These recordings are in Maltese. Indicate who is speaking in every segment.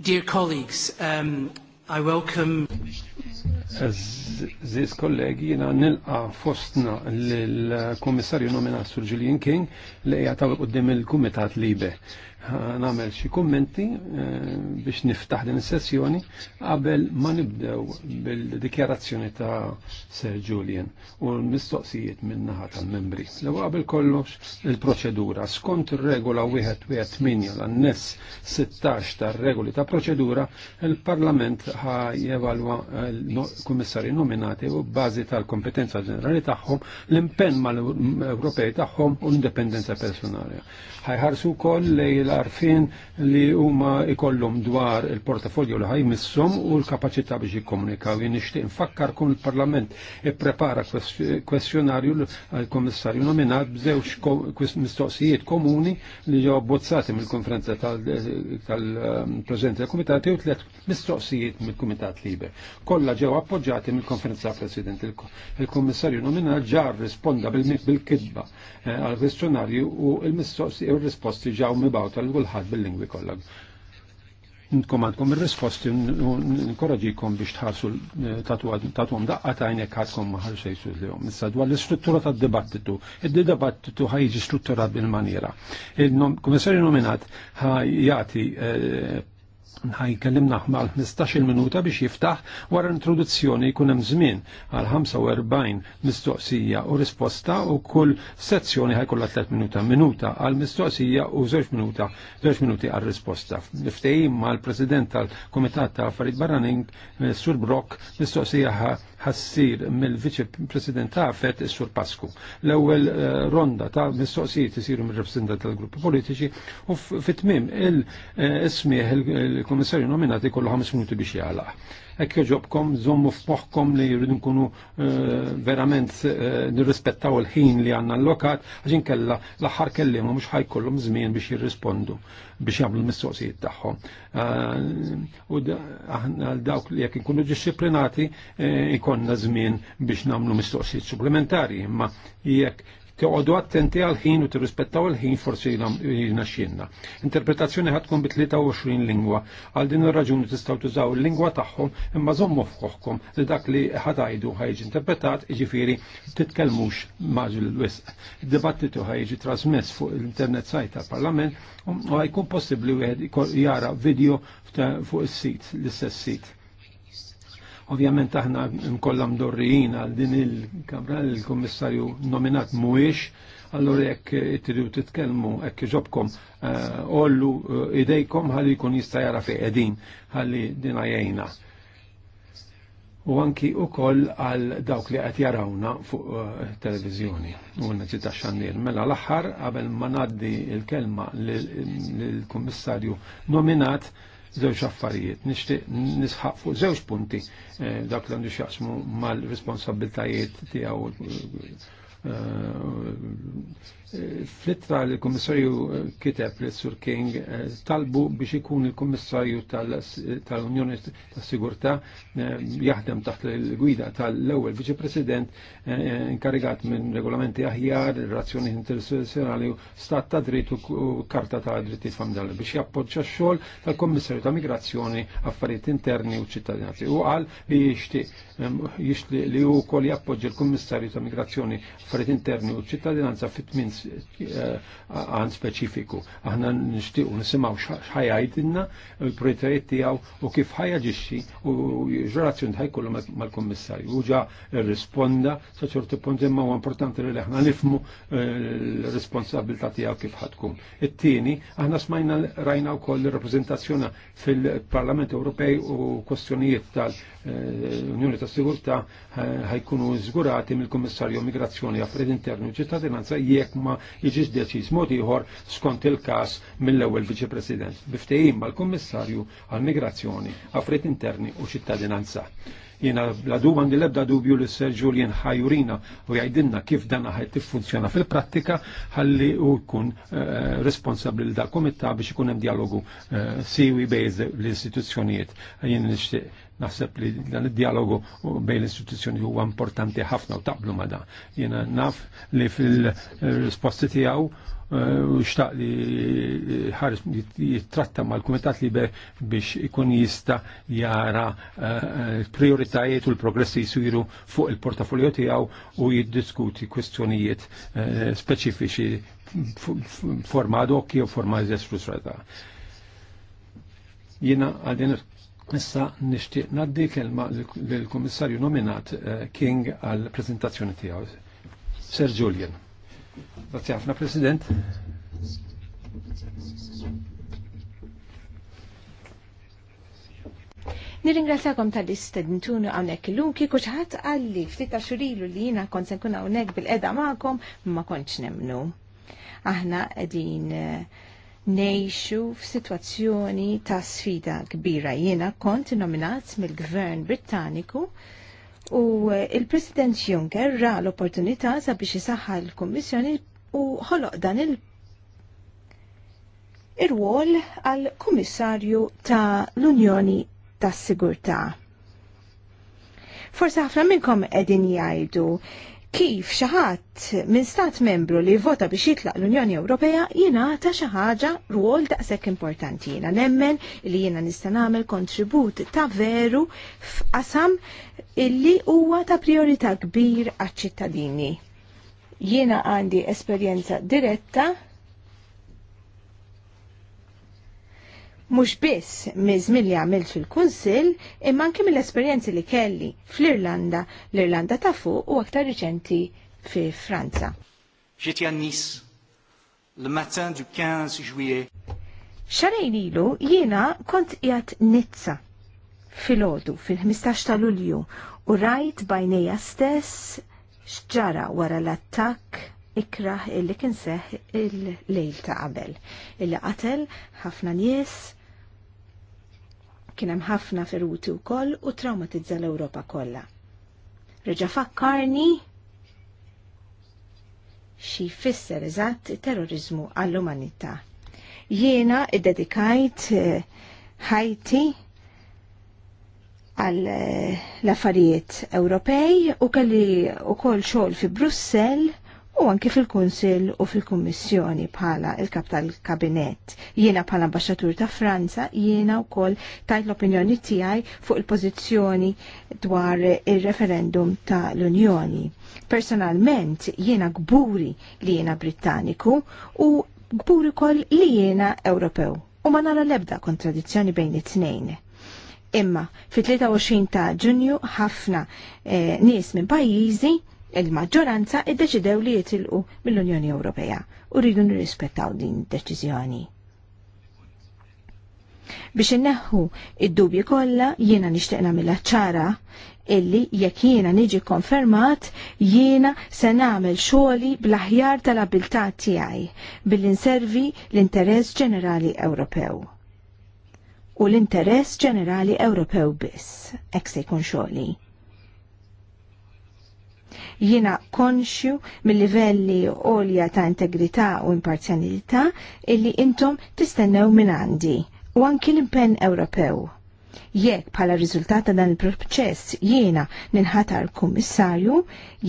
Speaker 1: Dear colleagues, um, I welcome...
Speaker 2: Ziz kollegi, jina nilqa fostna l-komissarju Nomina Sur Julian King li jgħataw għoddim il-kumitat libe. Namel xi kummenti eh, biex niftaħ din is-sessjoni qabel ma nibdew bil-dikjarazzjoni ta' Sir Julian u l-mistoqsijiet minn naħa tal-membri. Lew qabel kollox il-proċedura skont ir-regola wieħed wieħed 8 l-annes 16 tar-regoli ta' proċedura il-Parlament ħa jevalwa l-Kummissarju eh, nominati u bazi tal-kompetenza ġenerali tagħhom, l-impenn mal-Ewropej tagħhom u l-indipendenza personali. Ħajħarsu wkoll li l-arfin li huma ikollhom dwar il-portafolju li ħajmissom u l-kapaċità biex jikkomunikaw. Jien nixtieq kun il-Parlament ipprepara kwestjonarju għall-Kommissarju nominat b'żewġ mistoqsijiet komuni li ġew abbozzati mill-konferenza tal-Preżenti ehm, tal-Kumitati u tliet mistoqsijiet mill-Kumitat Liber. Kollha ġew appoġġati mill konferenza president. Il-kommissarju nomina ġar risponda bil-kidba eh, għal-kwestjonarju u il-risposti ġaw mibawta l-gulħad bil-lingwi kollha. Nkom għandkom il-risposti nkoraġikom biex tħarsu eh, tatuħom daqqa ta' jnek għadkom maħar xejsu l-jom. Issa dwar l-istruttura ta' dibattitu. Id-dibattitu ħajġi strutturat bil-maniera. Il-komissarju nominat ħajjati eh, Nħaj kellim naħma għal 15 minuta biex jiftaħ wara introduzzjoni jkun hemm żmien għal 45 mistoqsija u risposta u kull sezzjoni ħajkollha 3 minuta minuta għal mistoqsija u 2 minuta 2 minuti għal risposta. Niftej mal-President tal-Kumitat ta' Affarijiet Barranin Sur Brock mistoqsija ħassir mill-Viċi President ta' Afet is-Sur Pasku. L-ewwel eh, ronda ta' mistoqsijiet isiru mill-rappresentanti tal-gruppi politiċi u fit-tmiem il-ismieħ eh, il-Kummissarju nominati kollu ħames minuti biex jagħlaq. Ekk joġobkom, zommu f'moħħkom li jridu nkunu eh, verament eh, nirrispettaw il-ħin li għandna allokat, għaxin kella l-aħħar u mhux ħajkollhom żmien biex jirrispondu biex jagħmlu l-mistoqsijiet tagħhom. Eh, u dawk li jekk ikunu disciplinati ikonna żmien biex nagħmlu mistoqsijiet supplementari, imma jekk Għodu attenti għal-ħin u tirrispettaw il-ħin forsi jnaxxinna. xienna. Interpretazzjoni tkun bi 23 lingwa. Għal din ir-raġuni tistgħu tużaw il-lingwa tagħhom imma żommu f'koħħkom li dak li ħadajdu ħajġi interpretat jiġifieri titkellmux maġil wisq. Id-dibattitu ħajġi trasmess fuq l-internet sajt tal-Parlament u ħajkun possibbli wieħed jara video fuq is-sit, l-istess sit. Ovvjament aħna mkollha mdorrijin għal din il-Kamra il-Kummissarju nominat mhuwiex, allora jekk tridu titkellmu hekk iġobkom eh, ollu eh, idejkom ħalli jkun jista' jara fi qegħdin ħalli din għajjejna. U anki koll għal dawk li qed jarawna fuq eh, televiżjoni u n-naġi xandir. Mela l-aħħar qabel ma ngħaddi l-kelma lill-Kummissarju nominat żewġ affarijiet. Nixtieq nisħaq fuq żewġ punti eh, dak li għandu xjaqsmu mal-responsabiltajiet tijaw Flittra li l-Kommissarju eh, kiteb li Sur King eh, talbu biex ikun il-Kommissarju tal-Unjoni tas-Sigurtà eh, jaħdem taħt il-gwida tal-ewwel Viċi President inkarigat minn regolamenti aħjar, relazzjoni internazzjonali u stat ta' dritt u karta ta' dritti famdali biex jappoġġa x-xogħol tal-Kommissarju ta' Migrazzjoni, Affarijiet Interni u Ċittadinanzi. U qal li jixtieq li wkoll jappoġġi l-Kummissarju ta' Migrazzjoni, Affarijiet Interni u Ċittadinanza fit tmin għan speċifiku. Aħna nishtiqu nisimaw xħajajdinna il-prietajiet tijaw u kif ħajaġiċi u tħaj ħajkollu mal-kommissarju. Uġa risponda sa punti punt imma u importanti li aħna nifmu eh, l-responsabilta tijaw kif ħatkun. It-tieni, aħna smajna rajna u koll rappresentazzjona fil-Parlament Ewropej u kwestjonijiet tal-Unjoni eh, ta' Sigurta eh, ħajkunu zgurati mill-Kommissarju Migrazzjoni Affarijiet Internu u Ċittadinanza jekk ma ma jiġix deċiż mod ieħor skont il-każ mill-ewwel viċi-president biftehim mal-Kummissarju għall-Migrazzjoni, Affarijiet Interni u Ċittadinanza. Jena la duma għandi lebda dubju li Ser Julian ħajurina u jgħidilna kif dan ħaj tiffunzjona fil-prattika ħalli u jkun eh, responsabli l komitta biex ikun hemm dialogu eh, siwi bejn l-istituzzjonijiet. Jien nixtieq naħseb li dan id-dialogu bej l-istituzzjoni huwa importanti ħafna u taqblu ma' da. Jiena naf li fil-risposti tiegħu u xtaq li ħares jittratta l kumitat Liber biex ikun jista jara eh, eh, prioritajiet u l-progressi jisiru fuq il-portafolio tiegħu u jiddiskuti kwestjonijiet eh, speċifiċi forma ad okki jew forma frusrata. Jiena għadin issa nixtieq naddi kelma lill-Kummissarju nominat King għall-preżentazzjoni tiegħu. Sir Julian. Grazie ħafna, President.
Speaker 1: Nirringrazzjakom tal istedintunu għawnek l-lum kiku ċħat għalli ftit xurilu li jina kon se nkun għawnek bil-edha maħkom ma konċ nemnu. Aħna għedin eh, nejxu f-situazzjoni ta' sfida kbira jina kont nominat mill-Gvern Britanniku U eh, il-President Juncker ra l-opportunità sabiex isaħħa l-Kommissjoni u ħoloq dan il- ir-wol għal Kummissarju ta' l-Unjoni tas-Sigurtà. Forsa ħafna minnkom qegħdin jgħidu kif xi ħadd minn stat membru li vota biex jitlaq l-Unjoni Ewropea jingħata xi ħaġa rwol daqshekk importanti. Jiena nemmen li jiena nista' nagħmel kontribut ta' veru f'qasam illi huwa ta' priorità kbir għal ċittadini Jiena għandi esperjenza diretta mhux biss miż-żmien li għamilt fil-Kunsill, imma anke mill-esperjenzi li kelli fl-Irlanda, l-Irlanda ta' fuq u aktar riċenti fi Franza. Ġiet Jannis, l-matin du 15 juillet. Xarajn ilu jiena kont qiegħed Nizza fil-ħodu fil-15 ta' Lulju u rajt bajnejja stess xġara wara l-attakk ikraħ il kien kinseħ il-lejl ta' qabel. Illi qatel ħafna nies kien hemm ħafna feruti wkoll u traumatizza l-Ewropa kollha. Reġa' fakkarni xi jfisser eżatt terrorizmu għall-umanità. Jiena iddedikajt eh, ħajti għal eh, l-affarijiet Ewropej u kelli u kol xogħol fi Brussell u anki fil-Kunsil u fil-Kummissjoni bħala il-kap tal-Kabinett. Jiena bħala ambasċatur ta' Franza, jiena u koll tajt l-opinjoni tijaj fuq il-pozizjoni dwar il-referendum ta' l-Unjoni. Personalment jiena gburi li jiena Britanniku u gburi koll li jiena Ewropew. U ma nara lebda kontradizzjoni bejn it-tnejn. Imma, fit-23 ta' ġunju ħafna eh, nies minn pajjiżi il-maġġoranza iddeċidew li jitilqu mill-Unjoni Ewropea u rridu nirrispettaw din deċiżjoni. Biex inneħħu id-dubji kollha jiena nixtieq nagħmilha ċara illi jekk jiena niġi konfermat jiena se nagħmel xogħli bl-aħjar tal-abilità tiegħi billi nservi l-interess ġenerali Ewropew. U l-interess ġenerali Ewropew biss, hekk se jkun xogħli. Jina konxju mill-livelli għolja ta' integrità u imparzjalità illi intom tistennew minn għandi u anki l-impenn Ewropew. Jekk bħala riżultat ta' dan il-proċess jiena ninħatar kummissarju,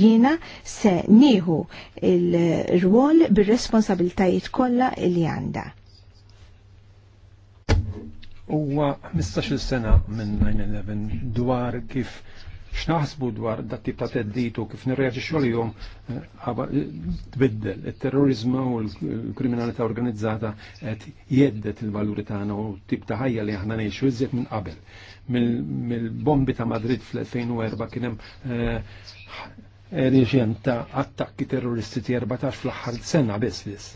Speaker 1: jiena se nieħu il-rwol bir-responsabiltajiet kollha li għandha
Speaker 2: huwa 15 sena minn 9-11 dwar kif x'naħsbu dwar dat tip ta' tedditu kif kif nirreaġixxu għalihom eh, eh, tbiddel. Il-terrorizmu u l-kriminalità organizzata qed jeddet il-valuri tagħna u tip ta' ħajja li aħna ngħixu iżjed minn qabel. mil bombi ta' Madrid fl-2004 kien hemm eh, reġen ta' attakki terroristi 14 fl ħar sena bisnis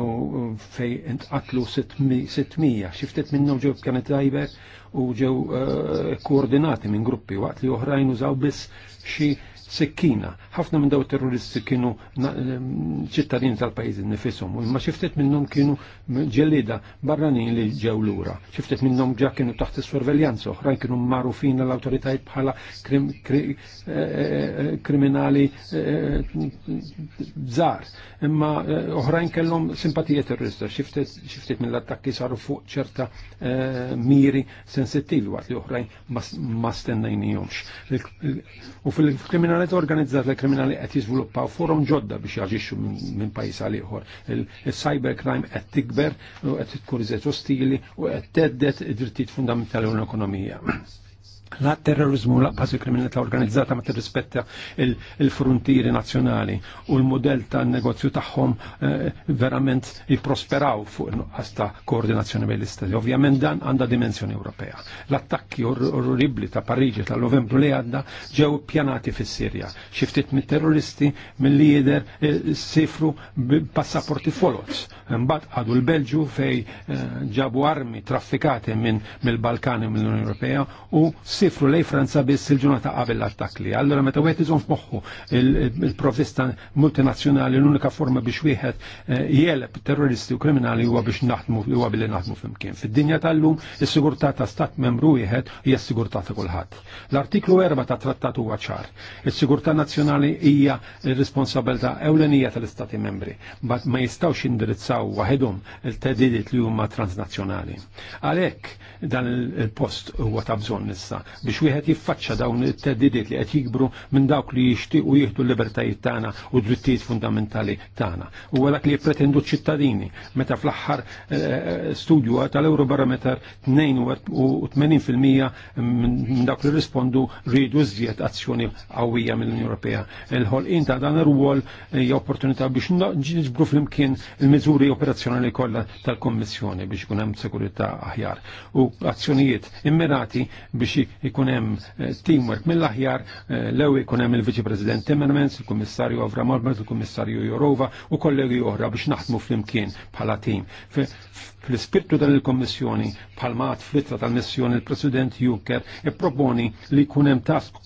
Speaker 2: u fej intqatlu 600 xiftet minnu ġew kienet tajber u ġew eh, koordinati minn gruppi waqt li oħrajn użaw biss xi sekkina ħafna minn daw terroristi kienu ċittadini tal-pajjiżi nifisom, imma xiftet minnom kienu ġellida barranin li ġew lura. Xiftet minnom ġa kienu taħt is-sorveljanza, oħrajn kienu marufin l-awtoritajiet bħala eh, eh, eh, kriminali żgħar. Imma oħrajn kellhom simpatija terrorista, xiftet minn l-attakki saru fuq ċerta miri sensittivi waqt li oħrajn ma stennajnijomx. U fil-kriminalità organizzata kriminali qed jiżviluppaw forum ġodda biex jaġixxu minn pajjiż għal ieħor. Il-cybercrime qed tikber u qed tkun iżgħet ostili u qed teddet id-drittijiet fundamentali u l-ekonomija. la terrorizmu laqqas il-kriminalità organizzata ma tirrispetta il-frontieri nazzjonali u l-modell ta' negozju tagħhom eh, verament jipprosperaw fuq nuqqas ta' koordinazzjoni bejn l-istati. Ovvjament dan għandha dimensjoni Ewropea. L-attakki orribli ta' Pariġi ta' Novembru li għadda ġew pjanati fis-Sirja. ftit mit-terroristi mill-lider eh, sifru passaporti folots. Mbagħad għadu l-Belġu fej eh, ġabu armi traffikati minn mill-Balkani mill-Unjoni Ewropea u sifru lej Franza biss il-ġurnata qabel l li. Allora meta wieħed iżomm f'moħħu il-provista multinazzjonali l-unika forma biex wieħed eh, jeleb terroristi u kriminali huwa biex naħdmu huwa billi naħdmu flimkien. Fid-dinja tal-lum is-sigurtà ta' stat membru wieħed hija s-sigurtà ta' kulħadd. L-artiklu 4 ta' trattat huwa ċar. Is-sigurtà nazzjonali hija responsabilità ewlenija tal-istati membri, bat ma jistgħux indirizzaw waħedhom il-tedidiet li huma transnazzjonali. Għalhekk dan il-post huwa ta' bżonn issa biex wieħed jiffaċċa dawn it-teddidiet li qed jikbru minn dawk li jixtiequ jieħdu l-libertajiet tagħna u drittijiet fundamentali tagħna. U dak li jippretendu ċittadini meta fl-aħħar eh, studju tal-Eurobarometer 82% minn dawk li rispondu rridu żjed azzjoni qawwija mill-Unjoni Ewropea. Il-ħolqien ta' dan ir-rwol eh, hija opportunità biex niġbru flimkien il-miżuri operazzjonali kollha tal-Kommissjoni biex ikun hemm sekurità aħjar u azzjonijiet immirati biex ikun hemm eh, teamwork mill-aħjar, eh, lew ikunem hemm il-Viċi President Timmermans, il-Kummissarju Avramormez, il-Kummissarju Jorova u kollegi oħra biex naħdmu flimkien bħala tim. Fl-ispirtu dan il-Kommissjoni fl-Itra tal-missjoni il-President Juncker ipproponi li jkun hemm task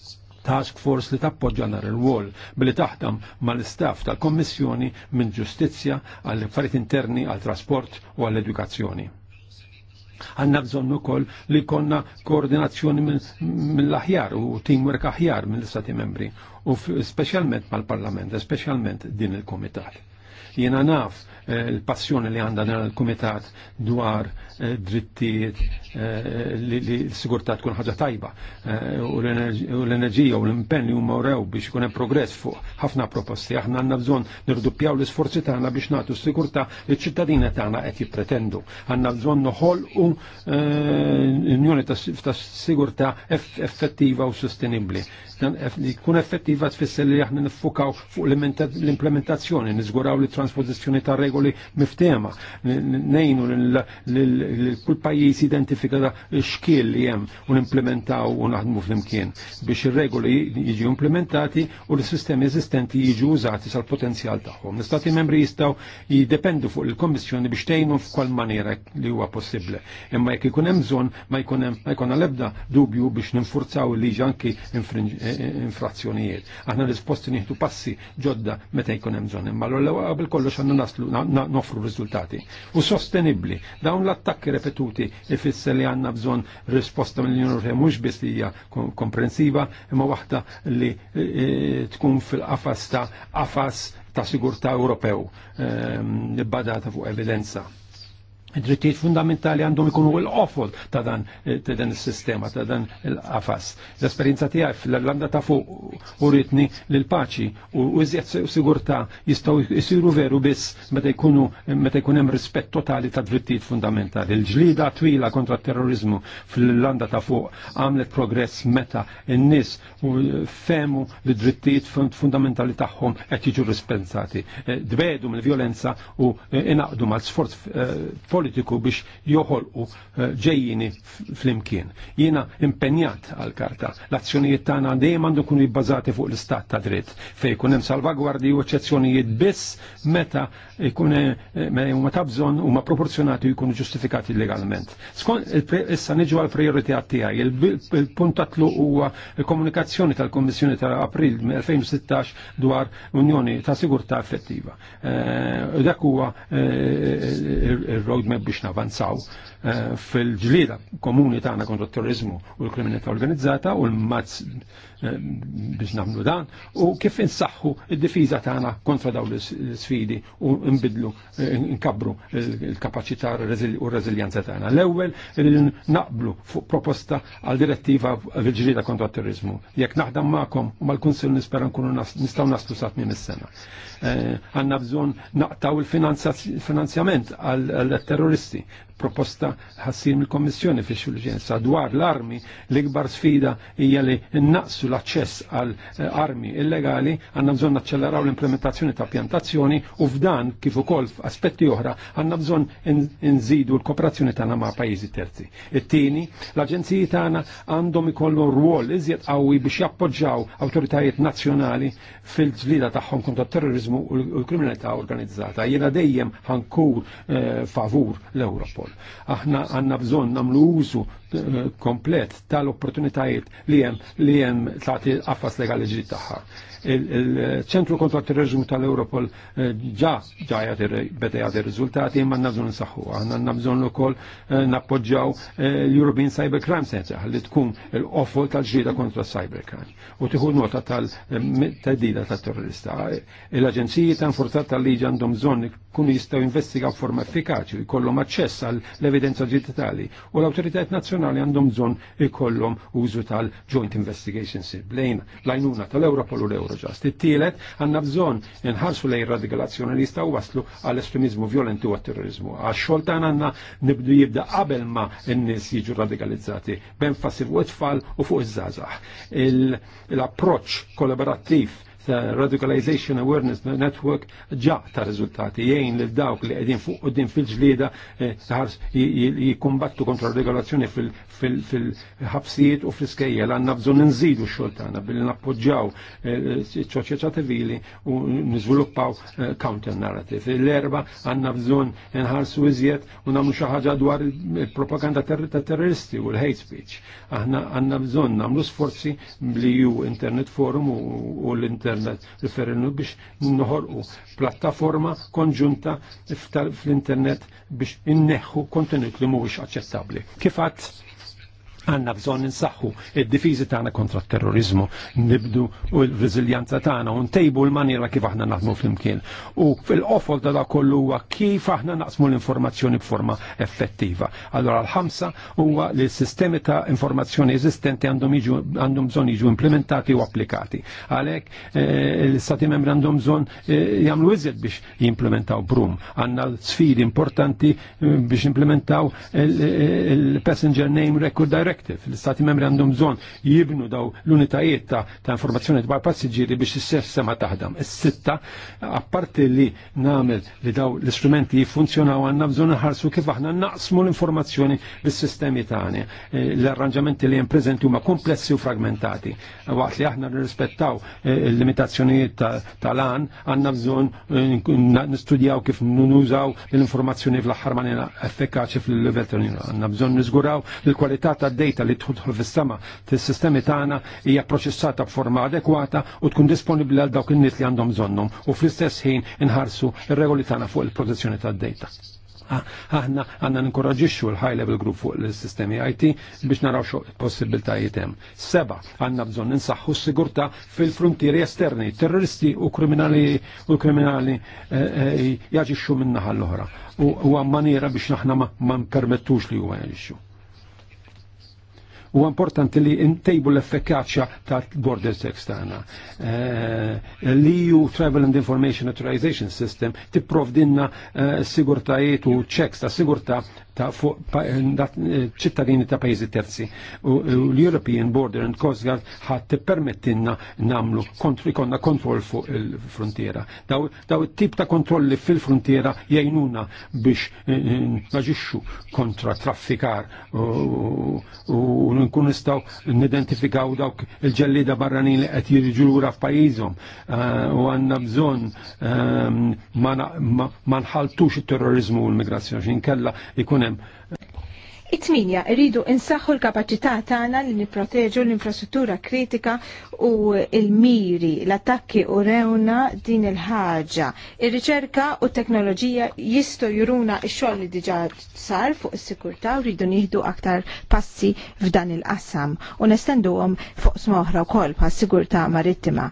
Speaker 2: task force li tappoġġa nar il-wol billi taħdem mal-istaff tal-Kommissjoni minn ġustizzja għall-affarijiet interni għall trasport u għall-edukazzjoni. Għanna bżonn ukoll li konna koordinazzjoni mill-aħjar u teamwork aħjar mill istati membri u specialment mal-Parlament, specialment din il-Komitat. Jena naf l-passjoni li għandha dan il-kumitat dwar eh, drittijiet eh, li s-sigurtà tkun ħaġa tajba eh, u l-enerġija u l-impenni u rew biex ikun progress fuq ħafna proposti. Aħna għandna bżonn nirduppjaw l-isforzi tagħna biex nagħtu s sigurta li ċittadina tagħna qed jippretendu. Għandna bżonn noħolqu unjoni ta' sigurtà effettiva u sostenibbli. Kun effettiva tfisser li aħna nifukaw fuq l-implementazzjoni, niżguraw li transpożizzjoni ta' regoli regoli miftema. Nejnu l-kull pajjiż identifika xkiel li hemm u nimplementaw u naħdmu flimkien biex ir-regoli jiġi implementati u l-sistemi eżistenti jiġi użati sal-potenzjal tagħhom. L-Istati membri jistgħu jiddependu fuq il-Kommissjoni biex tejnu f'kwal maniera li huwa possibbli. Imma jekk ikun hemm bżonn ma jkun ma jkun l-ebda dubju biex ninfurzaw il-liġi anki e- e- infrazzjonijiet. Aħna risposti nieħdu passi ġodda meta jkun hemm bżonn. Imma l-ewwel qabel kollox għandna naslu nofru riżultati. U sostenibli, dawn l-attakki repetuti ifisser li għandna bżonn risposta mill-Unjoni Ewropea mhux biss li hija komprensiva, imma waħda li e, e, tkun fil-qafas ta' qafas ta' sigurtà Ewropew, ehm, bada fuq evidenza id-drittijiet fundamentali għandhom ikunu l qofol ta' dan il-sistema, ta' dan il-qafas. L-esperienza tijaj fl-Irlanda ta' fuq u ritni l-paċi u iżjed sigurta jistgħu jsiru veru biss meta jkunu meta jkun hemm rispett totali ta' drittijiet fundamentali. Il-ġlida twila kontra terrorizmu fl-Irlanda ta' fuq għamlet progress meta n-nies femu li drittijiet fundamentali tagħhom qed jiġu rispensati. Eh, dbedu mill-vjolenza u eh, inaqdu mal-sforz eh, politiku biex joħolqu eh, ġejjini fl-imkien. Jiena impenjat għal-karta. L-azzjonijiet tagħna dejjem għandu kunu jibbażati fuq l-istat ta' dritt fejn jkun hemm salvagwardi u eċċezzjonijiet biss meta jkun huma ta' bżonn huma proporzjonati u jkunu ġustifikati legalment. Skont issa niġu għal-priorità tiegħi, il-punt tatlu huwa komunikazzjoni tal-Kommissjoni ta' April 2016 dwar Unjoni ta' Sigurtà Effettiva. Eh, dak huwa eh, il biex navanzaw eh, fil-ġlida komuni tagħna kontra terrorizmu u l-kriminalità organizzata u l-mazz eh, biex nagħmlu dan u kif insaħħu id-difiża tagħna kontra dawn l-sfidi u nbidlu eh, nkabbru l-kapaċità u r-reżiljanza tagħna. L-ewwel naqblu fuq proposta għal direttiva fil-ġlida kontra terrorizmu. Jekk naħdem magħkom u mal-Kunsill nispera nkunu nistgħu naslu sa tmiem is-sena. Eh, għanna bżon naqtaw il-finanzjament għal-terroristi proposta ħassin il kommissjoni fi xulġenza dwar l-armi l-ikbar sfida hija li naqsu l-aċċess għal eh, armi illegali għandna bżonn naċċellaraw l-implementazzjoni ta' pjantazzjoni u f'dan kif ukoll f'aspetti oħra għandna bżonn nżidu l-kooperazzjoni tagħna ma' pajjiżi terzi. It-tieni, l-aġenziji tagħna għandhom ikollu rwol iżjed qawwi biex jappoġġaw awtoritajiet nazzjonali fil-ġlida tagħhom kontra terrorizmu u l-kriminalità organizzata. Jiena dejjem ħankur eh, favur l-Europol kol. Aħna għandna bżonn nagħmlu użu eh, komplet tal-opportunitajiet li hemm li hemm tagħti affas legali ġdid tagħha il-ċentru kontra terrorizmu tal-Europol eh, ġa ġajat bete il-rizultati imma nabżon nsaħħu. Għanna nabżon u kol eh, nappoġġaw l-European eh, Cybercrime Crime Center li tkun l-offol tal-ġrida kontra cybercrime. U tiħu nota tal-tedida tal-terrorista. L-Aġenziji ta' Nfurzat tal-Liġi għandhom bżon kun jistaw investigaw forma effikaċi, jkollhom aċċess għall-evidenza digitali u l-autoritajiet nazzjonali għandhom bżon ikollhom użu tal-Joint Investigation Blejna, lajnuna tal-Europol u l-Euro ġast. it għandna bżonn nħarsu lejn radikalazzjonalista u waslu għall estremizmu violenti u terrorizmu. Għax xogħol tagħna għandna nibdu jibda qabel ma n-nies jiġu radikalizzati b'enfasi fuq u tfal u fuq iż-żgħażagħ. L-approċċ kollaborattiv Uh, radicalization Awareness Network ġa ta' riżultati jgħin li dawk li qegħdin fuq din fil-ġlieda eh, ħars jikkumbattu kontra regolazzjoni fil-ħabsijiet u fl-iskejjel għandna bżonn bżon x-xogħol tagħna billi nappoġġjaw eh, soċjetà tevili u niżviluppaw eh, counter narrative. L-erba għandna bżonn nħarsu iżjed u nagħmlu xi ħaġa dwar il-propaganda terroristi u l-hate speech. Aħna għandna bżonn nagħmlu sforzi li ju Internet Forum u l-Internet l-internet referendum biex noħolqu plattaforma konġunta fl-internet biex inneħħu kontenut li mhuwiex aċċettabbli. Kif għanna bżon nsaħħu id-difiżi tagħna kontra t-terrorizmu, nibdu u l-reżiljanza tagħna u ntejbu l-maniera kif aħna naħdmu flimkien. U fil-qofol ta' dak kollu huwa kif aħna naqsmu l-informazzjoni b'forma effettiva. Allora l-ħamsa huwa li s-sistemi ta' informazzjoni eżistenti għandhom għandhom bżonn jiġu implementati u applikati. Għalhekk eh, l-istati membri għandhom bżonn eh, jagħmlu iżjed biex jimplementaw brum. Għandna sfidi importanti eh, biex implementaw il-passenger name record direct Directive. L-Istati membri għandhom bżonn jibnu daw l-unitajiet ta', ta informazzjoni dwar passiġġieri biex is-sistema taħdem. Is-sitta, apparti li nagħmel li daw l-istrumenti jiffunzjonaw għandna bżonn nħarsu kif aħna naqsmu l-informazzjoni bis-sistemi tagħna. Eh, l-arranġamenti li hemm preżenti huma komplessi u fragmentati. Waqt li aħna nirrispettaw eh, il-limitazzjonijiet tal-għan għandna bżonn eh, nistudjaw kif nużaw l-informazzjoni fl-aħħar manera effikaċi fil-livell tal-Unjoni. Għandna bżonn niżguraw l-kwalità tad id-data li tħudħol fis-sema fis-sistemi tagħna hija proċessata b'forma adekwata u tkun disponibbli għal dawk in-nies li għandhom bżonnhom u fl-istess ħin inħarsu r regoli tagħna fuq il-protezzjoni tad-data aħna għanna ninkoraġixxu l-high level group fuq l-sistemi IT biex naraw xo possibiltajiet hemm. Seba, għanna bżonn insaħħu s-sigurtà fil-frontieri esterni, terroristi u kriminali u kriminali eh, eh, jaġixxu min-naħa l-oħra. U għam maniera biex naħna ma npermettux li huwa jaġixxu. U importanti li ntejbu l-effekaċja tal-borders ekstana. Eh, L-EU Travel and Information Authorization System ti tipprovdinna eh, sigurtajiet u checks ta' sigurta ta' fuq eh, ċittadini ta' pajjiżi terzi. U l-European Border and Coast Guard ħadd tippermettilna namlu konna kontroll fuq il-frontiera. Daw it-tip ta' kontrolli fil-frontiera jgħinuna biex eh, eh, naġixxu kontra traffikar u nkun nistgħu nidentifikaw dawk il-ġellida barranin li qed jiriġu lura f'pajjiżhom u għandna bżonn ma nħaltux it-terrorizmu u l-migrazzjoni x'inkella jkun hemm.
Speaker 1: It-tminja rridu insaħħu l-kapacità tagħna li nipproteġu l-infrastruttura kritika u l-miri, l-attakki u rewna din il-ħaġa. Ir-riċerka u t-teknoloġija jistgħu juruna x-xogħol li diġà sar fuq is-sikurtà u rridu nieħdu aktar passi f'dan il-qasam u nestenduhom fuq smoħra wkoll bħas-sigurtà marittima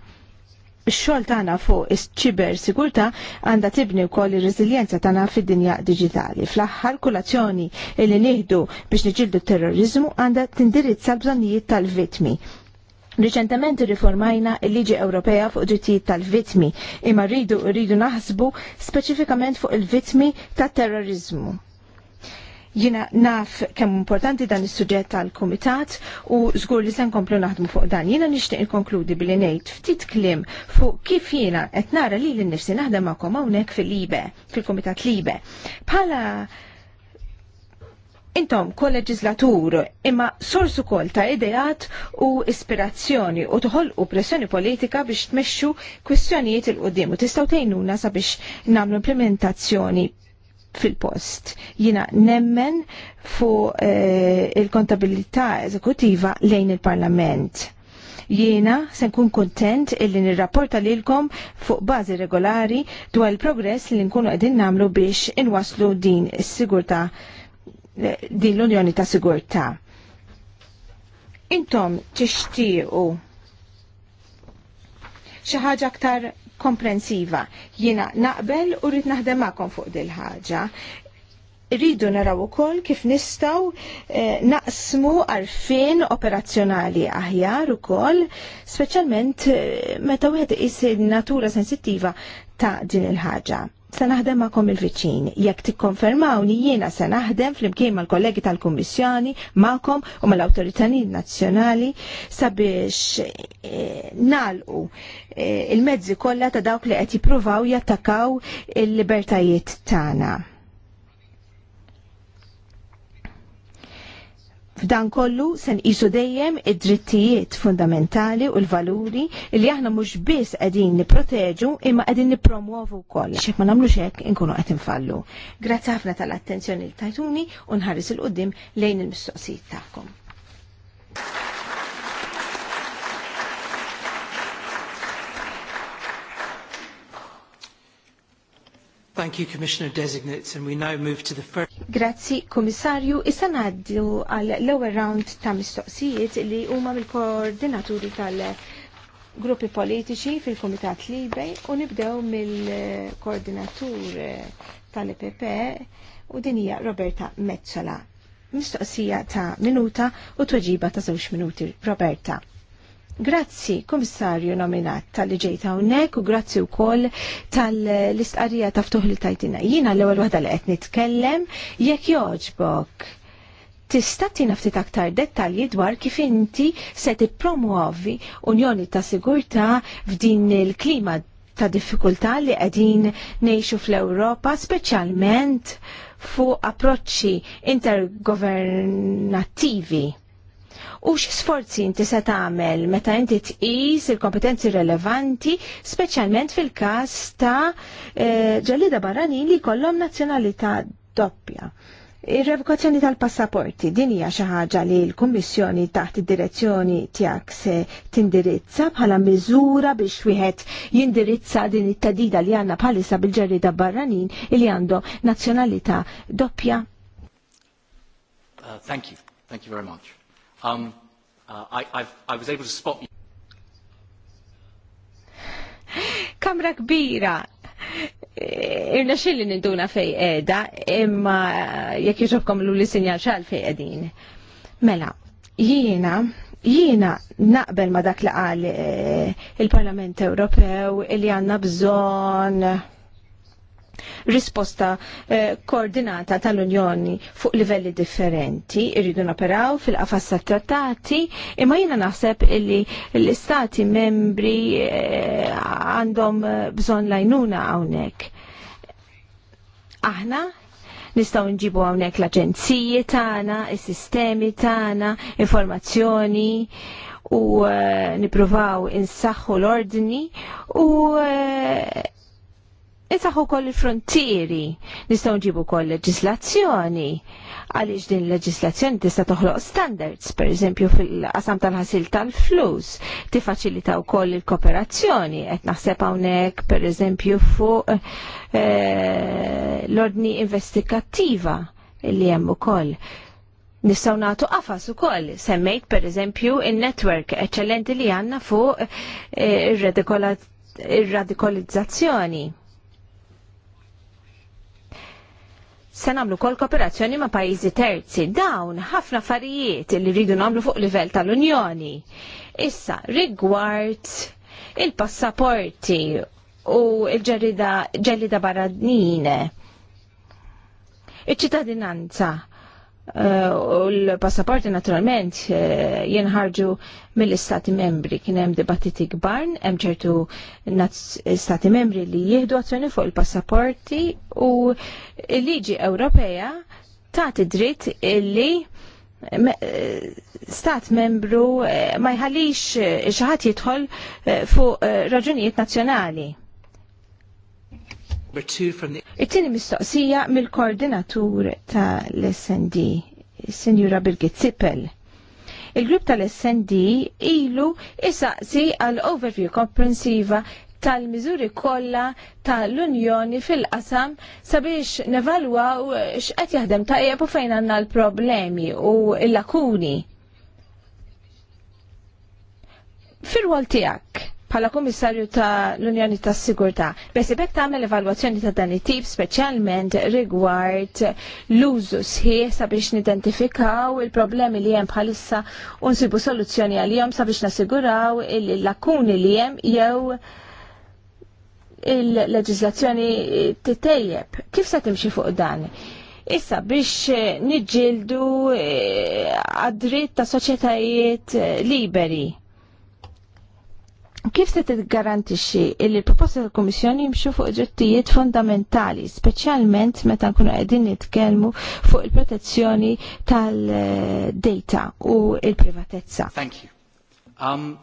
Speaker 1: xol tagħna fuq iċ-ċiber sigurta għandha tibni wkoll ir-reżiljenza tagħna fid-dinja diġitali. Fl-aħħar kulazzjoni li nieħdu biex niġildu terrorizmu għandha tindirizza bżonnijiet tal-vitmi. Riċentement riformajna il-Liġi Ewropea fuq drittijiet tal-vitmi imma rridu rridu naħsbu speċifikament fuq il-vitmi tat-terrorizmu. Jina naf kemm importanti dan is-suġġett tal kumitat u żgur li se nkomplu naħdmu fuq dan. Jiena nixtieq inkonkludi billi ngħid ftit klim fuq kif jiena qed nara li l-nifsi naħdem magħkom hawnhekk fil-Libe, fil-Kumitat Libe. Bħala intom kol-leġislatur imma sorsu kol ta' ideat u ispirazzjoni u tħol u pressjoni politika biex tmexxu kwistjonijiet il-qoddim u tistaw tejnuna sabiex namlu implementazzjoni fil-post. Jina nemmen fu eh, il-kontabilità eżekutiva lejn il-Parlament. Jiena se nkun kontent illi nirrapporta lilkom fuq bażi regolari dwar il-progress li nkunu qegħdin nagħmlu biex inwaslu din is-sigurtà eh, din l-Unjoni ta' Sigurtà. Intom tixtiequ xi ħaġa aktar komprensiva. Jina naqbel u rrid naħdem ma'kom fuq dil-ħaġa. Rridu naraw ukoll kif nistgħu eh, naqsmu għarfien operazzjonali aħjar ukoll, speċjalment eh, meta wieħed is natura sensittiva ta' din il-ħaġa se naħdem ma'kom il-viċin. Jekk tikkonfermawni jiena se naħdem flimkien mal-kollegi tal-Kummissjoni ma'kom u mal-awtoritajiet nazzjonali sabiex eh, nalqu eh, il-mezzi kollha ta' dawk li qed jippruvaw jattakaw il-libertajiet tagħna. F'dan kollu sen isu dejjem id-drittijiet fundamentali u l-valuri li aħna mhux biss qegħdin nipproteġu imma qegħdin nippromuovu wkoll. Xek ma nagħmlux hekk inkunu qed infallu. Grazzi ħafna tal-attenzjoni li tajtuni u nħares il qudiem lejn il-mistoqsijiet tagħkom. Thank you, Commissioner Designates, and we now move to the first. Grazzi, Komissarju. Issa ngħaddu għal lower round ta' mistoqsijiet li huma mill-koordinaturi tal-gruppi politiċi fil-Kumitat Libej u nibdew mill-koordinatur tal-EPP u din hija Roberta Mezzola. Mistoqsija ta' minuta u tweġiba ta' żewġ minuti. Roberta. Grazzi, komissarju nominat tal-li ġejta unnek u grazzi u koll tal-istqarija ftuħ li tajtina. Jina l-ewel wahda li t nitkellem, jekk joġbok tista' tina ftit aktar dettalji dwar kif inti se tippromuovi unjoni ta' sigurtà f'din il-klima ta' diffikultà li qegħdin ngħixu fl-Ewropa, speċjalment fuq approċċi intergovernattivi u x-sforzi inti se tagħmel meta inti tqis il-kompetenzi relevanti, speċjalment fil-każ ta' eh, ġellida barranin li jkollhom nazzjonalità doppja. Ir-revokazzjoni tal-passaporti din hija xi ħaġa li l-Kummissjoni taħt id-direzzjoni tiegħek se tindirizza bħala miżura biex wieħed jindirizza din it-tadida li għandna bħalissa bil-ġerrida barranin li għandhom nazzjonalità doppja.
Speaker 3: Uh, thank you. Thank you very much. Um, uh, I, I've, I was able to spot you.
Speaker 1: Kamra kbira. Irna xilli ninduna fej edha, imma jekk jġobkom l-uli sinjal xal fej edin. Mela, jiena jiena naqbel ma dak li qal eh, il-Parlament Ewropew li għanna bżonn risposta eh, koordinata tal-Unjoni fuq livelli differenti, irridu naperaw fil-qafas trattati, imma jina naħseb illi l-istati membri eh, għandhom eh, bżon lajnuna għawnek. Aħna nistaw nġibu għawnek l-aġenziji tagħna, is-sistemi tagħna, informazzjoni u eh, nipruvaw insaħħu l-ordni u eh, isaħu koll il-frontieri, nistaw ġibu koll leġislazzjoni, għaliex din leġislazzjoni tista' toħloq standards, per eżempju fil-qasam tal-ħasil tal-flus, tifaċilita wkoll il-kooperazzjoni, qed naħseb hawnhekk per eżempju fuq eh, l-ordni investigattiva li hemm ukoll. Nistaw nagħtu qafas ukoll semmejt per eżempju in-network eċċellenti li għandna fuq eh, ir-radikolizzazzjoni se nagħmlu kol kooperazzjoni ma' pajjiżi terzi. Dawn ħafna affarijiet li rridu nagħmlu fuq livell tal-Unjoni. Issa rigward il-passaporti u l-ġellida barranin. Iċ-ċittadinanza Eh, u l-passaporti naturalment eh, jenħarġu mill-istati membri. Kien hemm dibattiti kbar, hemm ċertu stati membri li jieħdu azzjoni fuq il-passaporti u l-liġi Ewropea tagħti dritt illi eh, stat membru ma jħallix xi ħadd jidħol fuq raġunijiet nazzjonali It-tieni mistoqsija mill-koordinatur tal-SND, Sinjura Birgit Zippel. Il-grupp tal-SND ilu isaqsi għal overview komprensiva tal-miżuri kollha tal-Unjoni fil-qasam sabiex nevalwaw x'qed jaħdem tajjeb u fejn għandna l-problemi u l-lakuni. Fir-rwol tiegħek, bħala Kummissarju ta' l-Unjoni ta' Sigurtà. Besibek tagħmel evalwazzjoni ta' dan it-tip speċjalment rigward l-użu sħiħ sabiex nidentifikaw il-problemi li hemm bħalissa u nsibu soluzzjoni jom sabiex nasiguraw il-lakuni li hemm jew il-leġislazzjoni titejjeb. Kif se timxi fuq dan? Issa biex niġġieldu eh, għad-dritt ta' soċjetajiet eh, liberi Kif se tiggarantixxi li l-proposta tal-Kummissjoni jimxu fuq drittijiet fundamentali, speċjalment meta nkunu qegħdin nitkellmu fuq il-protezzjoni tal-data u l-privatezza? Thank you.
Speaker 2: Um,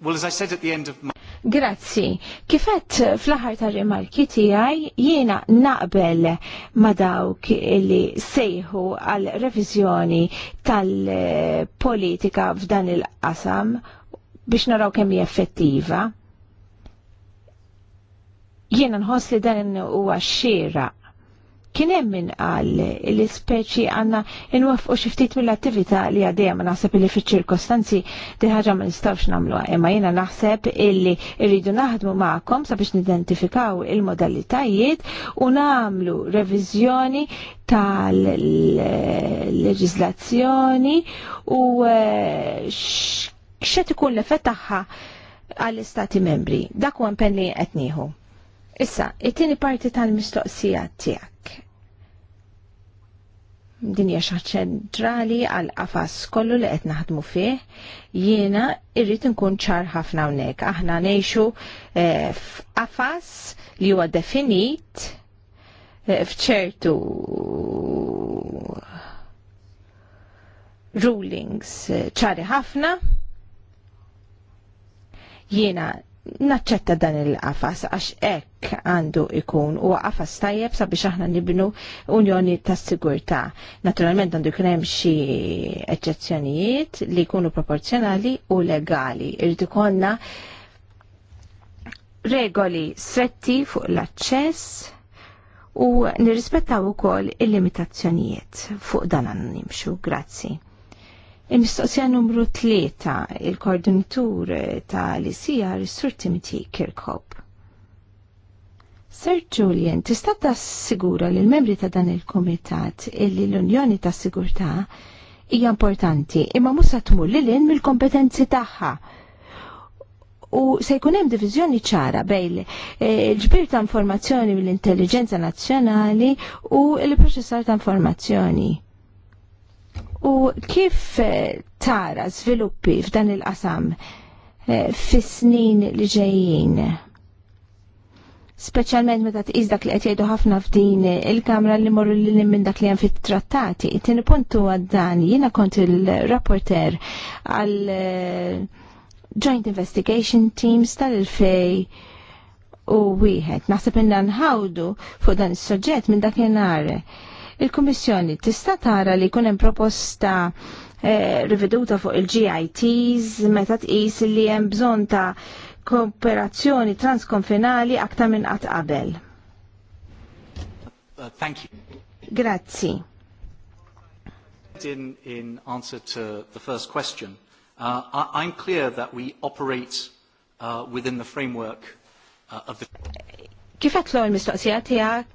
Speaker 2: well, as I said at the end of my...
Speaker 1: Grazzi. Kifet fl-aħħar tar-rimarki tiegħi jiena naqbel ma dawk li sejħu għal revizjoni tal-politika f'dan il-qasam biex naraw kemm hija effettiva. Jiena nħoss li dan huwa xira. Kien hemm min qal li speċi għandna inwafqu xi ftit mill-attività li għaddejja ma naħseb li fiċ-ċirkostanzi di ħaġa ma nistgħux nagħmluha, imma jiena naħseb illi rridu naħdmu magħkom sabiex nidentifikaw il-modalitajiet u nagħmlu reviżjoni tal leġiżlazzjoni u eh, xet ikun l-effett tagħha għall-istati membri. Dak huwa impenn li qed nieħu. Issa, it-tieni parti tal-mistoqsija tiegħek. Din hija xi ċentrali għal qafas kollu li qed naħdmu fih, jiena irrid inkun ċar ħafna hawnhekk. Aħna ngħixu eh, f'qafas li huwa definit eh, f'ċertu rulings eh, ċari ħafna Jiena naċċetta dan il-qafas għax ekk għandu ikun u qafas tajjeb sabiex aħna nibnu unjoni tas sigurtà Naturalment għandu jkun hemm xi eċċezzjonijiet li jkunu proporzjonali u legali. Irid ikollna regoli stretti fuq l-aċċess u nirrispettaw ukoll il-limitazzjonijiet fuq dan għandna nimxu. Grazzi. Il-mistoqsija numru 3 il-koordinatur ta' l-isija Sur Timothy Kirkhope. Sir Julian, tista' tassigura li l-membri ta' dan il-komitat illi l-Unjoni ta' Sigurtà hija importanti imma mhux se tmur lil mill-kompetenzi tagħha u se jkun hemm diviżjoni ċara bejn eh, il-ġbir ta' informazzjoni mill-intelligenza nazzjonali u l-proċessar ta' informazzjoni. U kif eh, tara sviluppi f'dan il-qasam eh, fis-snin li ġejjin? Speċjalment meta tqis dak li qed jgħidu ħafna f'din il-kamra li morru lil minn dak li hemm fit-trattati. Tieni puntu għad-dan jiena kont il-rapporter għal eh, Joint Investigation Teams tal-fej u wieħed. Naħseb inna nħawdu fuq dan is-soġġett minn dak jenare il kommissjoni tista' tara li kunem proposta eh, riveduta fuq il-GITs meta tqis li hemm bżonn ta' kooperazzjoni transkonfinali aktar minn qatt qabel. Uh, thank you. Grazzi. In, in answer to the first question, uh, I, I'm clear that we operate uh, within the framework uh, of the... Kifet l il mistoqsija tijak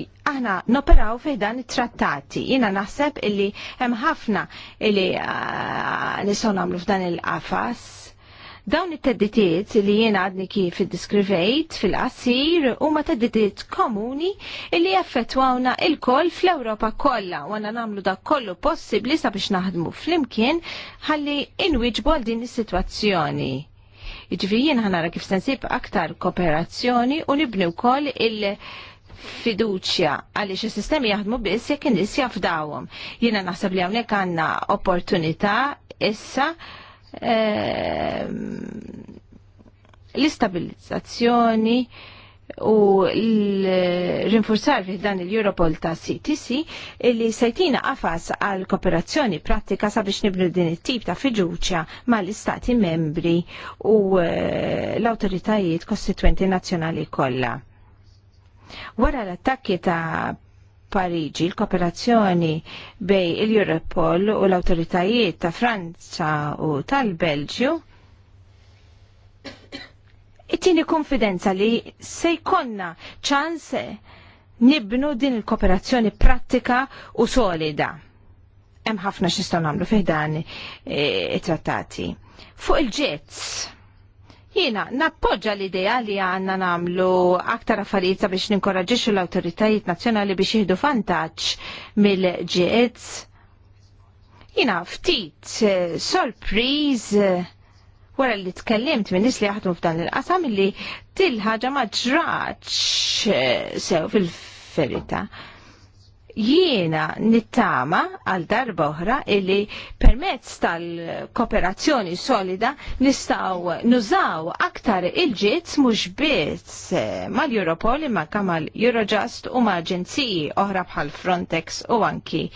Speaker 1: aħna noperaw dan it-trattati. Jina naħseb illi hemm ħafna illi ah, nisson għamlu f'dan il-qafas. Dawn it-tedditiet li jiena għadni kif iddiskrivejt fil-qasir huma tedditiet komuni li jaffettwawna il-koll fl-Ewropa kollha u għanna nagħmlu dak kollu possibbli sabiex naħdmu flimkien ħalli inwiġbu għal din is-sitwazzjoni. Jiġifieri jien ħanara kif sensib aktar kooperazzjoni u nibni wkoll il- fiduċja għaliex is-sistemi jaħdmu biss jekk in-nies jafdawhom. Jiena naħseb li hawnhekk għandna opportunità issa ehm, l-istabilizzazzjoni u l-rinforzar dan il-Europol ta' CTC li sejtina għafas għal kooperazzjoni pratika sabiex nibnu din it-tip ta' fiduċja mal istati membri u eh, l-autoritajiet kostituenti nazjonali kollha Wara l-attakki ta' Pariġi, l-kooperazzjoni bej il-Europol u l-autoritajiet ta' Franza u tal-Belġju, it-tini konfidenza li se jkonna ċans nibnu din il-kooperazzjoni pratika u solida. Hemm ħafna xistgħu nagħmlu fih dan eh, it-trattati. Fuq il-ġets, Jiena nappoġġa l-idea li għanna namlu aktar affarijiet biex ninkoraġġixxu l-awtoritajiet nazzjonali biex jieħdu vantaġġ mill-ġietz. Jiena ftit eh, sorpriż eh, wara li tkellimt minn nies li jaħdmu f'dan il-qasam li til ħaġa ma eh, sew fil-ferita jiena nittama għal darba oħra illi permezz tal-kooperazzjoni solida nistaw nużaw aktar il-ġiet mhux biss eh, mal-Europol imma kamal Eurojust u ma' aġenziji oħra bħal Frontex u anki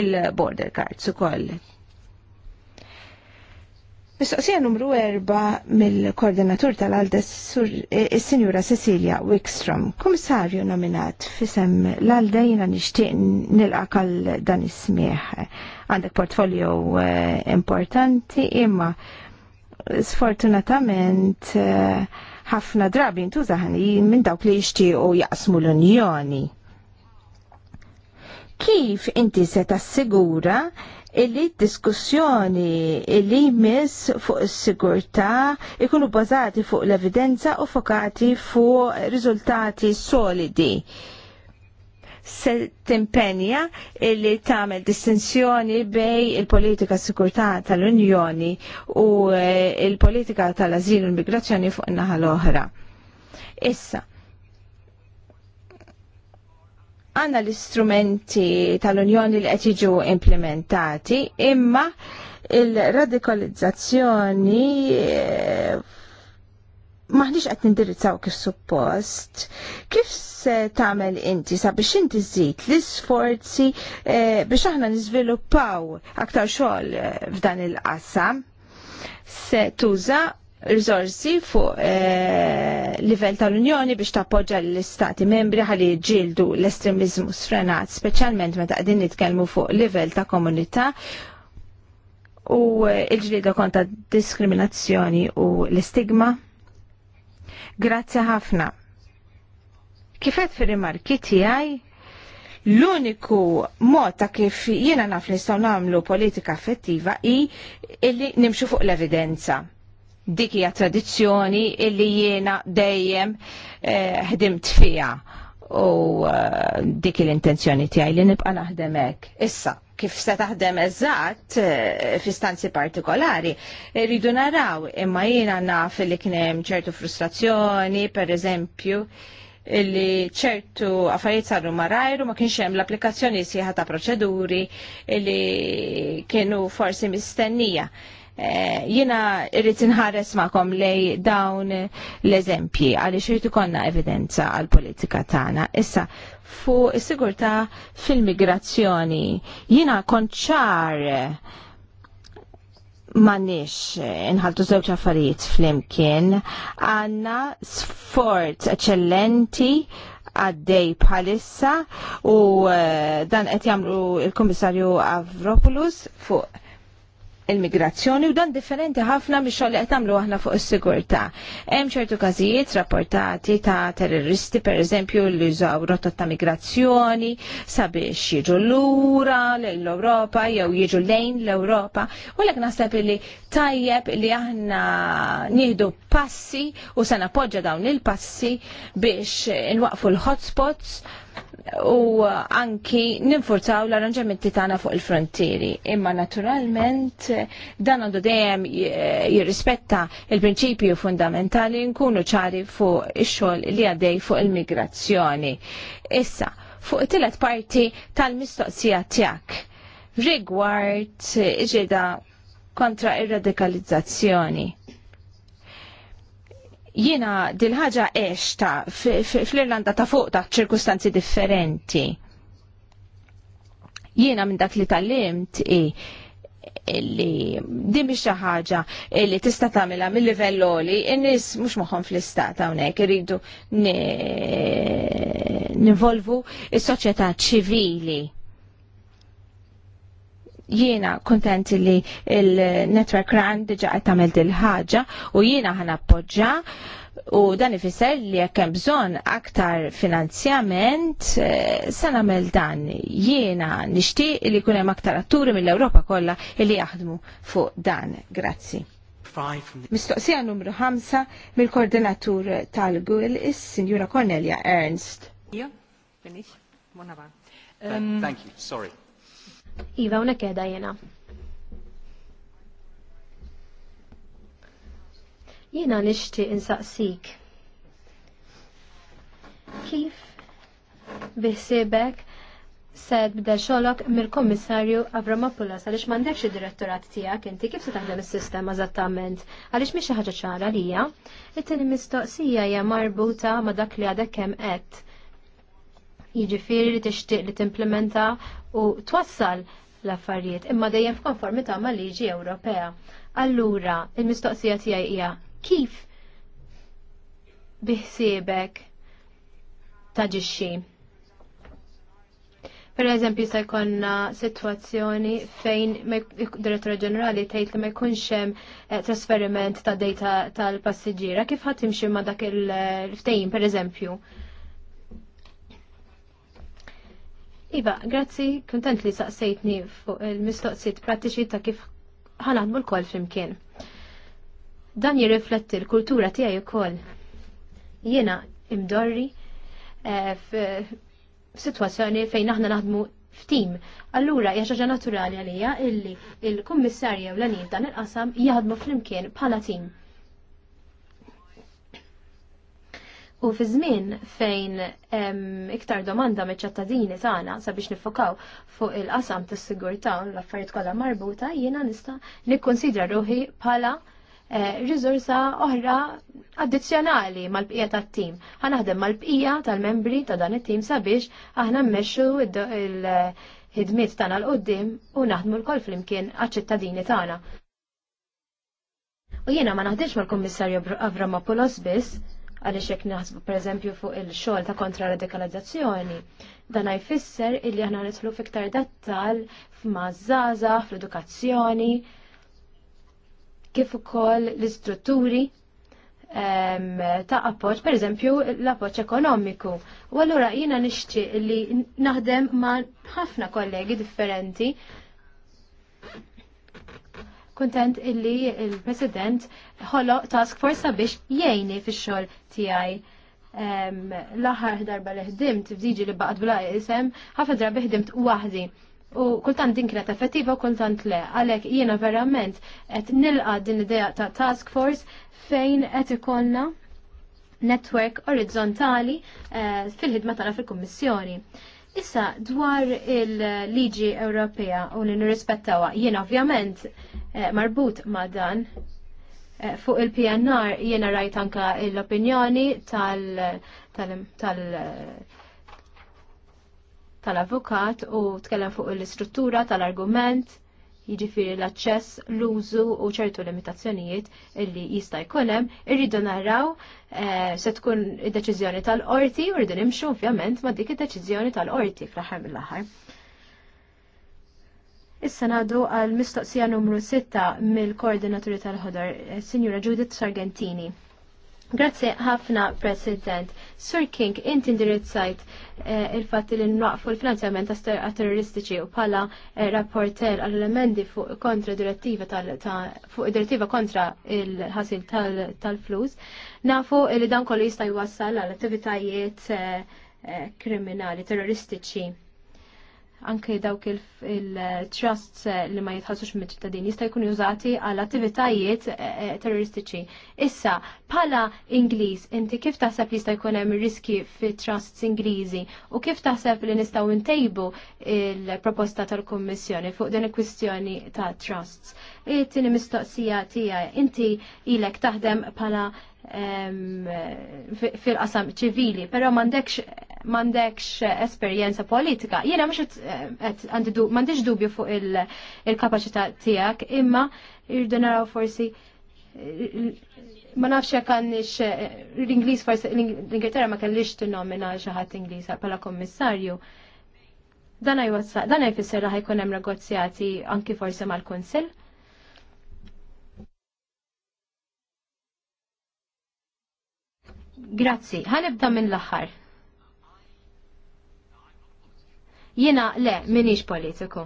Speaker 1: il-Border Guards ukoll. Mistoqsija numru erba mill-koordinatur tal-Aldes eh, il-Sinjura Cecilia Wickstrom, komissarju nominat fisem l-Alde jina nishtiq għal dan ismieħ. Għandek portfolio eh, importanti imma sfortunatament eh, ħafna drabi intużaħni minn dawk li jixtiequ jaqsmu l-Unjoni. Kif inti se tassigura sigura illi diskussjoni illi jmiss fuq is-sigurtà ikunu bazati fuq l-evidenza u fokati fuq riżultati solidi. Se timpenja illi tagħmel distinzjoni bej il-politika sigurtà tal-Unjoni u eh, il-politika tal-azil u l-migrazzjoni fuq naħal naħa l-oħra. Issa, għanna l-istrumenti tal-Unjoni li qed jiġu implementati, imma il-radikalizzazzjoni eh, maħniċ qed nindirizzaw kif suppost, kif se tagħmel inti sabiex inti żid l-isforzi eh, biex aħna niżviluppaw aktar xogħol eh, f'dan il-qasam se tuża rizorsi fuq eh, livell tal-Unjoni biex tappoġġa l-Istati membri ħalli jġildu l-estremizmu sfrenat, speċjalment meta qegħdin nitkellmu fuq livell ta' komunità u l-ġlieda konta diskriminazzjoni u l-istigma. Grazzi ħafna. Kifet fir-rimarki tiegħi l-uniku mod ta' kif jiena naf nistgħu nagħmlu politika effettiva hi illi nimxu fuq l-evidenza dik hija tradizzjoni illi jiena dejjem eh, ħdimt eh, fija u uh, dik l-intenzjoni tiegħi li nibqa' naħdem hekk. Issa, kif se taħdem eżatt eh, fi stanzi partikolari, rridu naraw imma jiena naf li kien hemm ċertu frustrazzjoni, pereżempju, li ċertu affarijiet saru marajru ma kienx hemm l-applikazzjoni sieħa ta' proċeduri li kienu forsi mistennija. Eh, jiena irrit inħares magħkom lej dawn l-eżempji għaliex irid konna evidenza għall politika tagħna. Issa fuq is-sigurtà fil-migrazzjoni jiena kont ċar Manix inħaltu żewġ affarijiet flimkien għandna sforz eċċellenti għaddej bħalissa u eh, dan qed jagħmlu l-Kummissarju Avropoulos fuq il-migrazzjoni u dan differenti ħafna mi xoll qed tagħmlu aħna fuq is-sigurtà. Hemm ċertu każijiet rapportati ta' terroristi pereżempju li jużaw rotot ta' migrazzjoni sabiex jiġu lura lejn l-Ewropa jew jiġu lejn l-Ewropa. U lek naħseb li tajjeb li aħna nieħdu passi u se napoġġa dawn il-passi biex nwaqfu l-hotspots u anki ninfurtaw l-arranġamenti tagħna fuq il-frontieri. Imma naturalment dan għandu dejjem jirrispetta il-prinċipju fundamentali nkunu ċari fuq ix-xogħol li għaddej fuq il-migrazzjoni. Issa, fuq it-tielet parti tal-mistoqsija tiegħek rigward iġeda kontra ir-radikalizzazzjoni Jiena dil-ħaġa eċta fl-Irlanda ta' fuq ta' ċirkustanzi differenti. Jiena minn dak li tal-limt i li dimmi xi ħaġa li tista' tagħmilha mill-livell oli, in-nies mhux moħħhom fl-istat hawnhekk iridu nivolvu il soċjetà ċivili jiena kontenti li il-Network Run diġa qed tagħmel dil ħaġa u jiena ħan appoġġa u dan ifisser li jekk hemm bżonn aktar finanzjament eh, san nagħmel dan. Jiena nixtieq li jkun hemm aktar atturi mill-Ewropa kollha li jaħdmu fuq dan. Grazzi. Mistoqsija numru 5 mill-koordinatur tal-Gwil is-Sinjura Cornelia Ernst. Jo, finix, ähm,
Speaker 2: Thank you, sorry.
Speaker 1: Iva, una keda jena.
Speaker 3: Jena nishti insaqsik. Kif biħsibek se bda xolok mill-Kommissarju Avramopoulos għaliex m'għandekx id-direttorat tiegħek inti kif se taħdem is-sistema zattament, għaliex mhi xi ħaġa ċara lija. It-tieni mistoqsija hija marbuta ma' dak li għadek hemm qed. Jiġifieri li tixtieq li timplementa u twassal l-affarijiet imma dejjem f'konformità mal liġi Ewropea. Allura, il-mistoqsija tiegħi hija kif biħsiebek taġixxi? Per eżempju, se jkollna sitwazzjoni fejn direttura ġenerali tgħid li ma jkunx hemm eh, trasferiment ta' data tal-passiġġiera, kif ħadd imxi ma' dak il ftejn per eżempju? Iva, grazzi, kontent li saqsejtni fuq il-mistoqsijiet prattiċi ta' kif ħanadmu l-kol flimkien. Dan jirrifletti l-kultura tiegħi wkoll. Jiena imdorri eh, f'sitwazzjoni fejn aħna naħdmu f'tim. Allura hija ħaġa naturali għalija illi il-kummissarja u l-għanib dan il-qasam jaħdmu flimkien bħala tim. U fi żmien fejn iktar domanda me ċattadini tagħna sabiex nifokaw fuq il-qasam tas-sigurtà u l-affarijiet kollha marbuta, jiena nista' nikkonsidra ruħi bħala eh, riżorsa oħra addizzjonali mal-bqija tat-tim. Ħanaħdem mal-bqija tal-membri ta' dan it-tim sabiex aħna mmexxu il-ħidmiet tagħna l-qudiem u naħdmu l-kol flimkien għaċ-ċittadini tagħna. U jiena ma naħdimx mal-Kummissarju Avramopoulos biss, għaliex jekk naħsbu pereżempju fuq il-xogħol ta' kontra radikalizzazzjoni, dan jfisser illi aħna nidħlu fiktar dettal f'mażaza, fl-edukazzjoni, kif ukoll l-istrutturi ehm, ta' appoġġ, per eżempju, l-appoġġ ekonomiku. U allura jiena nixtieq li naħdem ma' ħafna kollegi differenti Kuntent illi il-President ħolo task force sabiex jgħini fix-xogħol tiegħi. L-aħħar darba li ħdimt f'diġi li baqgħet bla isem, ħafna drabi ħdimt waħdi. U kultant din kienet effettiva u kultant le. Għalek jiena verament qed nilqa din idea ta' task force fejn qed ikollna network orizzontali uh, fil-ħidma tagħna fil-Kummissjoni. Issa, dwar il-liġi Ewropea u li nirrispettawa, jien ovvjament eh, marbut ma' dan eh, fuq il-PNR jiena rajt anka l-opinjoni tal-, tal-avukat u tkellem fuq l-istruttura tal-argument jiġifieri l-aċċess, l-użu u ċertu limitazzjonijiet illi jista' jkun hemm, irridu naraw eh, se tkun id-deċiżjoni tal-qorti u rridu nimxu ovvjament ma' dik id-deċiżjoni tal-qorti fl-aħħar mill-aħħar. Issa nadu għal mistoqsija numru 6 mill-koordinaturi tal-ħodor, eh, Sinjura Judith Sargentini. Grazie ħafna, President. Sir King, inti indirizzajt eh, il-fatti li nwaqfu l-finanzjament ta' terroristiċi u pala eh, rapporter għall-elementi fuq kontra direttiva fuq direttiva kontra il-ħasil tal-flus. Nafu li dan kollu jista' jwassal għall attivitajiet eh, kriminali terroristiċi anke dawk il-trusts eh, li ma jitħassux mit ċittadin jista' jkun jużati għal attivitajiet eh, eh, terroristiċi. Issa, pala Ingliż, inti kif taħseb li jista' jkun hemm riski fit trusts Ingliżi u kif taħseb li nistgħu ntejbu il-proposta tal-Kummissjoni fuq din il-kwistjoni ta' trusts? it-tieni mistoqsija tiegħi inti ilek taħdem bħala fil-qasam ċivili, però m'għandekx mandekx esperjenza politika. Jiena mhux qed m'għandix dubju fuq il-kapaċità tiegħek, imma irdu naraw forsi ma nafx jekk għannix l-Ingliż forsi l-Ingilterra ma kellix tinnomina xi ħadd Ingliż bħala kommissarju. Dan jfisser li ħajkun hemm negozjati anki forsi mal konsil Grazzi, ħanibda minn l-aħħar. Jiena le, minix politiku.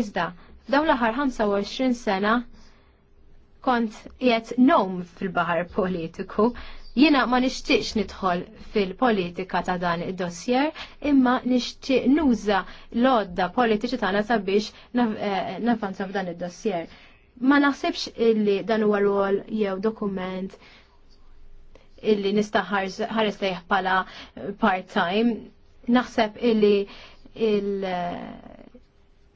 Speaker 3: Iżda, f'dawn l-aħħar 25 sena kont jett nom fil-baħar politiku. Jiena ma nixtieqx nidħol fil-politika ta' dan id-dossier, imma nixtieq nuża l-odda politiċi tagħna sabiex eh, navvanza f'dan id-dossier. Ma naħsibx illi dan huwa rol jew dokument illi nista' ħares lejh bħala eh, part-time. Naħseb illi il eh,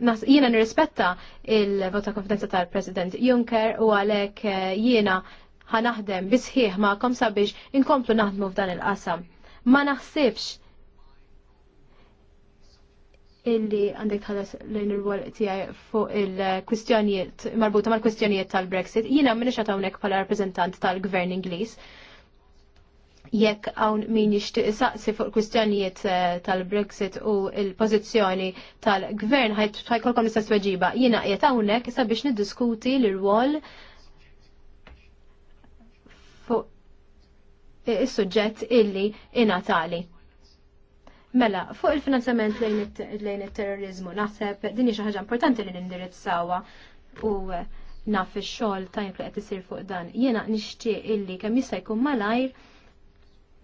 Speaker 3: jiena nirrispetta il-vota konfidenza tal-President Juncker u għalhekk eh, jiena ħanaħdem bisħieħ kom sabiex inkomplu naħdmu f'dan il-qasam. Ma naħsibx illi għandek tħadas lejn il-wol tijaj fuq il-kwistjonijiet, marbuta mal-kwistjonijiet tal-Brexit, Jiena minnix għatawnek pala rappresentant tal-gvern Ingliż, jekk hawn min jixtieq isaqsi fuq kwistjonijiet eh, tal-Brexit u l-pożizzjoni tal-gvern ħajkolkom l-istess weġiba. Jiena qiegħed hawnhekk sabiex niddiskuti l-rwol fuq is-suġġett illi inatali. Mela, fuq il-finanzjament lejn it-terrorizmu, naħseb din hi xi ħaġa importanti li nindirizzawha u eh, naf ix-xogħol tajn qed isir fuq dan. Jiena nixtieq illi kemm jista' jkun malajr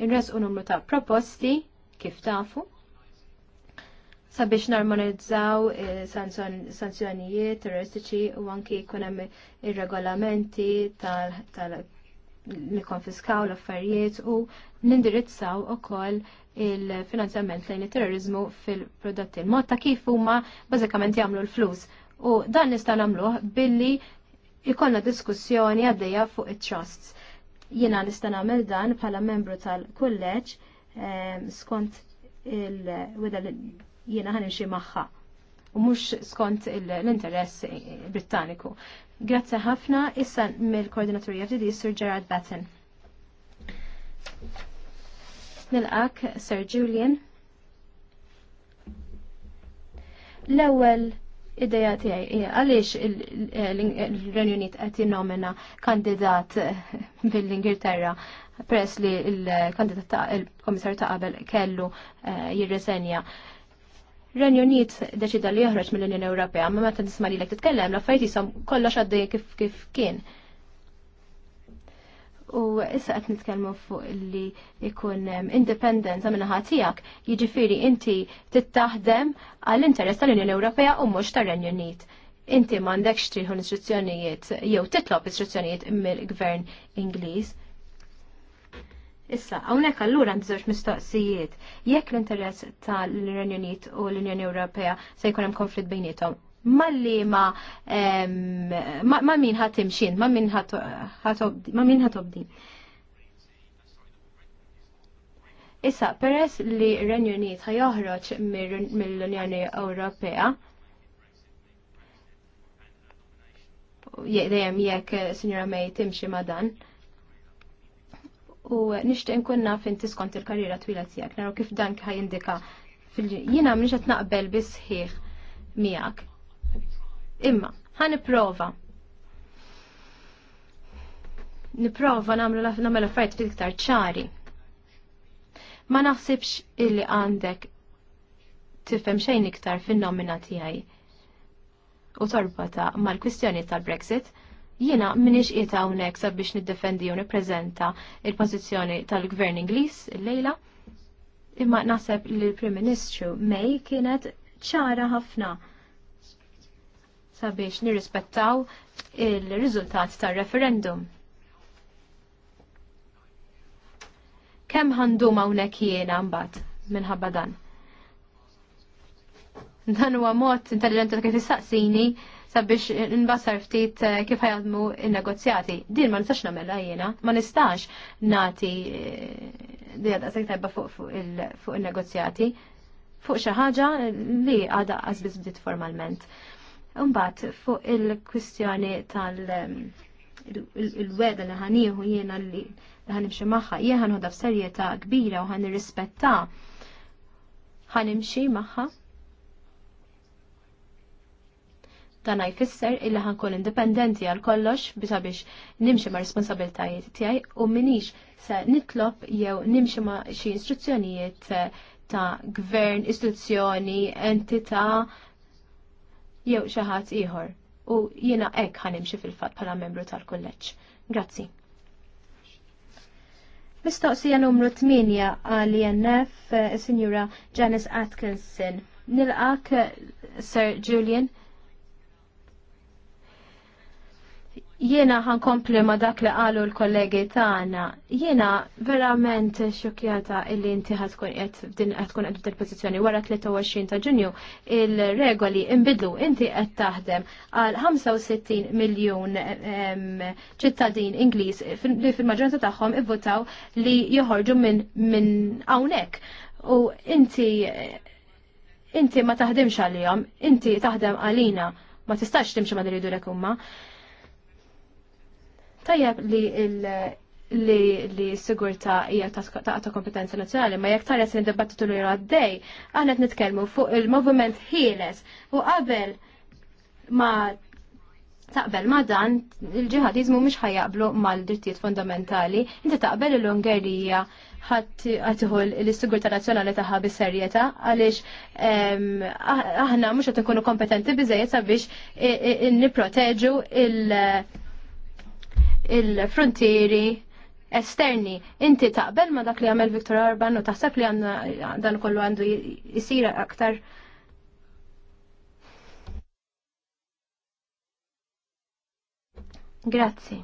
Speaker 3: Inres u numru ta' proposti kif tafu sabiex narmonizzaw eh, sanzjonijiet terroristiċi u anki jkun hemm ir-regolamenti tal li konfiskaw l-affarijiet u nindirizzaw ukoll il-finanzjament lejn it-terrorizmu fil-prodotti. Il-mod ta' kif huma bażikament jagħmlu l-flus. U dan nista' nagħmluh billi ikollna diskussjoni għaddejja fuq it-trusts. Jiena nista' nagħmel dan bħala membru tal-kulleġġ ehm, skont il-weda li jiena ħanimxi magħha u mhux skont l-interess Brittaniku. Grazzi ħafna issa mill-koordinatorija FDD Sir Gerard Batten. Nilqak Sir Julian. L-ewwel id tiegħi tijaj, e, għaliex il-Renju Unit qed jinnomina kandidat mill-Ingilterra eh, press li l-kandidat ta' il-Komissar ta' qabel kellu eh, jirresenja. Renju Unit deċida li joħroġ mill-Unjoni Ewropea, ma meta nisma' lilek titkellem l fajti jisom kollox għaddej kif kien. U issa qed nitkellmu fuq li jkun independent minna ħatijak, jiġifieri inti tittaħdem għall-interess tal-Unjoni Ewropea u mhux tar-Renju Unit. Inti m'għandekx tieħu istruzzjonijiet jew titlob istruzzjonijiet mill-Gvern Ingliż. Issa, hawnhekk allura għandi żewġ mistoqsijiet. Jekk l-interess tal-Renju Unit u l-Unjoni Ewropea se jkun hemm konflitt bejniethom, Mal lima ma min timxin, ma min obdi. Issa, peress li Renju ħaj ħajoħroġ mill-Unjoni Ewropea, dejjem jekk eh, Sinjora May timxi ma dan. U nixtieq kunna fin tiskont skont il-karriera twila tiegħek, naru kif dan ħajindika fil-jiena mhux qed naqbel bisħiħ miegħek Imma, ħan niprofa. Niprofa namlu namlu affarijiet fil iktar ċari. Ma naħsibx illi għandek tifhem xejn iktar fin-nomina tiegħi u torbota mal-kwistjoni tal-Brexit, jiena minix qiegħed hawnhekk sabiex niddefendi u nippreżenta il-pożizzjoni tal-Gvern Ingliż illejla, imma naħseb li l-Prim Ministru May kienet ċara ħafna sabiex nirrispettaw il-riżultat tar-referendum. Kemm għandu hawnhekk jiena mbagħad minħabba dan. Dan huwa mod intelligenti kif tistaqsini sabiex nbassar ftit eh, kif ħajadmu il-negozjati. Din ma nistax namella jena, ma nistax nati eh, di għada tajba fuq il-negozjati, fuq xaħġa li għada għazbiz bdiet formalment. Mbagħad fuq il-kwistjoni tal- um, il-weda li ħanieħu jiena li ħanimxi magħha, jien ħanħodha f'serjetà kbira u ħanirrispetta ħanimxi magħha. Dan jfisser illi ħankun indipendenti għal kollox biex biex nimxi ma' responsabiltajiet tiegħi u minix se nitlob jew nimxi ma' xi istruzzjonijiet ta' gvern, istituzzjoni, entità' jew xi ħadd ieħor u jiena hekk xi fil-fatt bħala membru tal-kulleġġ. Grazzi. Mistoqsija numru 8 għal INF, e eh, Sinjura Janice Atkinson. Nilqak eh, Sir Julian Jiena ħankompli ma dak li qalu l-kollegi tagħna. Jiena verament xukjata illi inti ħadkun qed f'din qed tkun qed pożizzjoni wara 23 ta' Ġunju il-regoli imbidlu inti qed taħdem għal 65 miljun ċittadin Ingliż li fil-maġġoranza tagħhom ivvutaw li joħorġu minn minn hawnhekk. U inti inti ma taħdimx għalihom, inti taħdem għalina, ma tistax timxi ma diridu huma. umma. Tajjeb li il- li li sigurta hija ta' ta' kompetenza nazzjonali, ma jekk tares li dibattitu li għaddej, aħna qed nitkellmu fuq il movement ħieles u qabel ma taqbel ma dan il-ġihadizmu mhux ħajjaqblu mal-drittijiet fundamentali, inti taqbel l-Ungerija ħatiħol l-Sigurta Nazzjonali ta' bis-serjetà għaliex ehm, aħna mhux qed inkunu kompetenti biżejjed sabiex nipproteġu il- il-frontieri esterni. Inti taqbel ma dak li għamel Viktor Orban u taħseb li għanna dan kollu għandu jisira aktar. Grazzi.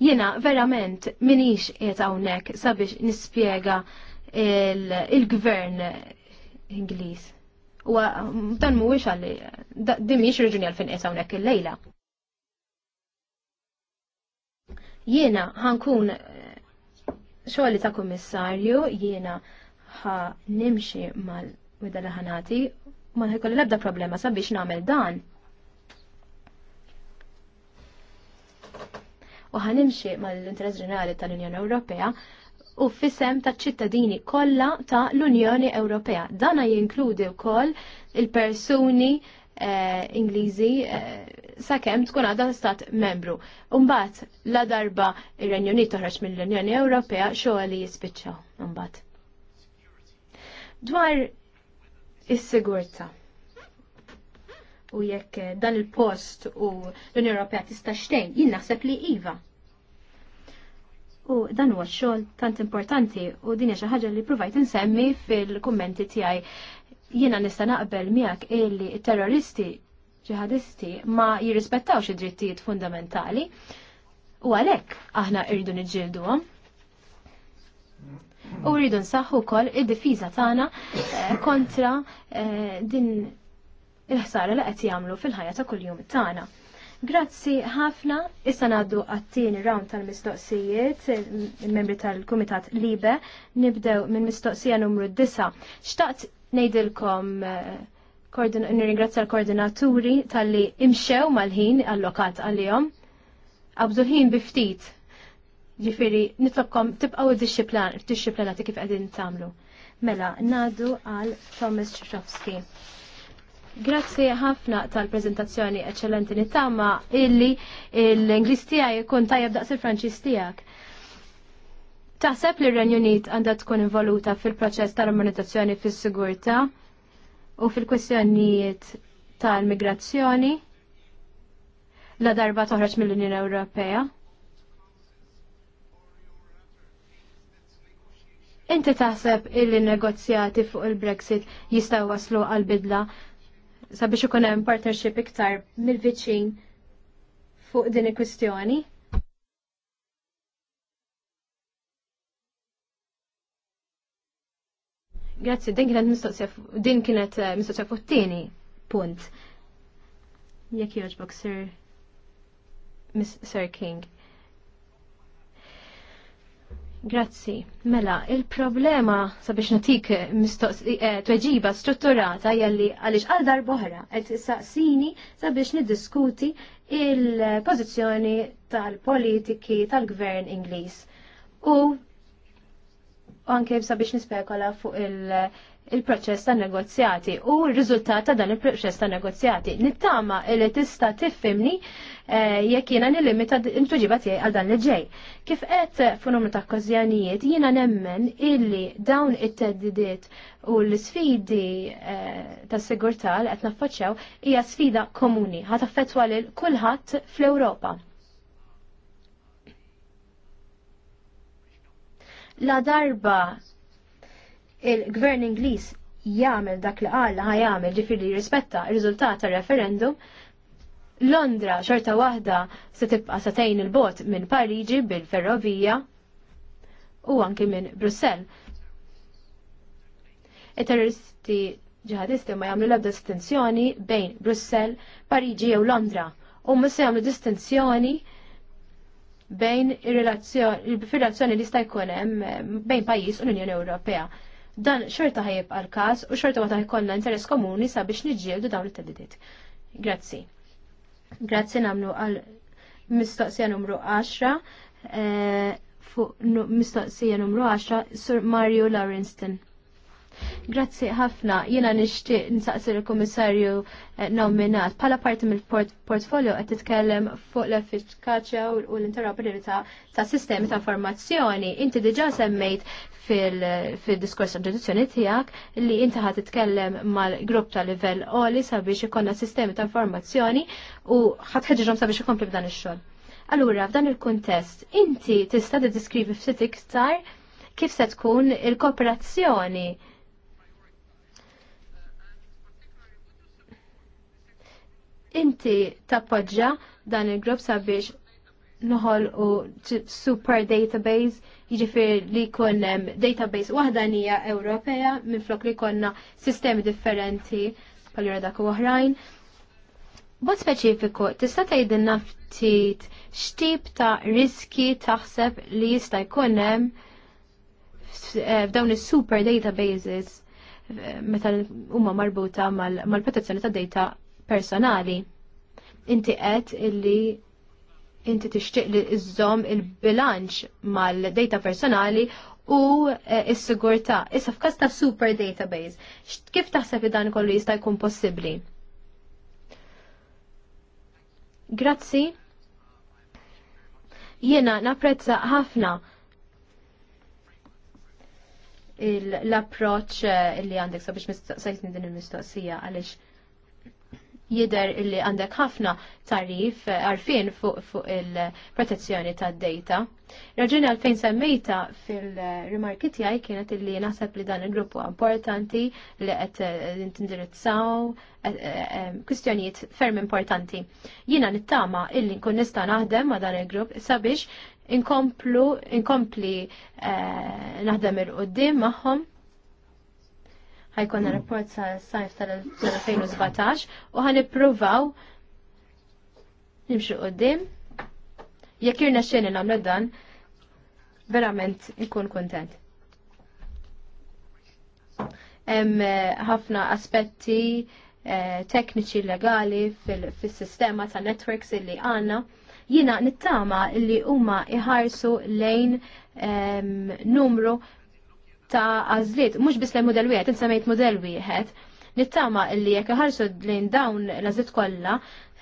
Speaker 3: Jena verament minix jiet hawnhekk sabiex nispjega il-gvern il Ingliż. U dan mhuwiex għalli, dimiex reġuni għalfin qies hawnhekk il-lejla. Jiena ħankun eh, xogħli ta' kummissarju, jiena ħa nimxi mal-wida li ħanati, ma ħekolli l-ebda problema sabiex nagħmel dan. U ħanimxi mal-interess ġenerali tal-Unjoni Ewropea u fissem ta' ċittadini kollha ta' l-Unjoni Ewropea. Dana jinkludi wkoll il-persuni Eh, Ingliżi eh, sakemm tkun għadha stat membru. Umbat, la darba ir-Renju Unit toħroġ mill-Unjoni Ewropea xogħol li jispiċċaw. imbagħad. Dwar is-sigurtà u jekk eh, dan il-post u l-Unjoni Ewropea tista' xtejn, jien naħseb li iva. U dan huwa xogħol tant importanti u din hija xi ħaġa li provajt insemmi fil-kummenti tiegħi Jiena nista' naqbel miegħek illi terroristi ġihadisti ma jirrispettawx id-drittijiet fundamentali u għalhekk aħna rridu niġġielduhom. U rridu nsaħħu wkoll id-difiża tagħna eh, kontra eh, din il-ħsara li qed jagħmlu fil-ħajja ta' kuljum tagħna. Grazzi ħafna, issa ngħaddu għat-tieni round tal-mistoqsijiet, il-membri tal-Kumitat Libe, nibdew minn mistoqsija numru 9. Xtaqt Nejdilkom eh, nirringrazzja l-koordinaturi tal-li imxew mal-ħin allokat għal-jom. Għabżu biftit. Ġifiri, nitlobkom tibqaw id-disciplinati kif għedin tamlu. Mela, nadu għal Thomas Shofsky. Grazzi ħafna tal-prezentazzjoni eccellenti nittama illi l-Inglis tijaj kun tajab daqs il-Franċis tijak. Taħseb li r-Renju Unit għandha tkun involuta fil-proċess tal-armonizzazzjoni fis-sigurtà u fil-kwestjonijiet tal-migrazzjoni la darba toħroġ mill-Unjoni Ewropea. Inti taħseb illi negozjati fuq il-Brexit jistaw waslu għal-bidla sabiex ikun hemm partnership iktar mill-viċin fuq din il-kwistjoni? Grazzi, din kienet mistoqsija din kienet eh, mistoqsija fuq tieni punt. Jekk jogħġbok Sir Miss Sir King. Grazzi. Mela, il-problema sabiex natik eh, eh, tweġiba strutturata jalli għaliex għal boħra qed saqsini sabiex niddiskuti il pożizzjoni tal-politiki tal-gvern Ingliż. U anke sabiex nispekola fuq il-proċess il ta' negozjati u r-riżultat ta' dan il-proċess ta' negozjati. Nittama li tista' tiffimni e, jekk jiena l intuġiba tiegħi għal dan li ġej. Kif qed numru ta' okkażjonijiet jiena nemmen illi dawn it-teddidiet u l-sfidi e, eh, tas sigurtà li qed naffaċċjaw hija sfida komuni ħat affettwa lil kulħadd fl-Ewropa. La darba il-gvern Ingliż jagħmel dak li qal ħa jagħmel ġifieri rispetta r-riżultat tar-referendum, Londra xorta waħda se tibqa' satejn il-bot minn Pariġi bil-ferrovija u anki minn Brussell. Il-terroristi ġihadisti ma jagħmlu l-ebda distinzjoni bejn Brussell, Pariġi jew Londra u ma se jagħmlu distinzjoni bejn il-relazzjoni li sta' jkun hemm mm, bejn pajjiż u l-Unjoni Ewropea. Dan xorta ħajib għal każ u xorta waħda jkollna interess komuni sabiex niġġieldu dawn it-teddidiet. Grazzi. Grazzi namlu għal mistoqsija numru 10 eh, fuq mistoqsija numru 10 Sur Mario Laurinston. Grazzi ħafna, jiena nixtieq nsaqsi l-Kummissarju eh, nominat. Pala parti mill-portfolio qed titkellem fuq l-effikaċja u l-interoperabilità ta' sistemi ta' formazzjoni. Inti diġà semmejt fil-diskors fil tradizzjoni tijak li inti ħat titkellem mal-grupp ta' livell oli sabiex ikonna sistemi ta' formazzjoni u ħatħedġiġom sabiex ikompli b'dan ix-xogħol. Allura, f'dan il-kuntest, inti tista' tiddiskrivi fsit iktar kif se tkun il-kooperazzjoni inti tappoġġa dan il-grupp sabiex noħol u super database jiġifier li jkun database waħda nija Ewropea minflok li konna sistemi differenti pal dak u oħrajn. Bot speċifiku, tista' tgħidilna ftit x'tip ta' riski taħseb li jista' jkun hemm eh, f'dawn is-super databases eh, meta huma marbuta mal-protezzjoni ta' data personali. Inti qed illi inti tixtieq li iżżomm il-bilanċ mal-data personali u eh, s sigurta Issa f'każ ta' super database, kif taħseb li dan kollu jista' jkun possibbli? Grazzi. Jiena napprezza ħafna l-approċ eh, li għandek sabiex sajtni din il-mistoqsija għalix jider illi għandek ħafna tarif eh, għarfien fuq fu il-protezzjoni ta' data. Raġuni għalfejn semmejta fil-rimarki tiegħi kienet illi naħseb li dan il-grupp importanti li qed eh, nindirizzaw, eh, kwistjonijiet ferm importanti. Jiena nittama illi nkun nista' naħdem ma' dan il-grupp sabiex inkomplu inkompli naħdem il-qudiem magħhom ħajkonna rapport sa' sajf tal-2017 u ħan ippruvaw nimxu qoddim. Jekk irna xejn nagħmlu dan, verament ikun kontent. Hemm eh, ħafna aspetti eh, tekniċi legali fil-sistema ta' networks illi għanna, jina nittama illi huma iħarsu lejn ehm, numru ta' għazliet, mhux biss l mudell wieħed, insemmejt mudell wieħed. Nittama illi jekk ħarsu lejn dawn l għazliet kollha,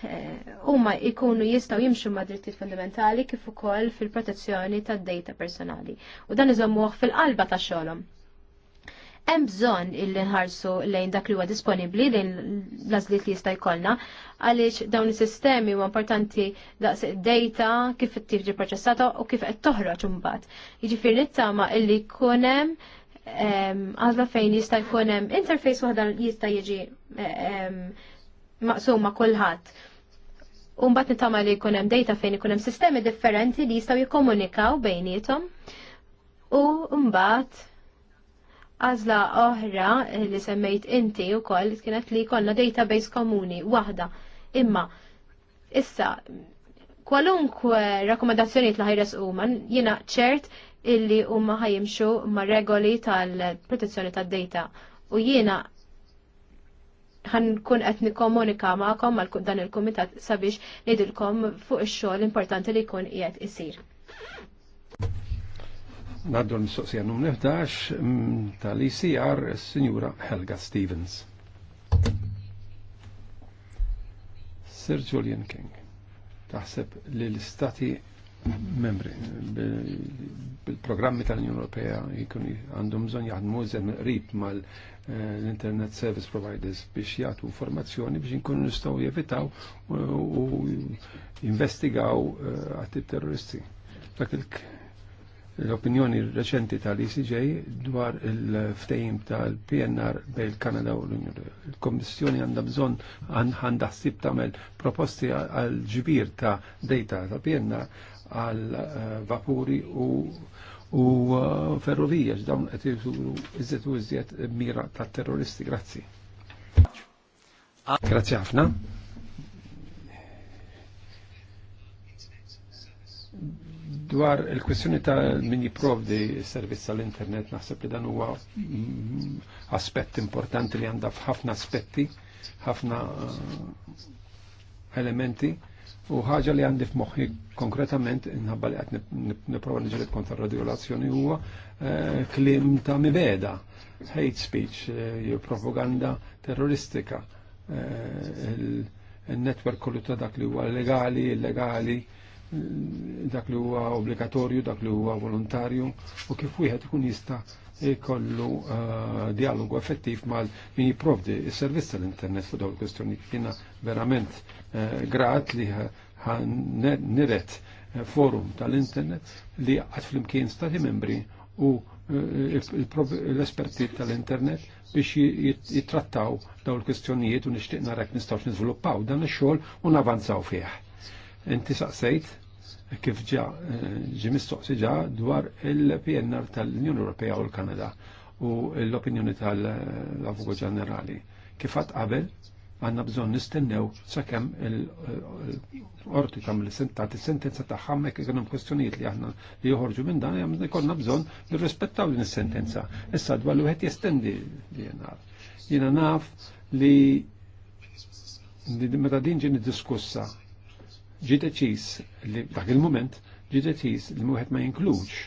Speaker 3: eh, huma jkunu jistgħu jimxu ma' drittijiet fundamentali kif ukoll fil-protezzjoni tad-data personali. U dan iżommuh fil-qalba ta' xogħolhom hemm bżonn illi nħarsu lejn dak li huwa disponibbli lejn l-għażliet li jista' jkollna għaliex dawn is-sistemi huwa importanti daqs data kif qed tiġi proċessata u kif qed toħroġ imbagħad. Jiġifieri nittama illi jkun hemm għażla fejn jista' jkun hemm interface waħda jista' jiġi maqsuma kulħadd. U mbagħad li jkun hemm data fejn ikun hemm sistemi differenti li jistgħu jikkomunikaw bejniethom. U mbagħad għazla oħra li semmejt inti u koll kienet li konna database komuni waħda. Imma, issa, kwalunkwe rakomendazzjoniet li ħajres uman, jina ċert illi umma ħajimxu ma regoli tal-protezzjoni tad-data. U jiena ħankun qed nikkomunika magħkom mal dan il-kumitat sabiex nidilkom fuq ix-xogħol importanti li jkun qiegħed isir.
Speaker 2: Naddu l-mistoqsija numru 11 mm, tal-ICR s Signora Helga Stevens. Sir Julian King, taħseb li l-istati membri bil-programmi tal-Unjoni Ewropea jikun għandhom bżonn jaħdmu iżem qrib mal-Internet eh, Service Providers biex jagħtu informazzjoni biex inkunu nistgħu jevitaw u investigaw eh, għattib terroristi. Dak l-opinjoni reċenti tal-ECJ dwar il-ftejim tal-PNR bej kanada u l-Unjoni. Il-Kommissjoni għandha bżonn għandha ħsib tagħmel proposti għal ġbir ta' data ta' PNR għal eh, vapuri u u eh, ferrovija x'dawn qed jisuru iżjed u iżjed mira tat-terroristi. Grazzi. Grazzi ħafna. dwar il-kwestjoni ta' min jiprovdi servizz għall internet naħseb li dan huwa mm, aspett importanti li għandha f'ħafna aspetti, ħafna elementi u ħaġa li għandi f'moħħi konkretament inħabba li qed nipprova niġġeled kontra radiolazzjoni huwa eh, klim ta' mibeda, hate speech, eh, propaganda terroristika, eh, il-netwerk kollu ta' dak li huwa legali, illegali, dak li huwa obbligatorju, dak li huwa volontarju u kif wieħed ikun jista' jkollu eh, dialogu effettiv mal min jipprovdi is-servizz tal-internet fuq dawn il-kwestjoni. Jiena verament eh, grat li niret eh, forum tal-internet li għad flimkien stati membri u l-esperti tal-internet biex jittrattaw daw l-kwestjonijiet u nishtiqna rek nistawx nizviluppaw dan ix-xogħol u navanzaw fih. Inti saqsejt kif ġa eh, mistoqsi ġa dwar il-PNR tal-Unjoni Ewropea u l-Kanada u l-opinjoni tal-Avugu Ġenerali. Kifat qabel għanna bżon nistennew sakemm il-orti eh, kam l-sentat, il-sentenza taħħa mek għanum kwestjoniet li għanna li joħorġu minn dan, għamna jkonna bżon nirrespettaw din il-sentenza. Issa dwar li għet jestendi li jenar. Jena naf li meta din ġini diskussa ġi deċiż li dak il-moment ġi deċiż li muħet ma jinkludx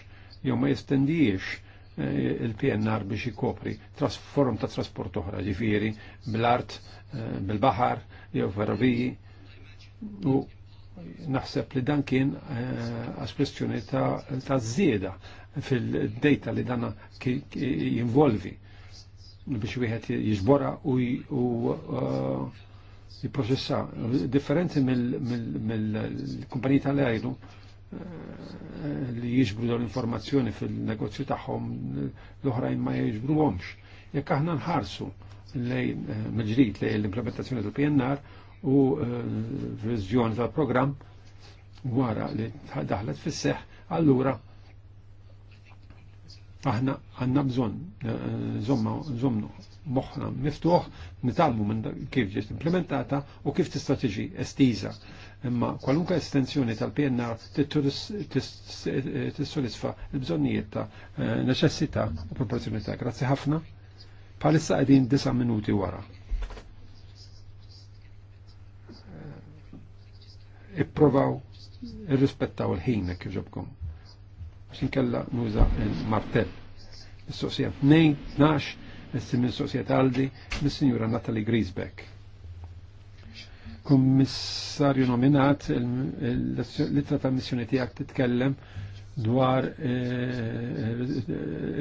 Speaker 2: jew ma jestendijiex eh, il-PNR biex jikopri form ta' trasport oħra, ġifiri bl-art, eh, bil bahar jew ferroviji. U naħseb li dan kien aspressjoni eh, ta' zieda fil-data li dana jinvolvi biex wieħed jiġbora u jiprocessa. differenti mill-kumpaniji tal-ajru eh, li jiġbru dawn l-informazzjoni fil-negozju tagħhom l-oħrajn ma għomx. Jekk aħna nħarsu eh, mill-ġrid li l-implementazzjoni tal-PNR u eh, viżjoni tal-programm wara li daħlet fis seħ allura aħna għanna bżon eh, eh, zomnu moħħna miftuħ nitalmu minn kif ġiet implementata u kif tista' estiża. Imma kwalunkwe estensjoni tal-PNR eh, tissolisfa l-bżonnijiet ta' neċessità u proporzjonalità. Grazzi ħafna. Palissa qegħdin disa' minuti wara. Ipprovaw irrispettaw il-ħin kif ġobkom xinkella nuża il-martell. Is-sosja 12, essi il sosja taldi, mis-sinjura Natalie Griesbeck. Kummissarju nominat, l-ittra ta' missjoni tijak titkellem dwar eh,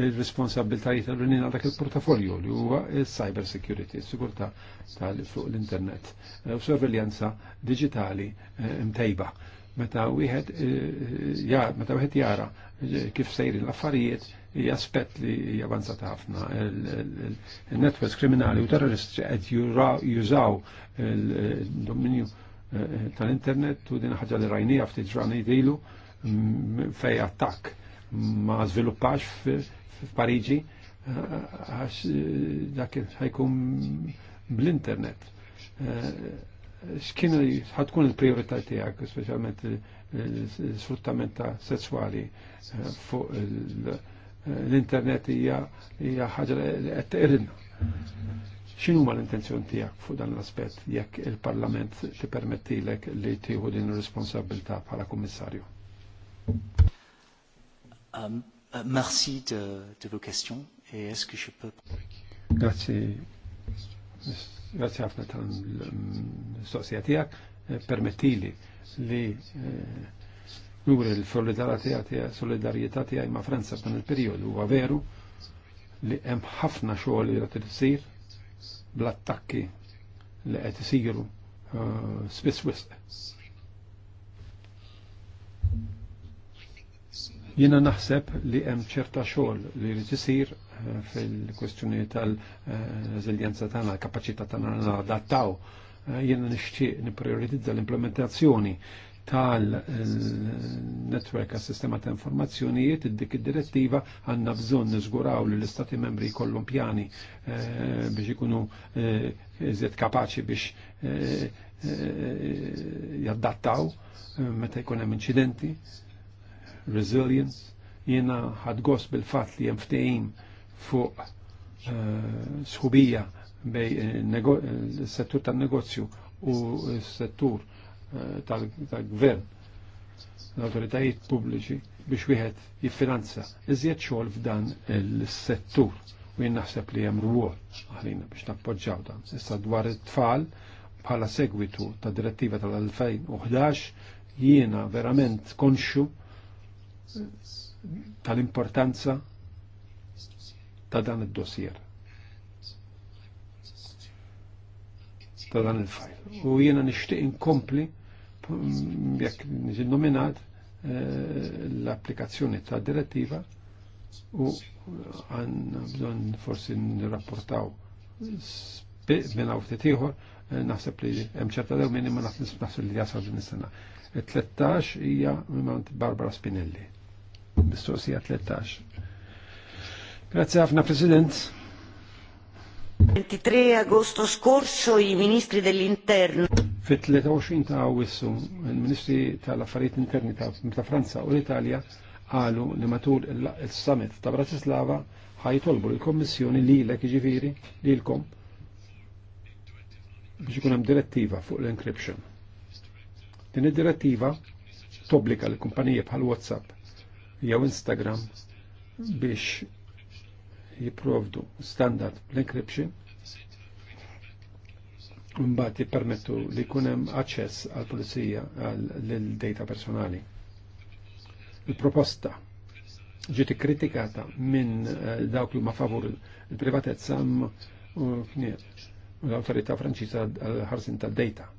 Speaker 2: il-responsabiltajiet tal-bnina għadak il-portafolju li huwa il-cyber security, il-sigurta tal-fuq l-internet, eh, u sorveljanza digitali eh, mtejba meta wieħed eh, eh, ja, meta wieħed jara eh, kif sejr l-affarijiet jaspet li javanzat ħafna. Il-networks kriminali u terroristi qed jużaw il-dominju tal-internet u din ħaġa li rajni għafti ġrani dilu mm, fej attak ma żviluppax f'Pariġi għax dak ħajkun bl-internet x'kienu ħatkun il-priorità tiegħek, speċjalment l-sfruttament ta' sessuali eh, fuq eh, l-internet hija ħaġa li qed tiqrinna. X'inhu ma l-intenzjon tiegħek fuq dan l-aspett jekk il-Parlament tippermettilek li tieħu din ir-responsabilità bħala kummissarju? Um, uh, merci de, de vos questions et est-ce que je peux... Merci. Grazie ħafna tal-sosja tijak, eh, permettili li eh, nuri l-solidarietà tijaj ma' Franza f'dan il-periodu. u veru li hemm ħafna xogħol li qed isir bl-attakki li qed isiru eh, spiss wisq Jiena naħseb li hemm ċerta xogħol li jrid isir eh, fil-kwestjoni tal-reżiljenza tagħna, l-kapaċità tagħna nadattaw. Eh, jiena nixtieq nipprioritizza l-implementazzjoni tal-netwerk għas sistema ta' informazzjonijiet id-dik id-direttiva għanna bżon nizguraw li l-istati membri Kolumpjani pjani eh, biex ikunu iżjed kapaċi biex jaddattaw meta jkun hemm incidenti resilience, jena ħadgos bil-fat li jem fuq uh, sħubija bej eh, eh, settur tal-negozju u settur tal-gvern, l-autoritajiet pubbliċi biex wieħed jiffinanza iżjed xogħol f'dan il-settur u jien naħseb li hemm rwol aħlina biex nappoġġaw dan. Issa dwar it-tfal bħala segwitu ta' direttiva tal-2011 jiena verament konxu tal-importanza ta' dan id-dossier. Ta' dan il-fajl. U jiena nixtieq inkompli mm, jekk niġi nominat eh, l-applikazzjoni ta' direttiva u għanna bżon forsi nirrapportaw minn għaw t-tiħor eh, naħseb li mċerta dew minni ma naħseb li jasal din is-sena. 13 e hija minn Barbara Spinelli. Mistoqsija 13. Grazie ħafna President. 23 agosto scorso i ministri dell'interno. Fit-23 ta' awissu, il-ministri tal-affarijiet interni ta' Franza u l-Italja għalu li matul il-summit ta' Bratislava ħajtolbu l-Kommissjoni li l ġifiri li l-kom biex ikun hemm direttiva fuq l-encryption. Din id-direttiva tobblika l-kumpanija bħal WhatsApp jew Instagram biex jiprovdu standard l-encryption Mbagħad jippermettu li jkun hemm aċċess għall pulizija lil data personali. Il-proposta ġiet kritikata minn eh, dawk li huma favur il-privatezza l-awtorità Franċiża għal-ħarsin tad-data.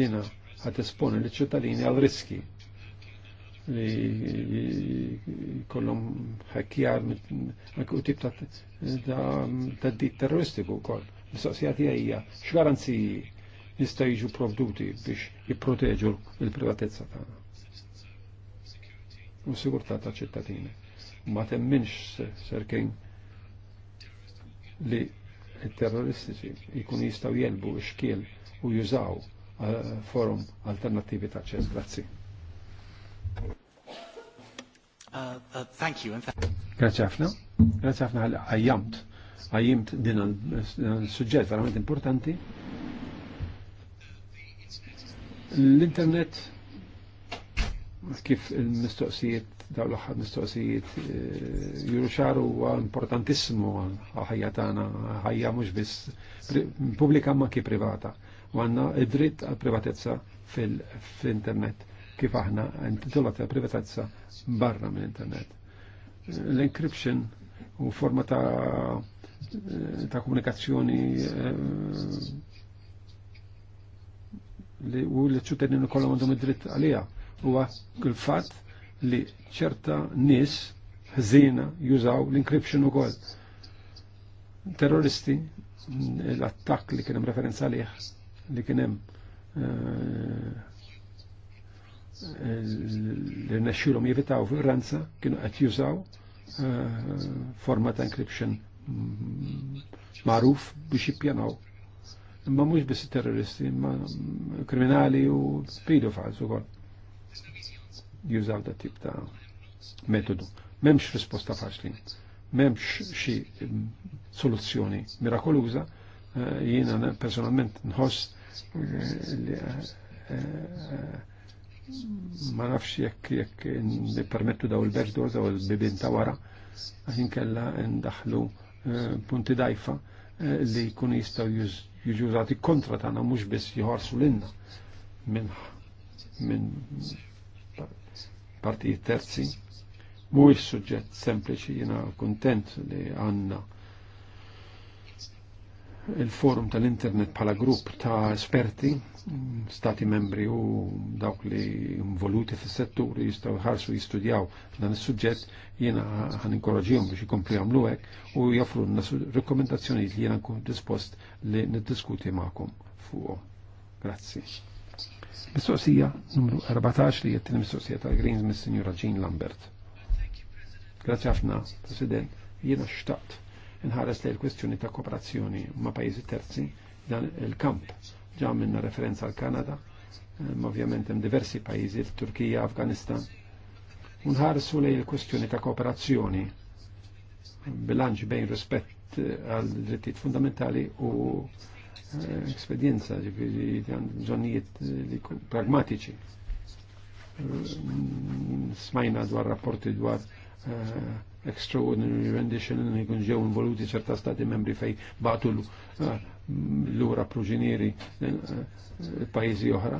Speaker 2: Dina għat esponi li ċittadini għal riski li kollom ħekkjar u tip ta' ditt terroristiku kol. Mistoqsijati għajja, x'garanziji jista' jiġu provduti biex jipproteġu l-privatezza ta' u sigurta ta' ċittadini. Ma temminx serkin li il terroristiċi jkun jistaw jelbu xkiel u jużaw Eh, forum alternativi ta' ċes. Grazzi.
Speaker 1: Uh, uh, thank you.
Speaker 2: Grazie ħafna. Grazie ħafna għal għajjamt. Għajjamt din għal suġġett verament importanti. L-internet kif il-mistoqsijiet daw l-axħad mistoqsijiet eh, juruxar huwa importantissimu ħajja tagħna ħajja mhux biss pubblika ma kif privata u għanna id-dritt għal privatezza fil-internet kif aħna intitolat għal privatezza barra minn internet. L-encryption u forma ta' ta' komunikazzjoni eh, li u li u kollha għandhom id-dritt għalija huwa il fat li ċerta nis ħżina jużaw l-encryption ukoll. Terroristi l-attakk li kienem referenza liħ li kienem eh, eh, li nesċilom jivitaw fil-ranza kienu għet jużaw eh, forma ta' encryption mm, maruf biex jippjanaw. Imma mux biss terroristi, imma kriminali u pedofils u għol. Jużaw da tip ta' metodu. Memx risposta faċli, memx xie mm, soluzzjoni mirakoluza, jiena personalment nħoss ma nafx jekk jekk permettu daw il-berġ doors daw il-bibin ta' wara għaxin kella ndaħlu eh, punti dajfa eh, li kun jistaw jużati kontra ta' tagħna mhux biss jħarsu inna minn min partijiet terzi mux suġġet sempliċi jina kontent li għanna il-forum tal-internet bħala grupp ta' esperti, stati membri u dawk li involuti fis settur jistaw ħarsu jistudjaw dan is-suġġett jiena għan inkoraġihom biex jikompli jagħmlu hekk u joffru lna rekomendazzjoni li jiena nkun dispost li niddiskuti magħkom fuqo. Grazzi. Mistoqsija numru 14 li jettin mistoqsija tal-Greens mis-Sinjura Jean Lambert. Grazzi għafna, President. Jiena xtaqt nħares li l-kwistjoni ta' kooperazzjoni ma' pajjiżi terzi dan il-kamp. Ġa minna referenza għal Kanada, ma' ovvjament hemm diversi pajjiżi, Turkija, Afganistan. Unħarsu lej il-kwistjoni ta' kooperazzjoni bilanċ bejn rispett għal drittijiet fundamentali u ekspedienza eh, ġifiri bżonnijiet eh, pragmatiċi. Eh, smajna dwar rapporti dwar extraordinary rendition li kun ġew involuti ċerta stati membri fej batu l-ura proġinieri uh, pajizi oħra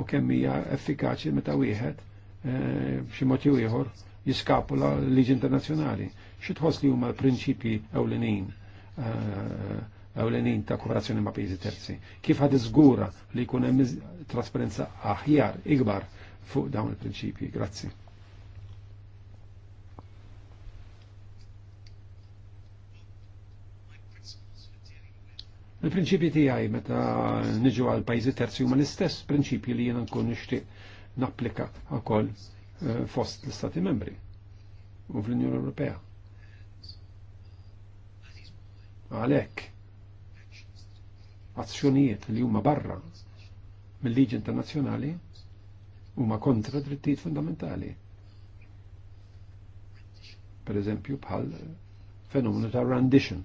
Speaker 2: u kemm hija effikaċi meta wieħed uh, b'xi mod ieħor jiskapula l-liġi internazzjonali. Xi tħoss li huma l-prinċipji ewlenin uh, ewlenin ta' kooperazzjoni ma' pajjiżi terzi. Kif ħad iżgura li jkun hemm trasparenza aħjar ikbar fuq dawn il-prinċipji. Grazzi. Il-prinċipji tiegħi meta niġu għal pajjiżi terzi huma l-istess prinċipji li jiena nkun nixtieq napplika wkoll eh, fost l-Stati membri u fl-Unjoni Ewropea. Għalhekk azzjonijiet li huma barra mill-liġi internazzjonali huma kontra drittijiet fundamentali. Per eżempju bħal fenomenu ta' rendition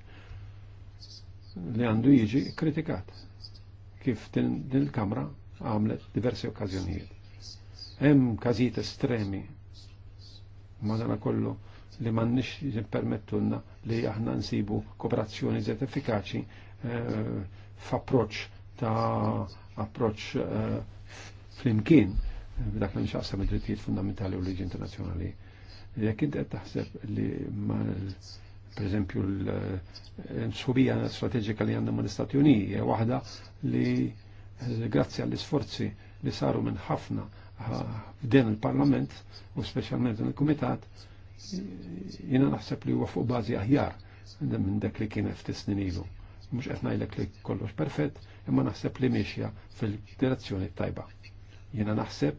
Speaker 2: li għandu jiġi kritikat kif din il-Kamra għamlet diversi okkazjonijiet. Hemm każijiet estremi madana kollu li m'għandniex permettuna li aħna nsibu kooperazzjoni żed effikaċi eh, f'approċċ ta' approċċ eh, flimkien dak li nxaqsam id-drittijiet fundamentali u liġi internazzjonali. Jekk inti qed taħseb li per eżempju l-subija strategika li għandna mal istati Uniji, waħda li eh, grazzi għall-isforzi li saru minn ħafna eh, f'den il-Parlament u specialment din il-Kumitat, jina naħseb li huwa fuq bażi aħjar minn dak li kien ftit snin ilu. Mhux qed ngħidlek li kollox perfett, imma naħseb li miexja fil-direzzjoni tajba. Jina naħseb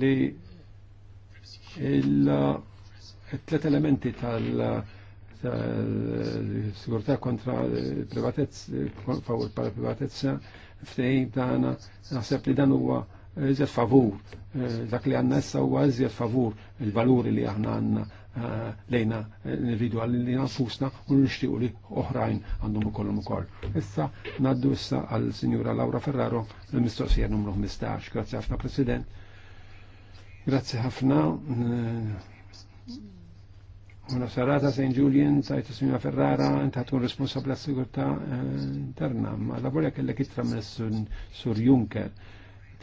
Speaker 2: li il- tlet elementi tal- sigurtà kontra privatezz, favur pala privatezza, ftejn tagħna, naħseb li dan huwa iżjed favur, dak li għanna issa huwa iżjed favur il-valuri li aħna għanna eh, lejna eh, nirridu għal li nafusna u nixtiequ li oħrajn għandhom ukollhom ukoll. Issa naddu issa għal Sinjura Laura Ferraro l-mistoqsija numru 15. Grazzi ħafna President. Grazzi ħafna eh, Una sarata St. Julian, sajtu e smina Ferrara, ntaħtu responsabla s-sigurta eh, interna. Ma la laborja kellek it-tramess e sur Juncker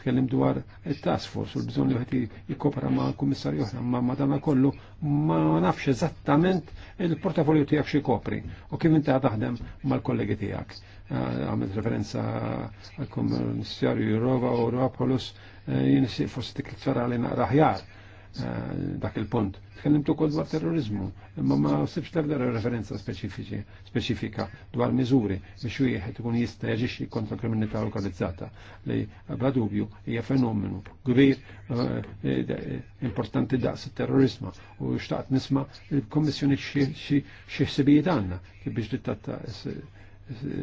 Speaker 2: tkellim dwar il-task force u l-bżon li għati jikopra ma' kummissarju oħra, ma' madana kollu ma' nafx eżattament il-portafolju tijak xie kopri u kif inti taħdem ma' l-kollegi tijak. Eh, Għamil referenza għal-kommissarju Jurova u Ruapolis, eh, jien si fost tikċara li naqraħjar Eh, dak il-punt. Tkellimtu kol dwar terrorizmu, imma ma sibx tabda referenza specifika dwar miżuri biex wieħed ikun jista' jaġixxi kontra kriminalità lokalizzata li bla dubju hija fenomenu kbir eh, importanti daqs it-terrorizmu u xtaqt nisma' il-Kommissjoni xi ħsibijiet għandna kif biex tittatta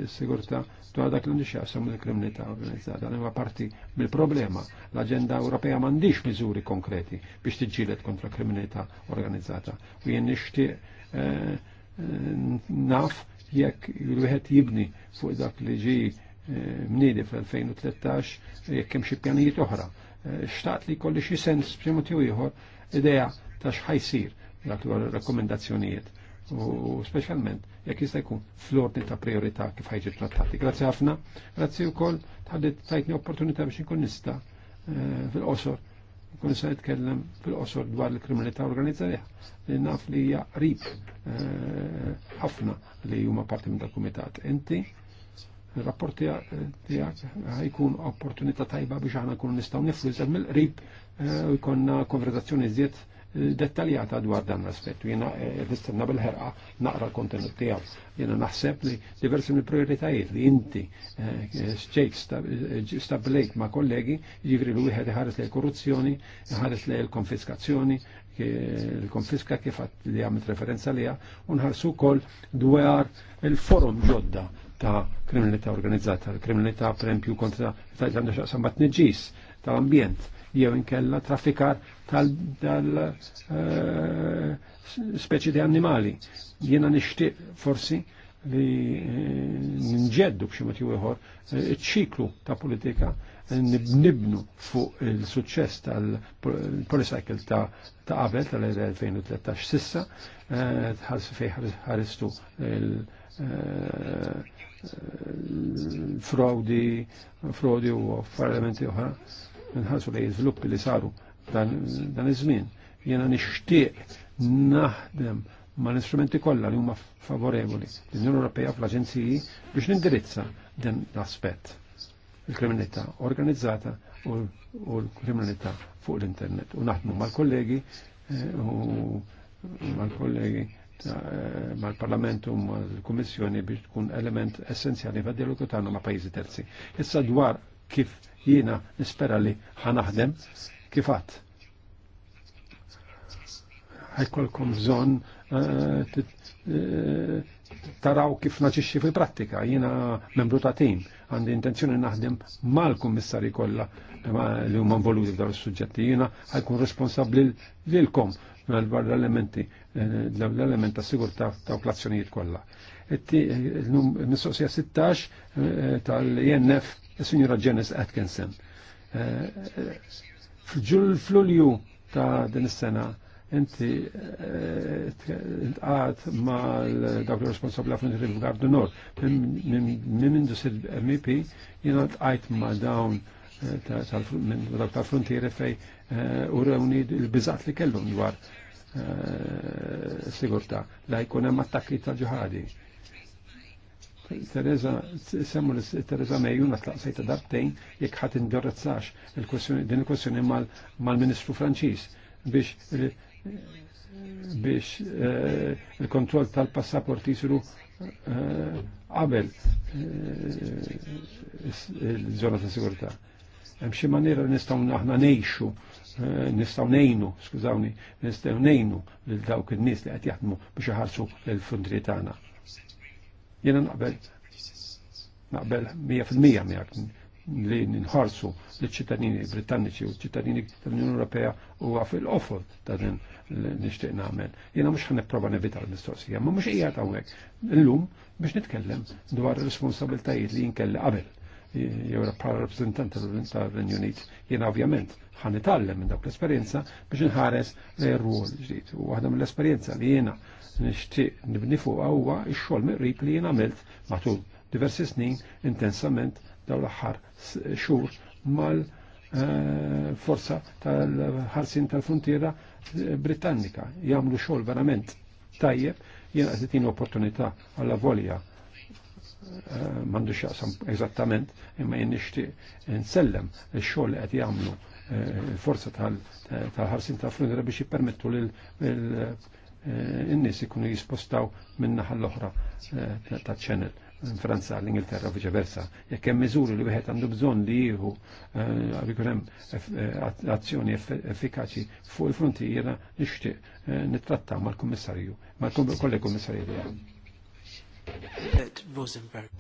Speaker 2: sigurta dwar dak li nixxaqsam il-kriminalità organizzata. Dan huwa parti mill-problema. L-Aġenda Ewropea m'għandix miżuri konkreti biex tiġġieled kontra kriminalità organizzata. U jien nixtieq eh, eh, naf jekk wieħed jibni fuq dak li ġi eh, mniedi fl-2013 jekk hemm xi pjanijiet oħra. Xtaqt li kolli xi sens b'xi motiv ieħor idea ta' x'ħajsir dak l-rakkomendazzjonijiet u specialment jekk jista' jkun fl-ordni ta' priorità kif ħajġi trattati. Grazzi ħafna, grazzi wkoll tħaddit tajtni opportunità biex inkun nista' eh, fil-qosor nkun se nitkellem fil-qosor dwar il-kriminalità organizzata li naf li hija qrib eh, ħafna li huma parti minn dal-kumitat. Inti il-rapport tiegħek ħajkun opportunità tajba biex aħna nkunu nistgħu niflu mill-qrib eh, u jkollna konverzazzjoni żied dettaljata dwar dan l-aspettu. Jena eh, nistenna bil-ħerqa naqra l-kontenut tijaw. Jena naħseb li diversi mill prioritajiet li inti eh, xċejt eh, stablejt ma' kollegi ġivri jiġifieri li wieħed ħares li korruzzjoni, ħares li l-konfiskazzjoni, l-konfiska kifat li għamilt referenza liha, nħarsu kol dwar il-forum ġodda ta' kriminalità organizzata, kriminalità prempju kontra ta' għandu xaqsam bat tal-ambjent jew inkella traffikar tal-speċi eh, ta' animali. Jiena nixtieq forsi li eh, nġeddu b'xi mod ieħor eh, iċ-ċiklu ta' politika nibnu fuq il-suċċess tal policycle ta' ta' qabel tal-2013 sissa tħarsu fejn ħaristu frodi, frodi u parlamenti oħra nħasu li iżviluppi li saru dan iż-żmien. Jena nixtieq naħdem ma l-istrumenti kollha li huma favorevoli l-Unjoni Ewropea fl-Aġenziji biex nindirizza dan l-aspett il-kriminalità organizzata u l-kriminalità fuq l-internet. U naħdmu mal-kollegi eh, u mal-kollegi eh, mal-Parlament u mal-Kommissjoni biex tkun element essenzjali fad-dialogu tagħna ma' pajjiżi terzi. Issa dwar kif jina nispera li ħanaħdem kifat. Ħajkolkom bżon eh, eh, taraw kif naċiċi fil-prattika. jina membru ta' tim, għandi intenzjoni naħdem mal-kummissari kolla li huma involuti f'dawn is-suġġetti. Jiena ħajkun responsabbli lilkom l-elementi, eh, l-element ta' sigurtà ta' plazzjonijiet kollha. Mistoqsija 16 tal-INF il-Sinjora Janice Atkinson. Eh, Fl-Lulju ta' din is-sena inti eh, t-għad ma' l dawk li responsabla fl-Interim Gardu Nor, Minn minn il-MEP jina jena għajt ma' dawn eh, minn ta' frontiere fej u rewni l bizat li kellum dwar sigurta la jkunem attakki ta' ġuħadi. Teresa, semmu Teresa Meju natlaqsajta darbtejn jekk ħat indorrazzax din il-kwestjoni mal-Ministru Franċiż biex biex eh, il-kontroll tal-passaport jisru eh, qabel eh, il-żona ta' sigurta. Hemm xi maniera nistgħu aħna ngħixu nistaw nejnu, skużawni, nistaw nejnu lil dawk in-nies li qed jaħdmu biex iħarsu l-fundri tagħna. Jena naqbel, naqbel 100% miegħek li ninħarsu li ċittadini Britanniċi u ċittadini tal-Unjoni Ewropea u fil offol ta' din nixtieq nagħmel. Jiena mhux ħanipprova nevita l-mistoqsija, ma mhux għawek. l Illum biex nitkellem dwar responsabiltajiet li jinkelli qabel jew bħala rappresentant tal-Renju Unit. Jiena ovvjament ħan itallem minn dawk l-esperjenza biex nħares l rwol ġdid. U waħda mill-esperjenza li jiena nixtieq nibni fuqha huwa x-xogħol miqrib li jien għamilt matul diversi snin intensament daw l-aħħar xhur mal eh, forza tal-ħarsin tal-frontiera Britannika. Jagħmlu xogħol verament tajjeb, jien qed opportunità għall-avolja mandu xaqsam eżattament imma jien nixtieq nsellem ix-xogħol li qed jagħmlu eh, forza tal-ħarsin ta' frunera biex jippermettu lil eh, in-nies ikunu jispostaw minna naħa l-oħra eh, ta' ċenel Franza l-Ingilterra vice versa. Jekk hemm miżuri li wieħed għandu bżonn li jieħu jkun hemm azzjoni effikaċi fuq il-frontiera nixtieq nittrattaw mal-Kummissarju, mal kollegu Kummissarju li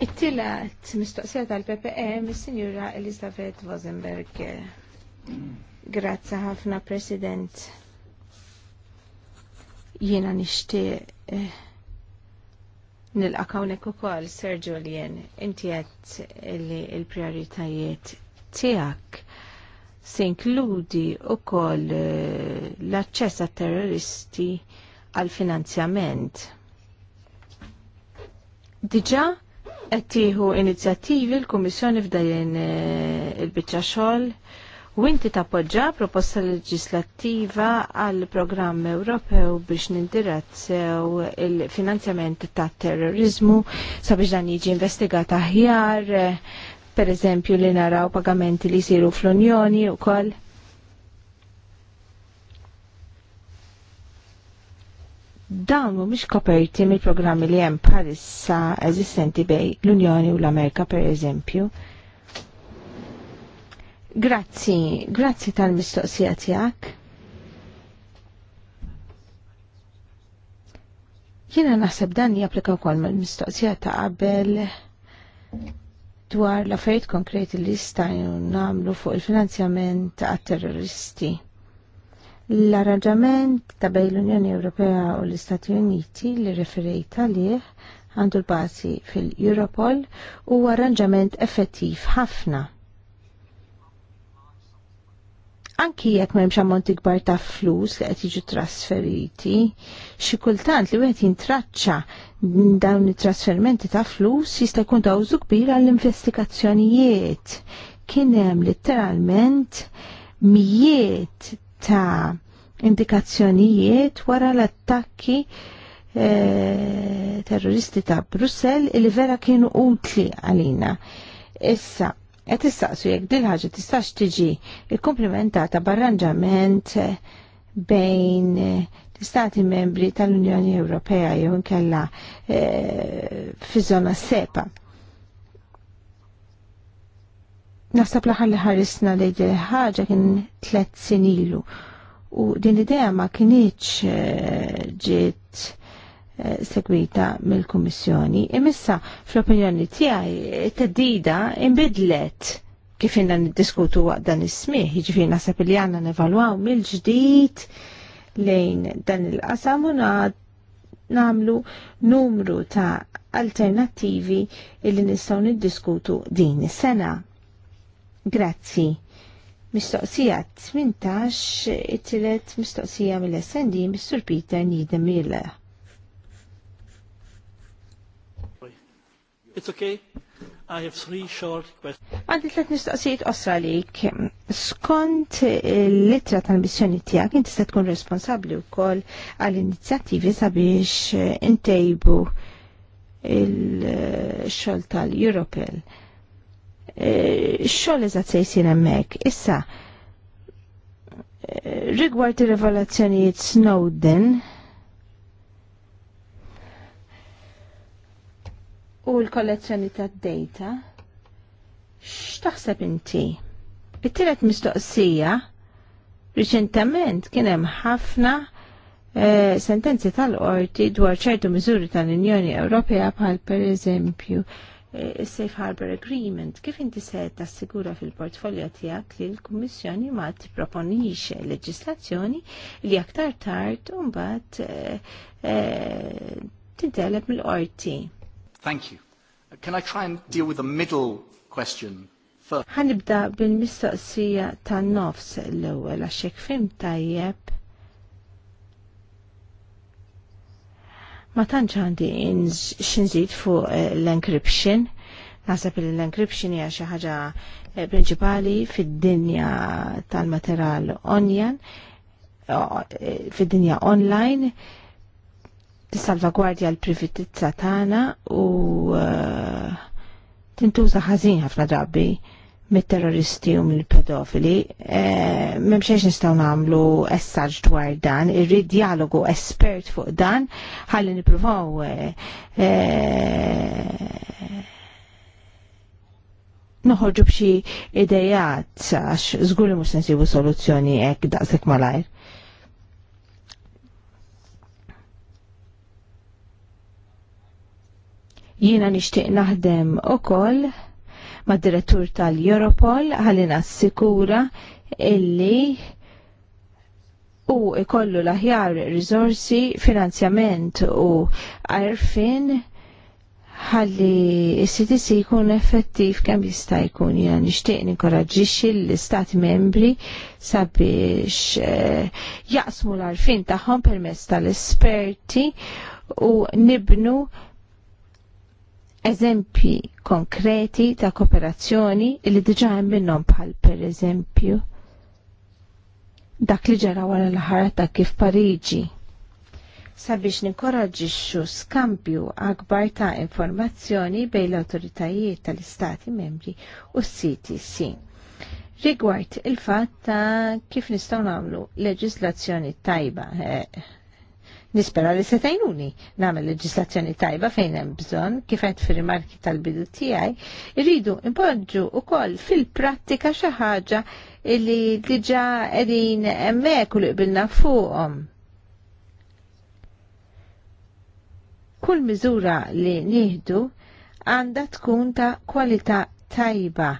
Speaker 1: It-tilat mistoqsija tal-PPM e is-Sinjura Elizabeth Rosenberg. Grazzi ħafna President. Jiena nixtieq eh, nilqak hawnhekk ukoll Sir Julian, inti qed li l-prijoritajiet tiegħek se inkludi wkoll eh, l-aċċess għat-terroristi għal finanzjament Diġa qed tieħu inizjattivi l-Kummissjoni f'dajen eh, il-biċċa xogħol u inti tappoġġa proposta leġislattiva għal programm Ewropew biex nindirazzew il-finanzjament ta' terrorizmu sabiex dan jiġi investigat aħjar, eh, per eżempju li naraw pagamenti li jsiru fl-Unjoni u koll dawn mhumiex koperti mill-programmi li hemm parissa eżistenti bej l-Unjoni u l-Amerika per eżempju. Grazzi, grazzi tal-mistoqsija tiegħek. Jiena naħseb dan japplika wkoll mal mistoqsija ta' qabel dwar l-affarijiet konkreti li jistajnu nagħmlu fuq il-finanzjament għat-terroristi. L-arranġament ta' bej l-Unjoni Ewropea u l-Istati Uniti li referejta liħ għandu l-bazi fil-Europol u arranġament effettiv ħafna. Anki jekk m'hemmx ammonti kbar ta' flus li qed jiġu trasferiti, xi kultant li wieħed jintraċċa dawn it-trasferimenti ta' flus jista' jkun ta' użu kbir għall-investigazzjonijiet. Kien hemm litteralment mijiet ta' indikazzjonijiet wara l-attakki eh, terroristi ta' Brussel il vera kienu utli għalina. Issa, qed issaqsu jekk din ħaġa tistax tiġi ikkomplimentata b'arranġament eh, bejn eh, l-Stati membri tal-Unjoni Ewropea jew inkella eh, fi żona sepa. Nasab l li ħarisna li ħaġa kien tlet sinilu u din idea ma kienieċ eh, ġiet eh, segwita mill-Kummissjoni. Imissa, fl-opinjoni tiegħi, t-teddida imbidlet kif inna niddiskutu waqt dan is-smieħ, jiġifieri naħseb li għandna nevalwaw mill-ġdid lejn dan il-qasam u nagħmlu numru ta' alternattivi illi nistgħu niddiskutu din is-sena. Grazzi. Mistoqsija 18 it-tilet mistoqsija mill snd Mr. sur Peter Nidemila. It's okay. I have three short questions. Għandi tlet mistoqsijiet osra lik. Skont l-litra eh, tal-missjoni tijak, inti se tkun responsabli u koll għal-inizjattivi sabiex eh, intejbu il-xol eh, tal-Europel Eh, xoll eżatt se jsir hemmhekk. Issa, eh, rigward ir-rivelazzjonijiet Snowden, u l-kollezzjoni ta' data, x'taħseb inti? It-tielet mistoqsija riċentament kien hemm ħafna eh, sentenzi tal-qorti dwar ċertu miżuri tal-Unjoni Ewropea bħal pereżempju Eh, safe Harbor Agreement, kif inti se tassigura fil-portfolio tiegħek li l-Kummissjoni ma tipproponix leġislazzjoni li aktar tard u t eh, eh, tintelep mill-qorti. Thank you.
Speaker 3: Can I try and deal with the middle question
Speaker 1: first? Ħanibda bil-mistoqsija tan-nofs l-ewwel għaxek fim tajjeb Ma tantx għandi xinżid fuq eh, l-encryption. Naħseb li l-encryption hija xi ħaġa eh, prinċipali fid-dinja tal-materjal onjan, eh, fid-dinja online, tissalvagwardja l privitizza tagħna u tintuża ħażin ħafna drabi mit-terroristi u mill-pedofili, eh, memxiex nistaw namlu essaġ dwar dan, irrid dialogu espert fuq dan, ħalli niprofaw eh, eh, noħorġu bxi idejat għax zgulli mux nsibu soluzzjoni ek daqsek malajr. Jiena nishtiq naħdem u koll mad-direttur tal-Europol ħalli sikura illi u ikollu l-aħjar risorsi, finanzjament u għarfin ħalli s-CTC jkun effettiv kemm jista' jkun jina nixtieq ninkoraġġixxi l-istati membri sabiex eh, jaqsmu l-arfin tagħhom permezz tal-esperti u nibnu eżempji konkreti ta' kooperazzjoni li diġa hemm minnhom bħal pereżempju dak li ġara wara l-ħar ta' kif Pariġi. Sabiex ninkoraġixxu skambju akbar ta' informazzjoni bejn l-awtoritajiet tal-istati membri u s-CTC. Rigward il-fatt ta' kif nistgħu nagħmlu leġislazzjoni tajba eh, Nispera li setajnuni namel nagħmel leġislazzjoni tajba fejn hemm bżonn kif qed fir-rimarki tal-bidu tiegħi, irridu impoġġu wkoll fil-prattika xi ħaġa li diġà qegħdin hemmhekk u li qbilna fuqhom. Kull miżura li nieħdu għandha tkun ta' kwalità tajba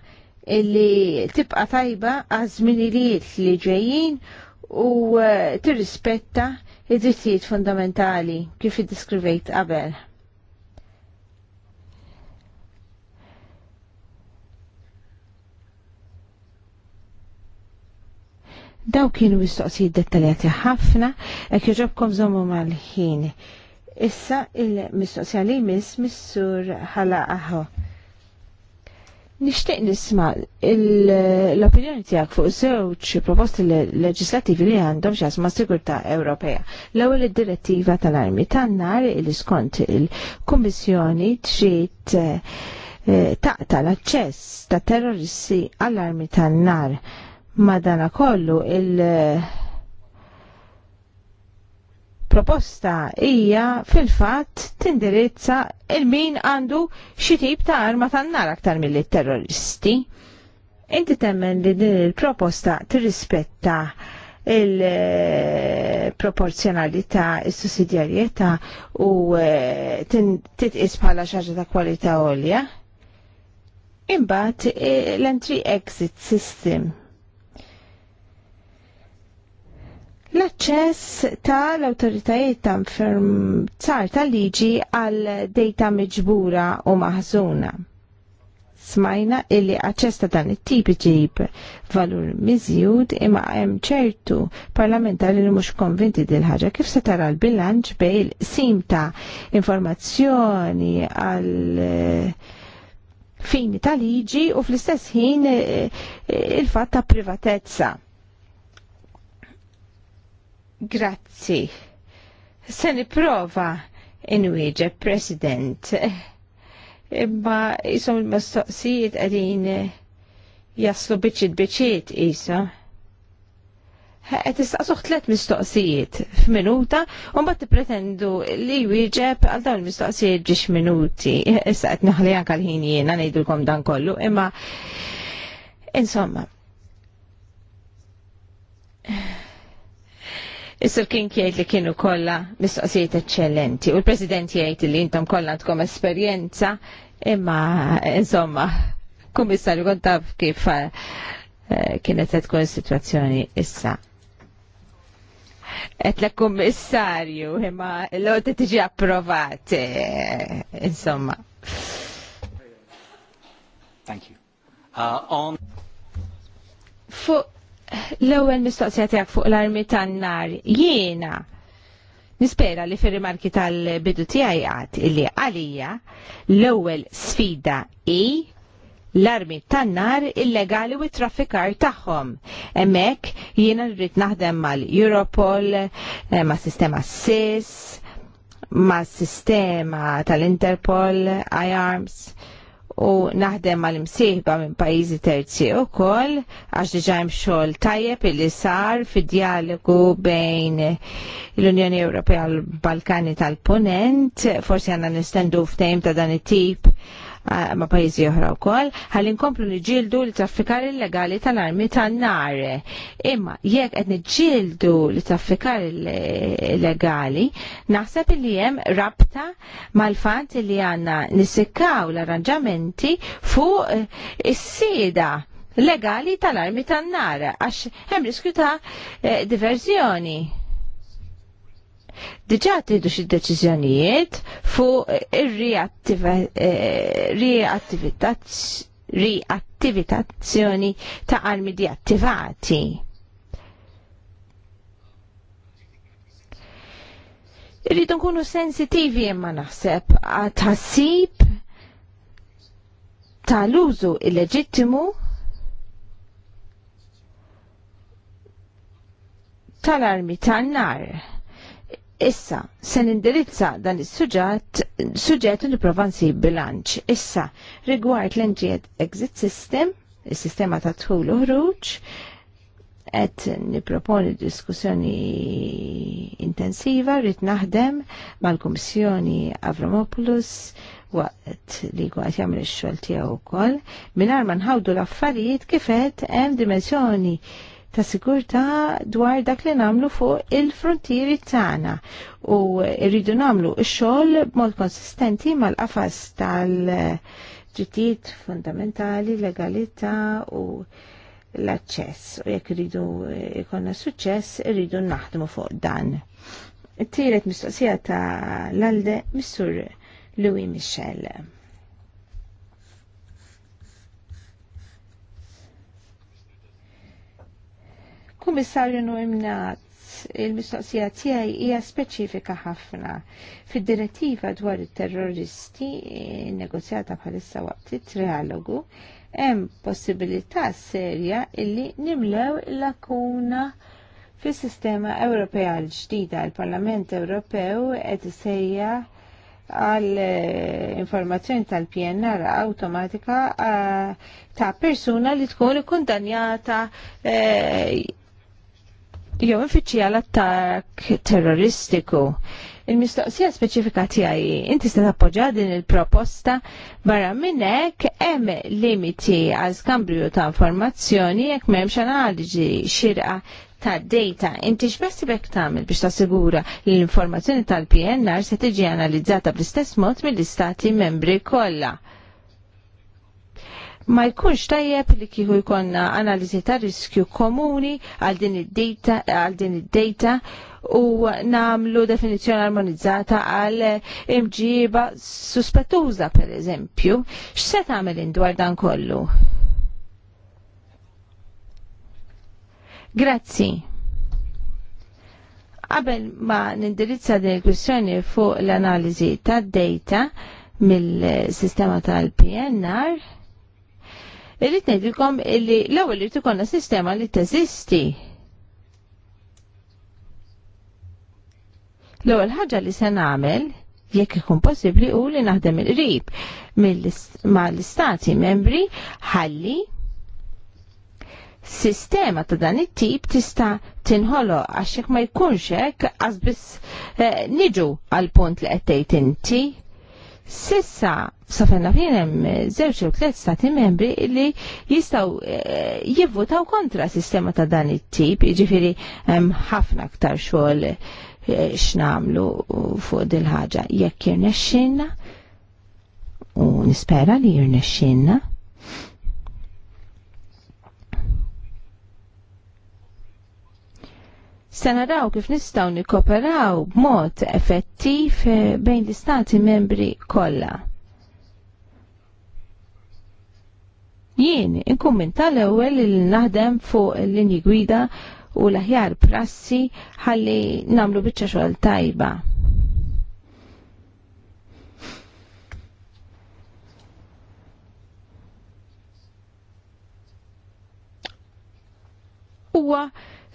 Speaker 1: illi tibqa tajba għaż-żmin għaż-żminijiet li ġejjin u eh, tirrispetta id-drittijiet fundamentali kif iddiskrivejt qabel. Daw kienu mistoqsijiet dettaljati ħafna, jekk jġobkom żommu mal-ħin. Issa il-mistoqsija li jmiss missur ħala aħo. Nishtiq nisma l-opinjoni tijak fuq żewġ proposti leġislativi li għandhom xasma sigurta Ewropea. L-ewwel id-direttiva tal-armi tan-nar li skont il-Kummissjoni trid eh, taqta l-aċċess ta' terroristi għall-armi tan-nar. Madana kollu il- proposta hija fil-fatt tindirizza il-min għandu xi tip ta' arma tan-nar aktar mill terroristi Inti temmen li din il-proposta tirrispetta il-proporzjonalità, il-sussidjarjetà u eh, titqis bħala xaġa ta' kwalità għolja. Imbagħad eh, l-entry exit system l-aċċess tal-autoritajiet ta' tsar tal-liġi għal dejta miġbura u maħżuna smajna illi ta' dan it-tip iġib valur miżjud imma hemm ċertu parlamentari li mhux konvinti dil ħaġa kif se tara l-bilanċ bej il-sim ta' informazzjoni għal eh, fini ta' liġi u fl-istess ħin eh, il-fatt ta' privatezza. Grazzi. Se niprofa inwieġeb President. Imma jisom il-mistoqsijiet għadin jaslu biċċiet biċċiet isa. Għet istaqsuħ tlet mistoqsijiet f'minuta, un bat pretendu li jwieġeb għal dawn il-mistoqsijiet ġiex minuti. Issa għet naħli għanka l-ħin jena nejdulkom dan kollu, imma insomma. Is-sur kien jgħid li kienu kollha mistoqsijiet eccellenti. u l-President jgħid li intom kollha għandkom esperjenza imma insomma kummissarju kont taf kif eh, kienet qed tkun is-sitwazzjoni issa. Et l kummissarju imma l-għodda tiġi approvat eh, insomma.
Speaker 2: Thank you. Uh, on...
Speaker 1: Fu L-ewwel mistoqsija tiegħek fuq l-armi tan-nar jiena Nispera li fir-rimarki tal-bidu tiegħi għad illi għalija l-ewwel sfida i l-armi tan-nar illegali u traffikar tagħhom. Hemmhekk jiena rrid naħdem mal-Europol, eh, mas sistema SIS, mas sistema tal-Interpol, IARMS. arms u naħdem mal imsieħba minn pajjiżi terzi wkoll għax diġà hemm xogħol tajjeb li sar fid-dialogu bejn l-Unjoni Ewropea u l-Balkani tal-Punent, forsi għandna nistendu ftehim ta' dan it-tip ma' pajjiżi oħra wkoll, ħalli nkomplu nġildu li traffikar illegali tal-armi tan-nar. Imma jekk qed niġġieldu li traffikar illegali, naħseb li hemm rabta mal fant li għandna nisikaw l-arranġamenti fuq eh, is-sieda legali tal-armi tan-nar għax hemm riskju ta' eh, diverżjoni diġa tidu xi deċiżjonijiet fuq ir-riattivitazzjoni eh, ta' armi deattivati. Irridu nkunu sensitivi imma naħseb għat-ħassib tal-użu illeġittimu tal-armi tan-nar Issa, se nindirizza dan is-suġġett suġġett nipprova nsib bilanċ. Issa, rigward l-entry exit system, is-sistema ta' tħul u ħruġ, qed nipproponi diskussjoni intensiva rrid naħdem mal-Kummissjoni Avromopoulos, waqt li għat jagħmel ix-xogħol tiegħu kol, mingħajr ma nħawdu l-affarijiet kif qed dimensjoni ta' sigurta dwar dak li nagħmlu fuq il-frontieri tagħna u rridu nagħmlu x-xogħol b'mod konsistenti mal-qafas tal-drittijiet fundamentali, legalità u l-aċċess. U jekk irridu jkollna suċċess, irridu naħdmu fuq dan. it mistoqsija ta' l-alde Missur Louis Michel. Kummissarju nominat il-mistoqsija tiegħi hija speċifika ħafna. Fid-direttiva dwar it-terroristi negozjata bħalissa waqt it-trialogu hemm possibilità serja illi nimlew lakuna fis-sistema Ewropea l-ġdida l-Parlament Ewropew qed isejja għal eh, informazzjoni tal-PNR automatika eh, ta' persuna li tkun ikkundanjata eh, jew infittxija l-attak terroristiku. Il-mistoqsija speċifika tiegħi inti se tappoġġa din il-proposta barra minn hekk hemm limiti għal skambju ta' informazzjoni jekk m'hemmx analiġi xirqa ta' data. Inti x'bessibek tagħmel biex tassigura li l-informazzjoni tal-PNR se tiġi analizzata bl-istess mod mill-istati membri kollha ma jkunx tajjeb li kieku jkonna analiżi ta' riskju komuni għal din id-data u namlu definizjoni armonizzata għal imġiba suspettuża per eżempju. X'se tagħmel dwar dan kollu? Grazzi. Qabel ma nindirizza din il-kwistjoni fuq l-analiżi tad-data mill-sistema tal-PNR, Irrid ngħidilkom illi l-ewwel irid ikollna sistema li teżisti. L-ewwel ħaġa li se nagħmel jekk ikun possibbli u li naħdem il-qrib mal-istati membri ħalli sistema ta' dan it-tip tista' tinħolo għax ma jkunx hekk eh, niġu għal punt li qed tgħid inti Sissa, sofenna fien hemm żewġ u tliet stati membri li jistgħu eh, jivvotaw kontra sistema ta' dan it-tip, jiġifieri hemm ħafna aktar xogħol eh, x'namlu fuq dil ħaġa jekk jirnexxinna u nispera li jirnexxinna se naraw kif nistgħu nikkoperaw b'mod effettiv eh, bejn l-istati membri kollha. Jien inkun minn tal-ewwel li naħdem fuq l-linji gwida u l-aħjar prassi ħalli namlu biċċa xogħol tajba. Huwa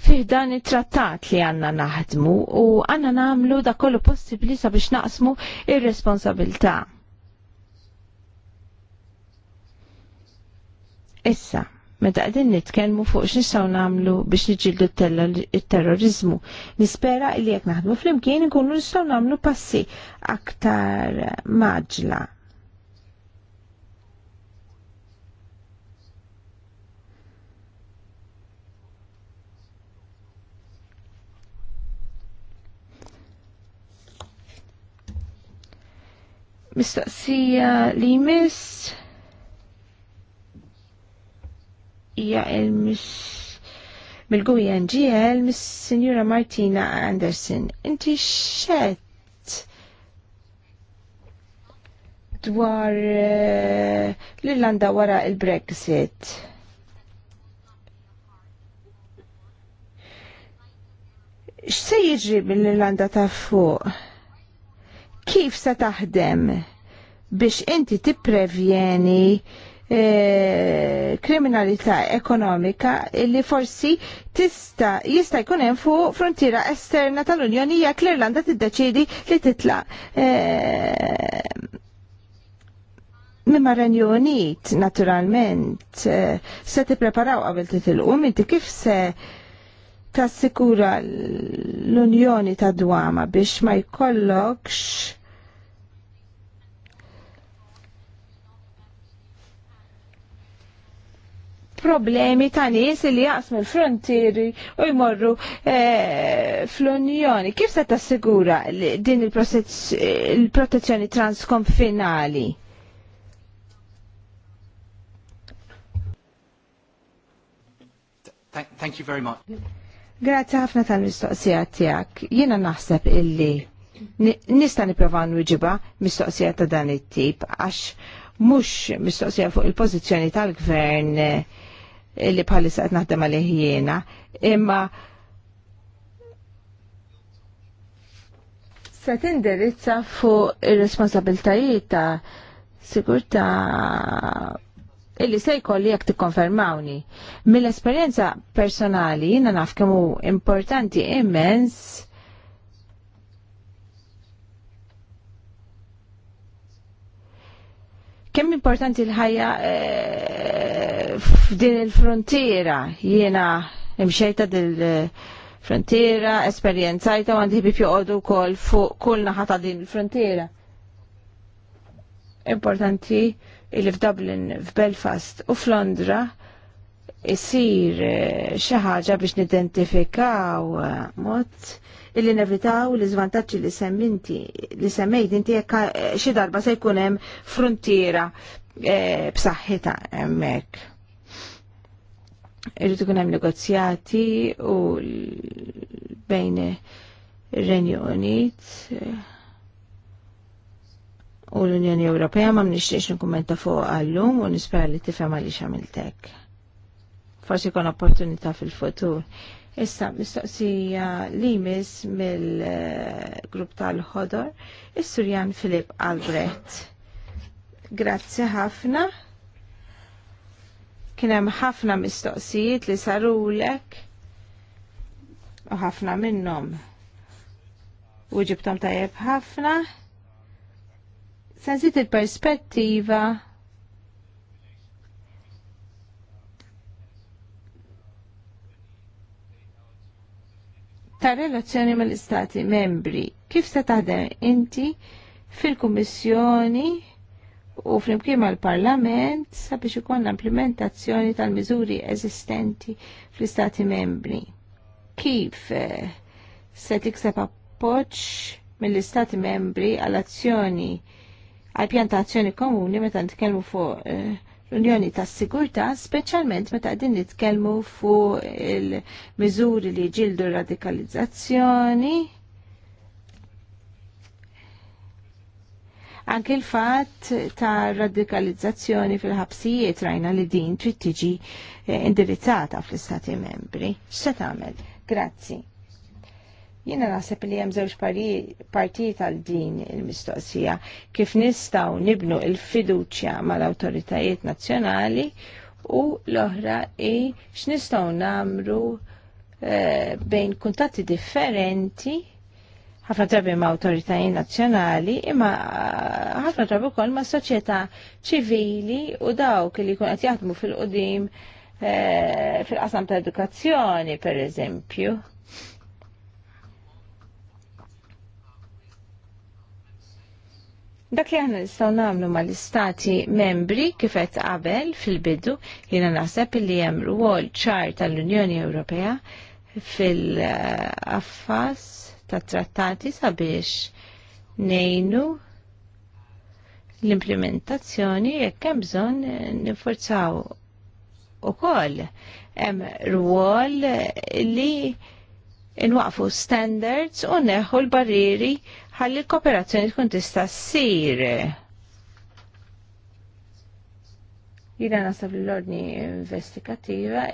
Speaker 1: fih dan it-trattat li għanna naħdmu u għanna namlu da kollu possibli sabiex naqsmu ir-responsabilta. Issa, meta qegħdin nitkellmu fuq x'nistgħu nagħmlu biex nġildu t-terrorizmu. Nispera li jekk naħdmu flimkien inkunu nistgħu nagħmlu passi aktar maġla Mistaqsija li jmiss hija mill-Gwi NGL mis senjura Martina Anderson. Inti xed dwar eh, l wara il-Brexit. X'se jiġri bil irlanda ta' fuq? kif se taħdem biex inti tipprevjeni eh, kriminalità ekonomika li forsi tista jista' jkun hemm fuq frontiera esterna tal-Unjoni jekk l-Irlanda tiddeċidi li titla' e, eh, minn Renju Unit naturalment se eh, se tippreparaw qabel titilqu inti kif se tassikura l-unjoni ta' dwama biex ma jkollokx problemi ta' nies li jaqsmu l-frontieri u jmorru eh, fl-Unjoni. Kif se tassigura din il-protezzjoni transkonfinali?
Speaker 2: Thank you
Speaker 3: very much.
Speaker 1: Grazzi ħafna tal-mistoqsija tiegħek. Jiena naħseb illi nista niprofa nwiġiba mistoqsija ta' dan it-tip għax mhux mistoqsija fuq il-pożizzjoni tal-gvern eh, illi bħalissa qed naħdem għalih jiena, imma se tindirizza fuq ir-responsabiltajiet ta' sigurtà illi se jkolli jekk tikkonfermawni. Mill-esperjenza personali jiena naf kemu importanti immens kemm importanti l-ħajja eh, f'din il-frontiera jiena imxejta dil frontiera esperjenzajta u għandi bib joqogħdu wkoll fuq kull naħata ta' din il-frontiera. Importanti illi f'Dublin, f'Belfast u f'Londra isir eh, xi ħaġa biex nidentifikaw eh, mod illi nevitaw l iżvantaġġi li semminti li semmejt inti jekk eh, xi darba se jkun hemm frontiera b'saħħita hemmhekk. Irrid ikun hemm negozjati u bejn ir-Renju Unit u l-Unjoni Ewropea ma mnixtiex nkummenta fuq għallum u nispera li tifhem għaliex għamiltek. Forsi kon opportunità fil-futur. Issa, mistoqsija li mis mill-grupp tal-ħodor, is-Surjan Filip Albrecht. Grazzi ħafna. Kien hemm ħafna mistoqsijiet li sarulek u ħafna minnhom. U tajjeb ħafna sensit il-perspettiva ta' relazzjoni mal-istati membri. Kif se taħdem inti fil-Kummissjoni u flimkien mal-Parlament sabiex ikun l-implementazzjoni tal-miżuri eżistenti fl-istati membri? Kif eh, se tikseb appoġġ mill-istati membri għal azzjoni għal pjantazzjoni komuni meta nitkellmu fuq eh, l-Unjoni tas sigurtà speċjalment meta qegħdin nitkellmu fuq il-miżuri li jġildu radikalizzazzjoni. Anke l-fatt ta' radikalizzazzjoni fil-ħabsijiet rajna li din trid tiġi eh, indirizzata fl-Istati membri. X'se tagħmel? Grazzi. Jiena naħseb li hemm żewġ partijiet għal din il-mistoqsija kif nistgħu nibnu il-fiduċja mal-awtoritajiet nazzjonali u l-oħra i x'nistgħu namru e, eh, bejn kuntatti differenti ħafna drabi ma' autoritajiet nazzjonali imma eh, ħafna drabi wkoll ma' soċjetà ċivili u dawk li jkun qed jaħdmu fil-qudiem e, fil-qasam ta' edukazzjoni pereżempju. Dak li għanna nistaw namlu ma l-istati membri kifet qabel fil-bidu jina naħseb li jem ruol ċar tal-Unjoni Ewropea fil-affas ta' trattati sabiex nejnu l-implementazzjoni jekk hemm bżonn nifforzaw ukoll hemm rwol li nwaqfu standards u neħu l-barriri ħalli l-kooperazzjoni tkun tista' ssir. Jina nasab l-ordni investigativa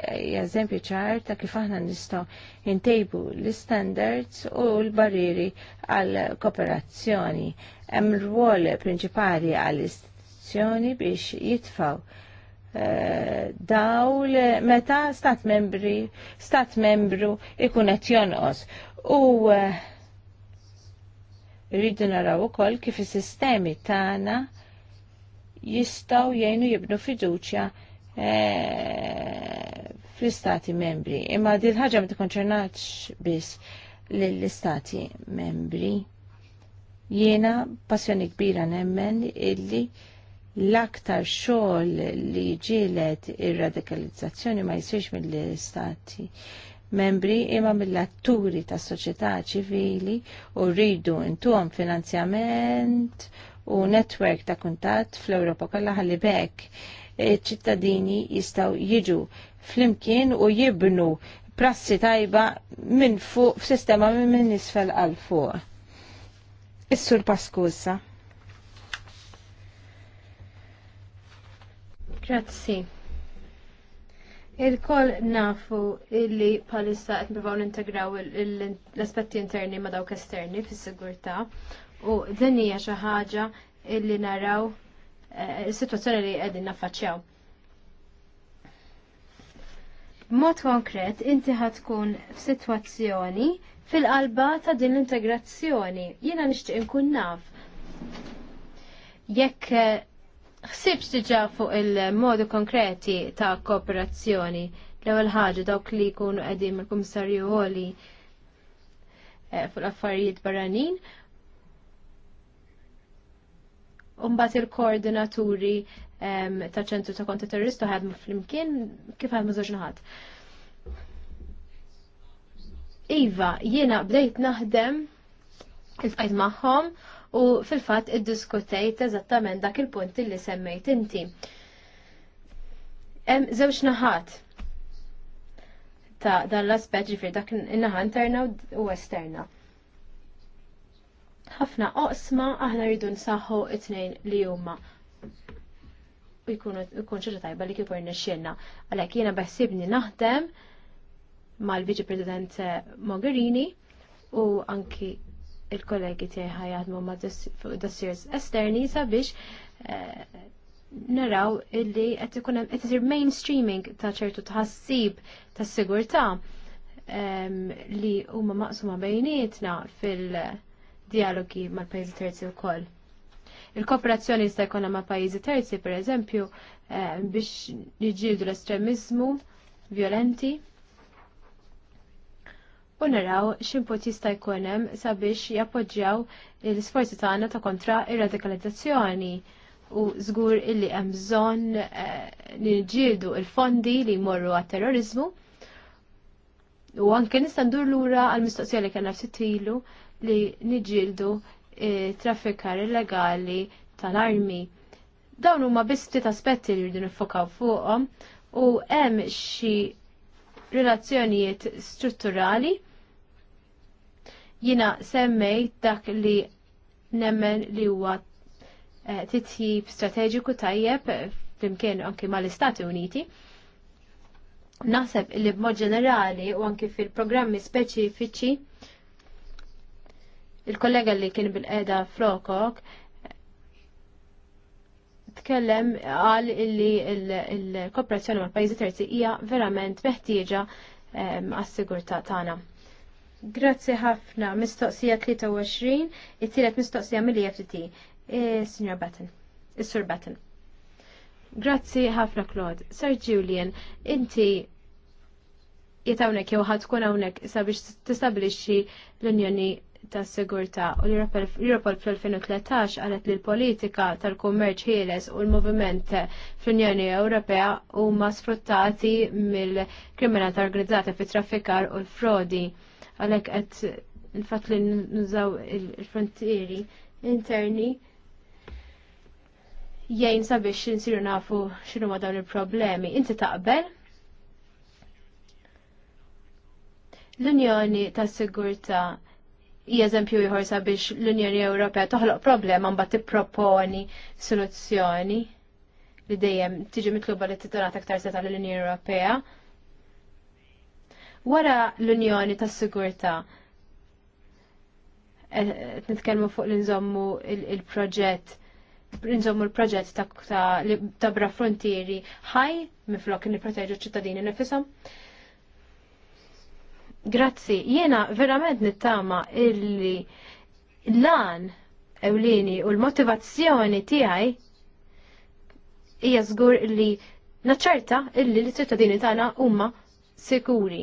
Speaker 1: eżempju ċar ta' kif aħna nistgħu intejbu l-standards u l-barriri għal kooperazzjoni. Hemm rwol prinċipali għall istituzzjoni biex jitfaw eh, dawl meta stat membri stat membru ikun qed jonqos. U uh, Irridu naraw ukoll kif is-sistemi tagħna jistgħu jgħinu jibnu fiduċja eh, fl-istati membri. Imma din ħaġa ma tikkonċernax biss lill-istati membri. Jiena passjoni kbira nemmen illi l-aktar xogħol li ġielet ir-radikalizzazzjoni ma jsirx mill-istati membri imma mill-atturi tas soċjetà ċivili u rridu intuhom finanzjament u netwerk ta' kuntatt fl-Ewropa kollha ħalli bekk ċittadini jistgħu jiġu flimkien u jibnu prassi tajba minn fuq f'sistema minn isfel għal fuq. Is-sur Paskusa.
Speaker 3: Grazzi. Il-koll nafu illi palissa qed nivaw nintegraw l-aspetti interni ma dawk esterni fis-sigurtà u din hija xi ħaġa illi naraw eh, is-sitwazzjoni li qegħdin naffaċċjaw. B'mod konkret inti ħatkun f'sitwazzjoni fil-qalba ta' din l-integrazzjoni. Jiena nixtieq inkun naf jekk eh, ħsibx diġà fuq il-modi konkreti ta' kooperazzjoni. L-ewwel ħaġa dawk li jkunu qegħdin mill-Kummissarju għoli eh, fuq l-affarijiet barranin. Umbat il-koordinaturi ehm, ta' ċentru ta' konta terroristu ħadmu fl-imkien kif ħadmu zoġ naħat. Iva, jiena bdejt naħdem il-fajt maħħom u fil-fatt iddiskutejt eżattament dak il-punt li semmejt inti. Em, żewġ naħat ta' dan l-aspett ġifier dak in-naħa interna u esterna. Ħafna oqsma aħna rridu nsaħħu it-tnejn li huma ikun jkun tajba li kieku rnexxielna. Għalhekk jiena beħsibni naħdem mal-Viċi President Mogherini u anki il-kollegi tiegħi ħajjaħdmu ma' dossiers esterni sabiex eh, naraw illi qed ikun hemm qed isir mainstreaming ta' ċertu tħassib tas-sigurtà ehm, li huma maqsuma bejnietna fil-dialogi mal-pajjiżi terzi wkoll. Il-kooperazzjoni jista' jkollha ma' pajjiżi terzi, pereżempju, eh, biex jiġġieldu l-estremizmu violenti u naraw x'imput jista' jkun hemm sabiex jappoġġjaw l-isforzi tagħna ta' kontra ir-radikalizzazzjoni u żgur illi hemm bżonn eh, niġġieldu il-fondi li jmorru għat-terrorizmu. U anke nista' ndur lura għall mistoqsija li kellna ftit ilu li niġġieldu eh, traffikar illegali tal-armi. Dawn huma biss ftit aspetti li rridu nifokaw fuqhom u hemm xi relazzjonijiet strutturali Jina semmejt dak li nemmen li huwa eh, titjib strateġiku tajjeb eh, flimkien anki mal-Istati Uniti. Naħseb li b'mod ġenerali u anki fil-programmi speċifiċi il-kollega li kien bil-qeda frokok tkellem għal illi il-kooperazzjoni mal pajjiżi terzi hija verament meħtieġa eh, għas-sigurtà tagħna. Grazzi ħafna, mistoqsija 23, it-tielet mistoqsija mill-EFTT. E, Signor Batten, is-Sur e, Batten. Grazzi ħafna Claude. Sir Julian, inti jitawnek jew ħad tkun hawnhekk sabiex tistabilixxi l-Unjoni ta' Sigurtà u l-Europol fl-2013 qalet li l-politika tal-kummerċ ħieles u l-moviment fl-Unjoni Ewropea huma sfruttati mill-kriminalità organizzata fit traffikar u l-frodi għalhekk qed il li nużaw il-frontieri interni jajn sabiex nsiru nafu xinu ma dawn il-problemi. Inti taqbel? L-Unjoni tas Sigurtà hija jħor ieħor sabiex l-Unjoni Ewropea toħloq problema mbagħad tipproponi soluzzjoni li dejjem tiġi mitluba li t-tonat aktar seta l-Unjoni Ewropea wara l-Unjoni tas-Sigurtà. Eh, qed nitkellmu fuq li nżommu il-proġett nżommu l-proġett ta' bra frontieri ħaj miflok nipproteġu ċittadini nifisom. Grazzi, jiena verament nittama illi lan ewlini u l-motivazzjoni tiegħi hija żgur li naċċerta illi l-ċittadini tagħna huma sikuri.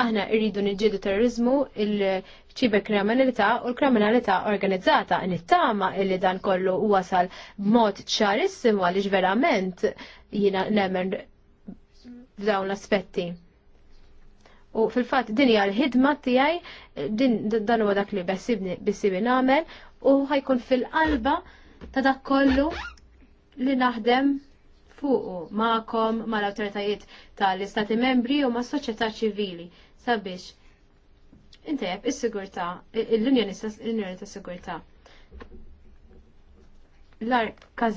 Speaker 3: Aħna rridu niġġiedu terrorizmu, il-ċiberkriminalità u l-kriminalità organizzata. Nittama illi dan kollu wasal b'mod ċarissimu għaliex verament jiena nemmen f'dawn l-aspetti. U fil-fatt din hija l-ħidma tiegħi din dan huwa dak li bissibni nagħmel u ħajkun fil-qalba ta' dak kollu li naħdem fuqu ma'kom mal-awtoritajiet tal-istati membri u mas soċjetà ċivili sabiex intejb is-sigurtà l-Unjoni l-Unjoni tas-Sigurtà. L-ar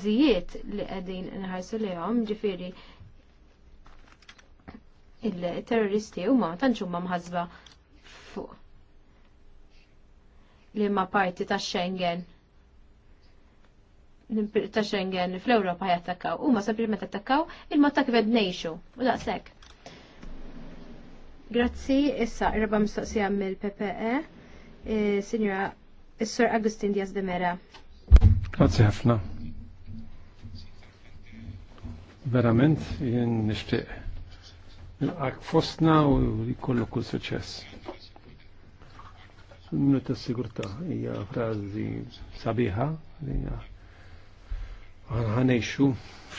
Speaker 3: li qegħdin nħarsu lihom ġifieri il-terroristi huma tantx huma mħasba fuq li ma parti ta' Schengen ta' Schengen fl-Europa jattakkaw. U ma sabri meta attakkaw il-mod ta' kved nejxu. U daqshekk. Grazzi, issa irba għam mill-PPE, eh, Signora is Sir Agustin Diaz de Mera.
Speaker 2: Grazzi ħafna. Verament, jien nishtiq. Ak fostna u jkollu kull suċess. Minuta s-sigurta hija frażi sabiħa li ħanejxu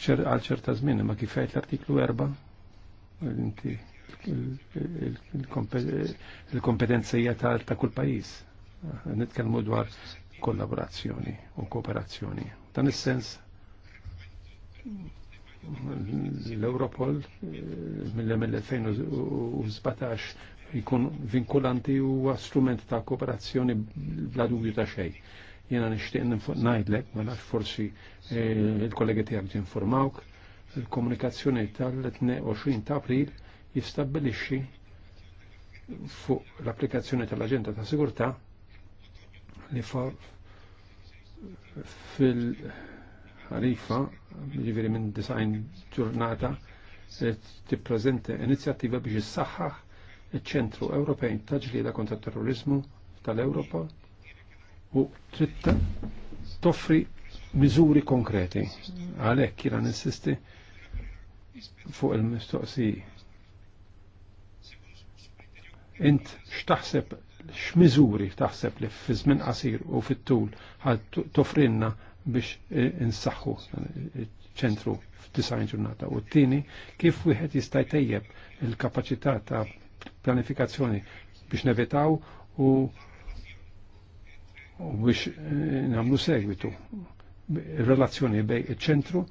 Speaker 2: għal ċerta żmien, ma kif għajt l-artiklu 4, il-kompetenzija ta' kull pajis. Nitkelmu dwar kollaborazzjoni u kooperazzjoni. Dan is-sens l-Europol mill-2017 jkun vinkulanti u strument ta' kooperazzjoni bla dubju ta' xejn Jena nishtiq najdlek, ma mela nax forsi eh, il-kollegi tijak ġinformawk, il-komunikazzjoni tal-22 ta' april jistabilixxi fuq l-applikazzjoni tal-Aġenda ta' Sigurtà li fa fil-ħarifa, ġiviri minn design ġurnata, tippreżenta inizjattiva biex issaħħaħ iċ-Ċentru Ewropej ta' ġlieda kontra terrorizmu tal-Ewropa u trid toffri miżuri konkreti. Għalhekk jiena nissisti fuq il-mistoqsiji. Int x'taħseb x'miżuri taħseb li fi żmien qasir u fit-tul ħad toffrinna biex e, insaħħu ċentru f'design ġurnata. U t tini kif wieħed jista' il-kapaċità ta' planifikazzjoni biex nevitaw u u biex eh, namlu segwitu relazzjoni bej il ċentru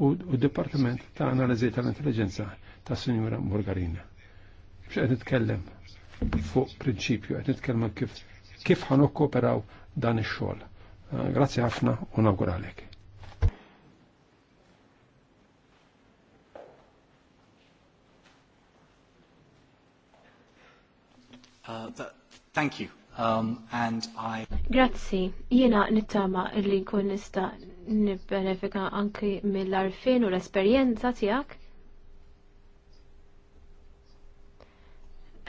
Speaker 2: u d-Dipartiment ta' analizi tal-Intelligenza ta' signora Morgarina. Bix għed nitkellem fuq prinċipju, għed nitkellem kif kif ħan okkoperaw dan il-xol. Ah, Grazie ħafna u nawguralek.
Speaker 1: Uh, th thank you. Um, and I...
Speaker 3: Grazzi, jiena nittama li nkun nista nibbenefika anki mill-arfin u l-esperjenza tiegħek.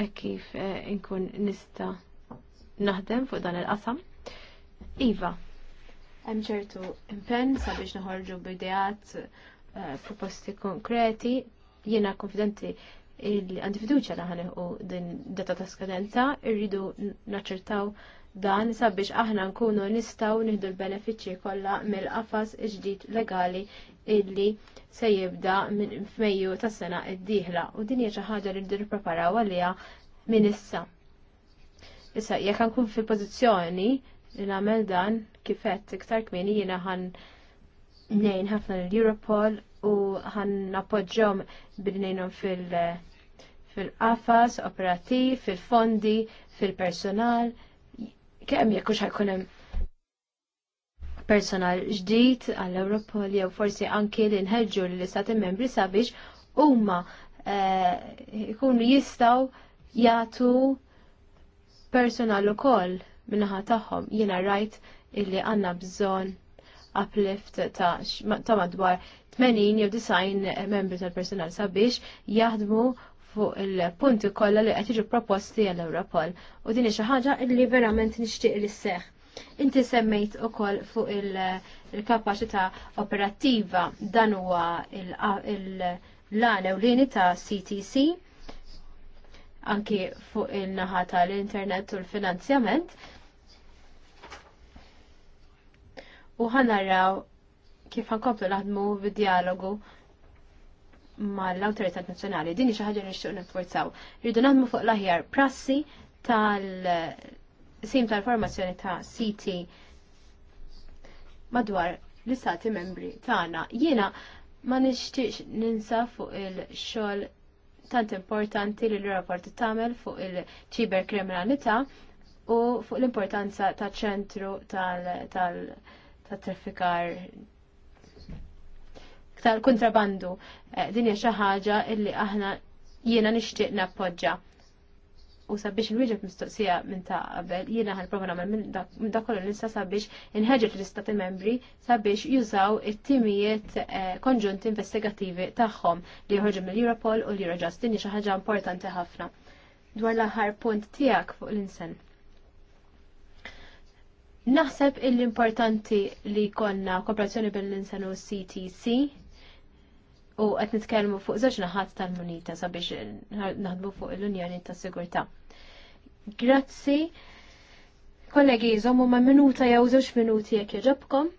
Speaker 3: E kif inkun e, nista naħdem fuq dan il-qasam. Iva, hemm ċertu impenn sabiex naħorġu b'idejat e, proposti konkreti, jiena konfidenti għandi fiduċa li u din data ta' skadenza, irridu naċertaw dan sabiex aħna nkunu nistaw nieħdu l-benefiċċji kollha mill-qafas ġdid legali illi se jibda minn f'Mejju tas-sena d-dieħla u din hija xi ħaġa li rridu nippreparaw għaliha minn issa. Issa jekk nkun fil-pożizzjoni li nagħmel dan kifett iktar kmieni jiena ħan nejn ħafna l-Europol u ħan appoġġhom bil fil- fil-qafas, operattiv, fil-fondi, fil-personal, kemm jekk hux ħajkun hemm personal ġdid għall europol jew forsi anke li nħeġġu lill istati membri sabiex huma jkunu eh, jistgħu jagħtu personal ukoll minnaħa tagħhom jiena rajt illi għandna bżonn uplift ta' ta' madwar 80 jew 90 membri tal-personal sabiex jaħdmu fuq il-punti kollha li qed jiġu proposti għal europol u din xi ħaġa li verament nixtieq li seħ. Inti semmejt ukoll fuq il-kapaċità operattiva dan huwa l-għana u lini ta' CTC anki fuq il-naħa tal-internet u l-finanzjament. U ħanaraw kif ħankomplu naħdmu bid-dialogu mal-Awtoritat Nazzjonali. Din xi ħaġa nixtieq nifforzaw. Rridu naħdmu fuq l-aħjar prassi tal-sim tal-formazzjoni ta' CT madwar l-istati membri tagħna. Jiena ma nixtiex ninsa fuq il-xogħol tant importanti li l-rapport tagħmel fuq il-ċiber kriminalità u fuq l-importanza ta' ċentru tal-traffikar tal-kontrabandu. Eh, din hija xi ħaġa illi aħna jiena nixtieq nappoġġa. U sabiex il-wieġeb mistoqsija minn ta' qabel, jiena ħal nagħmel minn dak kollu nista' sabiex inħeġġeġ l-istati membri sabiex jużaw it-timijiet eh, konġunti investigattivi tagħhom li joħorġu mill-Europol u l-Eurojust. Din hija xi ħaġa importanti ħafna. Dwar l-aħħar punt tiegħek fuq l-insen. Naħseb l importanti li konna kooperazzjoni bil-insan u CTC u qed nitkellmu fuq żewġ naħat tal-munita sabiex naħdmu fuq l-Unjoni tas-Sigurtà. Grazzi. Kollegi, żommu ma' minuta jew żewġ minuti jekk jogħġobkom.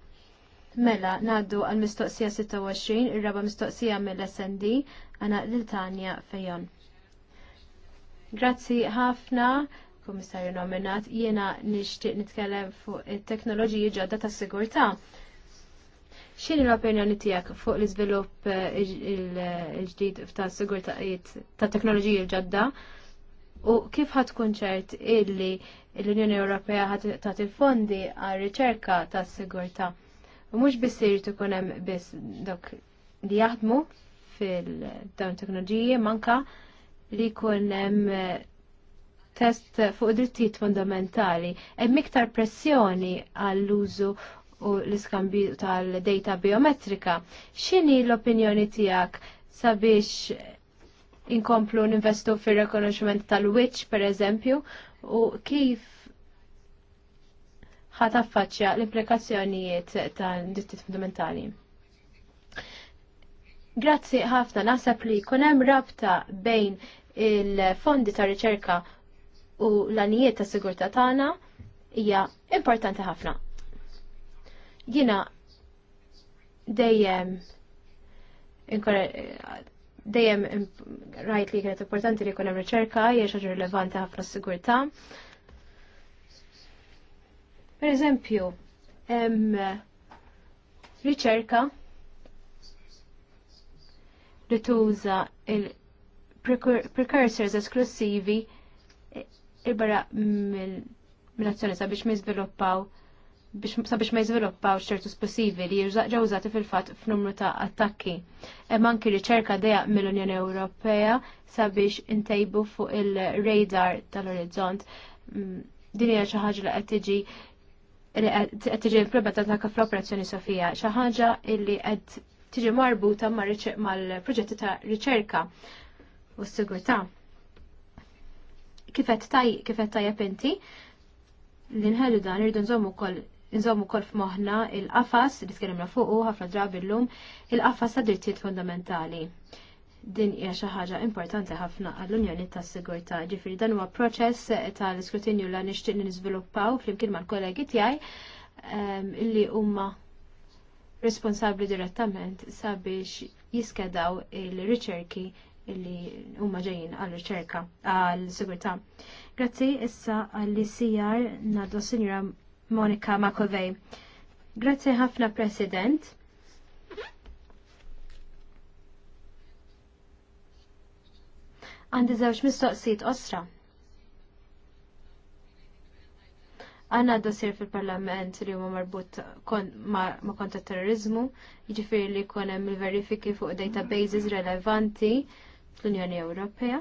Speaker 3: Mela, ngħaddu għall mistoqsija 26, ir-raba mistoqsija mill-SND għana l-Tanja Fejon. Grazzi ħafna komissarju nominat, jiena nixtieq nitkellem fuq it-teknoloġiji ġodda tas-sigurtà. X'inhi l-opinjoni tiegħek fuq l-iżvilupp eh, il-ġdid ta' sigurtajiet ta' teknoloġija ġodda u kif ħadd tkun ċert illi l-Unjoni Ewropea ħadd tagħti fondi għal riċerka tas sigurtà. U mhux biss irid hemm biss dok li jaħdmu fil-dawn teknoloġiji manka li jkun hemm eh, test fuq drittijiet fundamentali, hemm iktar pressjoni għall-użu u l-iskambju tal-data biometrika. X'inhi l-opinjoni tiegħek sabiex inkomplu ninvestu fir-rekonoxximent tal-witch pereżempju u kif ħat l-implikazzjonijiet tal-drittijiet fundamentali. Grazzi ħafna naħseb li jkun hemm rabta bejn il-fondi ta' riċerka u l-anijiet ta' sigurtà tagħna hija importanti ħafna. Jina dejjem dejjem rajt li kienet importanti li jkun hemm riċerka hija xi rilevanti ħafna s-sigurtà. Pereżempju hemm riċerka li tuża il-precursors esklusivi eh, il-barra mill-azzjoni sabiex miżviluppaw sabiex ma jizviluppaw ċertu esplosivi li jirżaqġaw użati fil-fat f'numru ta' attakki. Hemm anki riċerka deja mill-Unjoni Ewropea sabiex intejbu fuq il-radar tal-orizzont. Mm, din hija xi ħaġa li qed tiġi qed tiġi implementata fl-Operazzjoni Sofija, xi ħaġa li qed tiġi marbuta mal-proġetti ta' riċerka u s-sigurtà. Kifet tajjeb inti, l-inħellu dan irridu nżommu kol Inżommu kol f'moħna il-qafas li tkellimna fuqu ħafna drabi l-lum, il-qafas ta' drittijiet fundamentali. Din hija xi ħaġa importanti ħafna għall-Unjoni tas-Sigurtà. Ġifieri dan huwa proċess tal-iskrutinju li nixtieq niżviluppaw flimkien mal-kollegi tiegħi ehm, illi huma responsabbli direttament sabiex jiskedaw il-riċerki illi huma ġejjin għal riċerka għal sigurtà. Grazzi issa għall CR nadu Sinjura Monika Makovej. Grazzi ħafna President. Għandi żewġ mistoqsijiet osra. Għanna dosir fil-parlament li huma marbut ma, konta terrorizmu, jiġifieri li jkun hemm il-verifiki fuq databases relevanti fl-Unjoni Ewropea.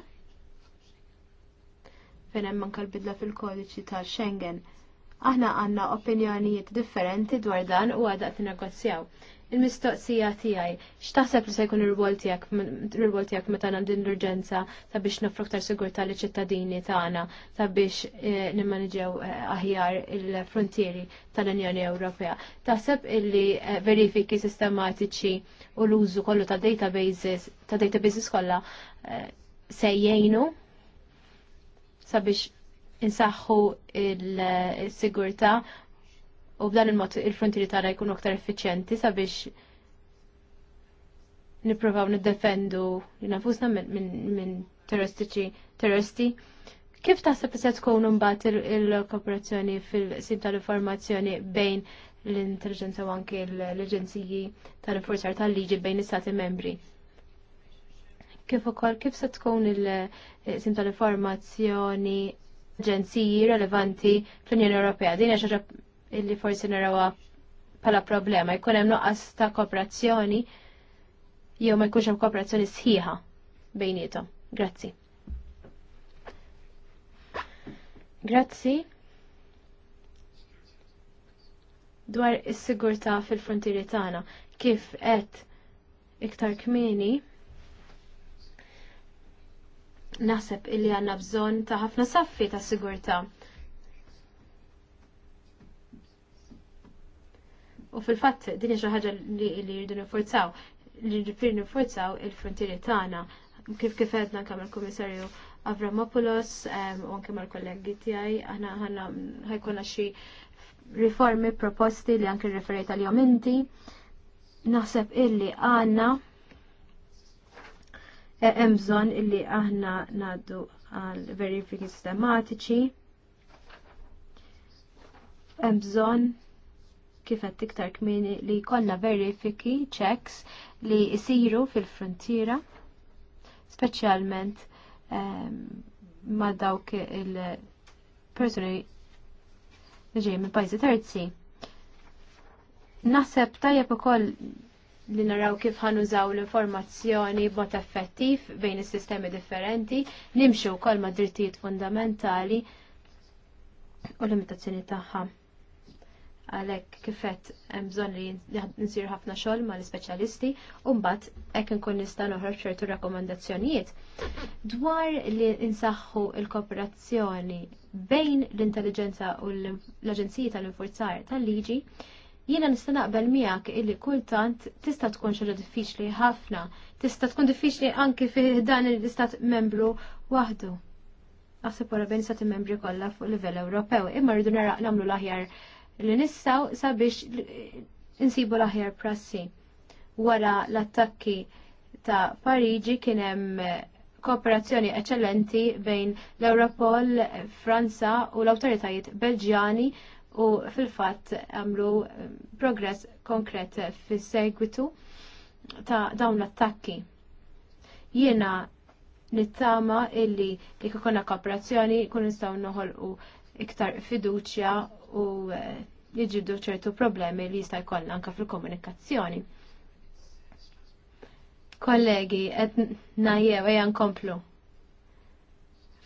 Speaker 3: Fejn hemm anke l-bidla fil-kodiċi tal-Schengen. Aħna għanna opinjonijiet differenti dwar dan u għadaqt negozjaw. Il-mistoqsija tiegħi x'taħseb li se jkun ir-rwol tiegħek meta għandna din l-urġenza sabiex nofru ktar sigurtà li ċittadini tagħna sabiex eh, nimmanġew eh, aħjar il-frontieri tal-Unjoni Ewropea. Taħseb illi eh, verifiki sistematiċi u l-użu kollu ta' databases, ta' databases kollha se jgħinu sabiex insaħħu il-sigurta u b'dan il-mod il-frontieri tagħna jkun aktar effiċjenti sabiex nippruvaw niddefendu nafusna minn terroristiċi terroristi. Kif taħseb se tkun imbagħad il-kooperazzjoni fil sim tal-informazzjoni bejn l-intelligenza u anke l-Aġenziji tal-Forzar tal-Liġi bejn is-Stati membri? Kif ukoll kif se tkun il sim tal-informazzjoni aġenziji relevanti fl-Unjoni Ewropea. Din xaġa illi forsi narawha bħala problema. Jkun hemm noqqas ta' kooperazzjoni jew ma jkunx hemm kooperazzjoni sħiħa bejnietom. Grazzi. Grazzi. Dwar is-sigurtà fil-frontieri tagħna kif qed iktar kmieni naħseb illi għanna bżon ta' ħafna saffi ta' sigurta. U fil-fatt, din xi ħaġa li jirdu nifforzaw, li jridu nifforzaw il-frontieri tagħna kif kif għedna kemm il-Kummissarju Avramopoulos u anke mal-kollegi tiegħi aħna ħanna ħajkolna xi riformi proposti li anke referejt għal-jom Naħseb illi għandna E, hemm bżonn illi aħna ngħaddu għal verifiki sistematiċi. Hemm bżonn kif qed iktar kmieni li jkollna verifiki checks li jsiru fil-frontiera, speċjalment ehm, ma' dawk il-persuni li ġej minn pajjiżi terzi. Naħseb tajjeb ukoll li naraw kif ħanużaw l-informazzjoni bot effettiv bejn is-sistemi differenti, nimxu wkoll ma' drittijiet fundamentali u limitazzjoni tagħha. Għalhekk kifet hemm bżonn li nsir ħafna xogħol mal ispeċjalisti u mbagħad hekk inkun nista' noħroġ ċertu rakkomandazzjonijiet. Dwar li insaħħu l-kooperazzjoni bejn l-intelligenza u l-Aġenziji tal-Infurzar tal-Liġi, tal infurzar tal liġi Jiena nista' naqbel miegħek illi kultant tista' tkun xogħol diffiċli ħafna, tista' tkun diffiċli anki fi dan l-istat membru waħdu. Aħseb wara bejn stati membri kollha fuq livell Ewropew, imma rridu naraq nagħmlu l-aħjar li nistgħu sabiex insibu l-aħjar prassi. Wara l-attakki ta' Pariġi kien hemm kooperazzjoni eċċellenti bejn l-Europol, Franza u l-awtoritajiet Belġjani u fil-fatt għamlu um, progress konkret fis-segwitu ta' dawn l-attakki. Jiena nittama illi kif ikonna kooperazzjoni kun nistgħu noħolqu iktar fiduċja u eh, jiġibdu ċertu problemi li jista' jkollna anke fil-komunikazzjoni. Kollegi, qed najja, għajan nkomplu.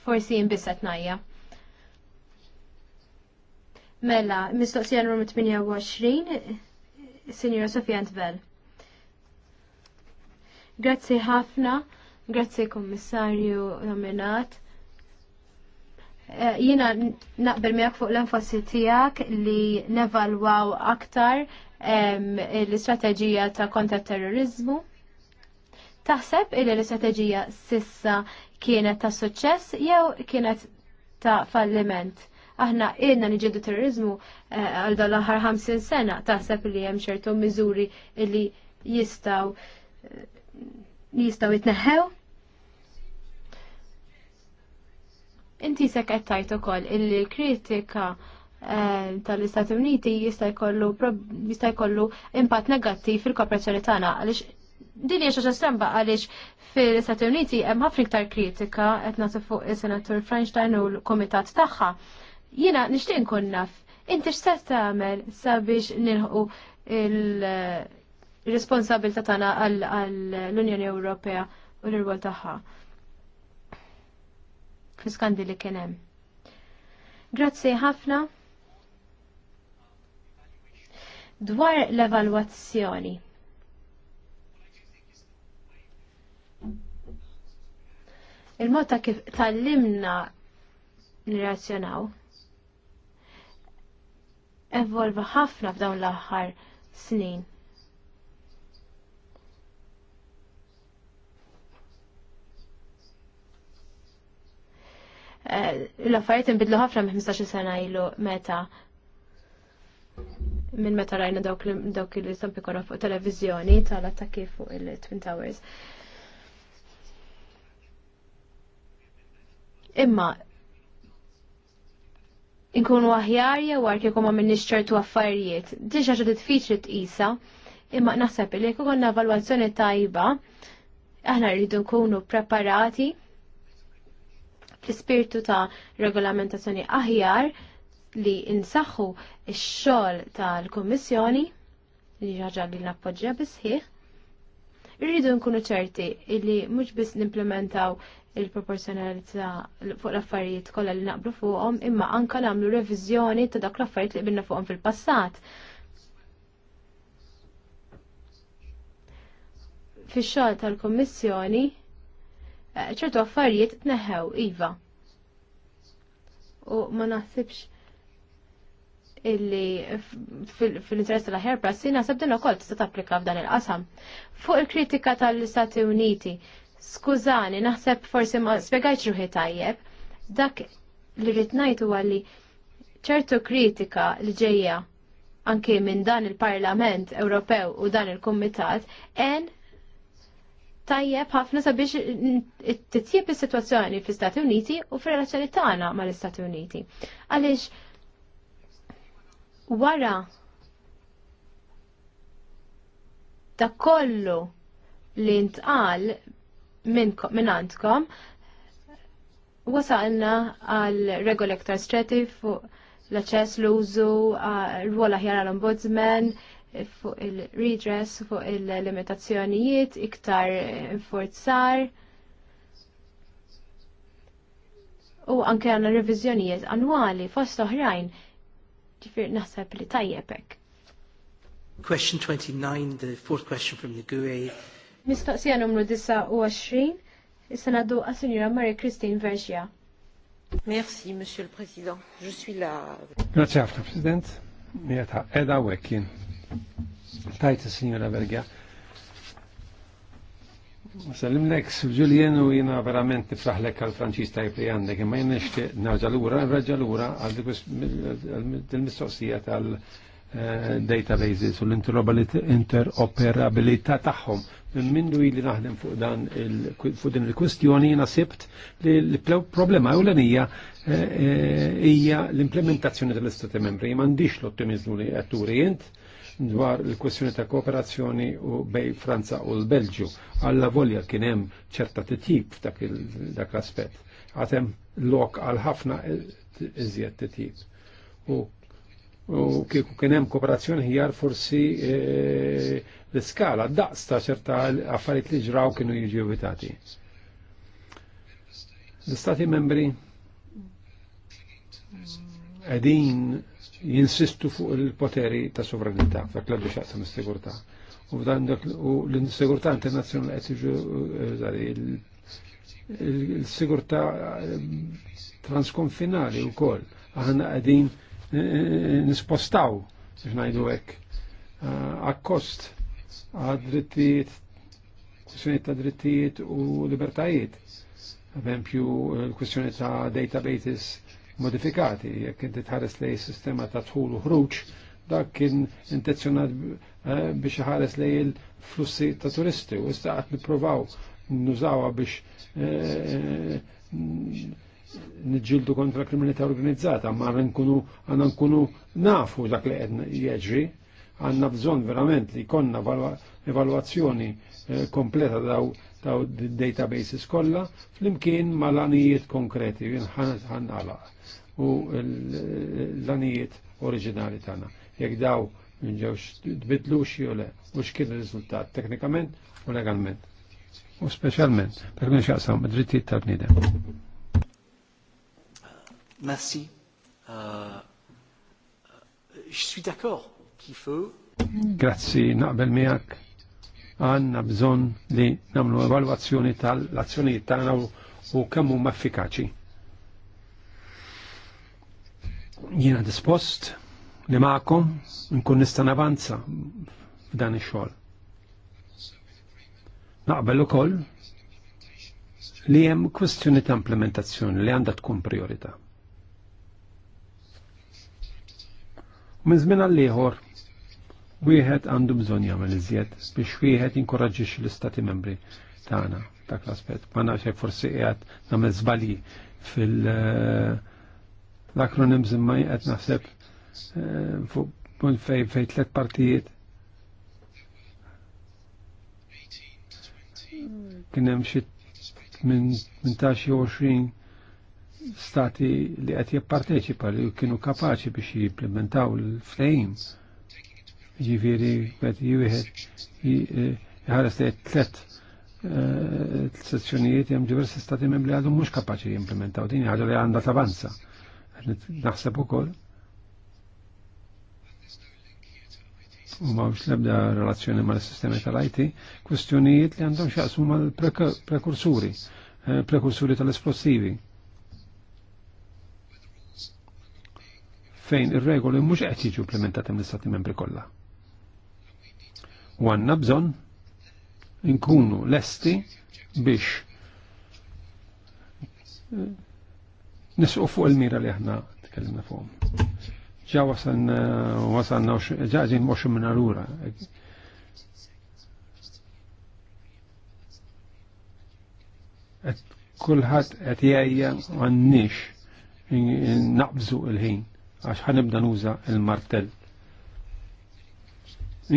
Speaker 3: Forsi jinbis qed najja. Mela, mistoqsija n-ru numru 28, Signora Sofia Antbel. Grazzi ħafna, grazie Kommissarju nominat. Eh, Jina naqbel miegħek fuq l-enfasi tiegħek li nevalwaw aktar l-istrateġija ta' kontra terrorizmu. Taħseb illi l-istrateġija sissa kienet ta' suċċess jew kienet ta' falliment? Aħna irna niġildu terrorizmu eh, għal dal l-aħħar 50 sena taħseb li hemm ċertu miżuri li jistaw eh, jistaw jitneħħew. Inti se qed tajt ukoll il-kritika eh, tal-Istati Uniti jista' jkollu jista' jkollu impatt negattiv fil-kooperazzjoni tagħna għaliex din hija xi stremba għaliex fil-Istati Uniti hemm ħafna iktar kritika qed nagħtu fuq is-Senatur Feinstein u l-Kumitat tagħha Jiena nishtiq nkun naf, inti x'ser tagħmel sabiex nilħu il-responsabilità tagħna għall-Unjoni Ewropea u l-irwol tagħha. Fiskandi li kien hemm. Grazzi ħafna. Dwar l-evalwazzjoni. il-mod ta' kif tallimna nirrazzjonaw evolva ħafna f'dawn l-aħħar snin.
Speaker 2: Eh, l-affarijiet inbidlu ħafna minn
Speaker 3: 15 sena ilu meta minn meta rajna dawk li stampi kora fuq televizjoni tal-attakki fuq il-Twin Towers. Imma inkunu aħjar jew għar kieku ma minnix ċertu affarijiet. Diġa ġa diffiċli tqisa, imma naħseb li kieku għandna valwazzjoni tajba, aħna rridu nkunu preparati fl-ispirtu ta' regolamentazzjoni aħjar li insaħħu x-xogħol tal-Kummissjoni li ħaġa li nappoġġja bisħiħ. Rridu nkunu ċerti li mhux biss nimplementaw il-proporzjonalità fuq l-affarijiet kollha li naqblu fuqhom imma anka nagħmlu reviżjoni ta' dak l-affarijiet li qbilna fuqhom fil-passat. Fix-xogħol tal-Kummissjoni eh, ċertu affarijiet tneħħew iva. U ma naħsibx illi fil-interess tal-ħer prassi naħseb din ukoll tista' tapplika f'dan il-qasam. Fuq il-kritika tal-Istati Uniti, Skużani, naħseb forsi ma spiegajt ruħi tajjeb. Dak li rritnajt ngħid huwa li ċertu kritika li ġejja anke minn dan il-Parlament Ewropew u dan il-Kumitat en tajjeb ħafna sabiex t-tjieb is-sitwazzjoni fl-Istati Uniti u fir-relazzjoni tagħna mal-Istati Uniti. Għaliex wara ta' kollu li ntqal minn għandkom wasalna għal regol ektar fuq l-aċċess l-użu, r-wola aħjar għal ombudsman fuq il-redress, fuq il-limitazzjonijiet, iktar forzar. U anke għanna revizjonijiet annwali fost oħrajn. Ġifir naħseb li tajjebek.
Speaker 1: Question 29, the fourth question from the GUE
Speaker 3: Mistoqsija numru 29, issa naddu għas-Sinjura Maria Christine Vergia.
Speaker 1: Merci, Monsieur le Président. Je suis la...
Speaker 2: Grazie, Afra, Président. Mieta, edha wekin. Tajta, Signora Vergia. Salim lek, Julien u jina verament nifraħlek għal-Franċis tajb għandek, ma jina nishtiq naġalura, raġalura għal-mistoqsija tal-databases eh, u l interoperabilita taħħom minnu li naħdem fuq dan fuq din il-kwestjoni jiena sibt li l-problema ewlenija eh, eh, hija l-implementazzjoni tal-Istati Membri. M'għandix l-ottimizmu li qed dwar il-kwestjoni ta' kooperazzjoni u bej Franza u l-Belġu. Alla volja kien hemm ċerta titjib f'dak l-aspett. Għatem lok għal ħafna eh, iżjed titjib. U u kieku kien hemm kooperazzjoni ħjar forsi e, l-iskala daqs ta' ċerta affarijiet li ġraw kienu jiġu evitati. L-istati membri qegħdin jinsistu fuq il-poteri ta' sovranità, dak l-għaddu xaqsam is-sigurtà. U l-sigurtà internazzjonali qed jiġu eh, il-sigurta eh, transkonfinali u Aħna Eh, eh, nispostaw, sif najdu ek, eh, akkost għad kwestjoni ta' drittijiet u libertajiet. Eżempju, l kwestjoni ta' databases modifikati, jekk inti tħares lej sistema ta' tħul u ħruġ, dak kien intenzjonat biex ħares lej il-flussi ta' turisti u issa qed nippruvaw nużawha biex nġildu kontra kriminalità organizzata, ma nkunu għanna nkunu nafu dak li għedna jieġri, għanna bżon verament li konna evaluazzjoni eh, kompleta daw daw databases kolla fl-imkien ma l-anijiet konkreti, ħannala u l-anijiet oriġinali tana. Jek daw nġewx tbidlu xie u le, u xkien il-rizultat teknikament u legalment. U specialment, dak nixaqsam, id dritti tal-bnidem. Merci. Uh,
Speaker 3: je suis d'accord qu'il faut.
Speaker 2: Grazzi, naqbel miegħek. Għanna bżonn li namlu evalwazzjoni tal-azzjonijiet tagħna u kemm huma effikaċi. Jiena dispost li magħkom nkun nista' navanza f'dan ix-xogħol. Naqbel ukoll li hemm kwestjoni ta' implementazzjoni li għandha tkun priorità. Minn żmien għal ieħor wieħed għandu bżonn jagħmel iżjed biex wieħed jinkoraġġix l-istati membri tagħna dak l-aspett. Ma nafx hekk forsi qiegħed nagħmel żbalji fil- eh, l-akronims imma qed naħseb eh, fuq fej fej tliet partijiet kien hemm xi minn 18 jew stati li qed jipparteċipa li kienu kapaċi biex jimplementaw l-flejm. Ġifieri qed jieħed jħares eh, li tlet eh, sessjonijiet jem diversi stati membri għadu mux kapaċi jimplementaw din għadu li għanda t-avanza. Naxsebu kol. u mawx lebda relazzjoni ma' l-sistemi tal-IT, kwestjonijiet li għandhom xaqsmu ma' l-prekursuri, eh, prekursuri tal-esplosivi. fejn ir-regoli mhux qed jiġu implementati mill-Stati membri kollha. U għandna bżonn inkunu lesti biex eh, nisqu fuq il-mira li aħna tkellimna fuqhom. Ġa wasan wasanna ġa ġin mhux minn allura. Kulħadd qed jgħajja m'għandniex naqbżu il-ħin għax ħanibda nuża il-martell.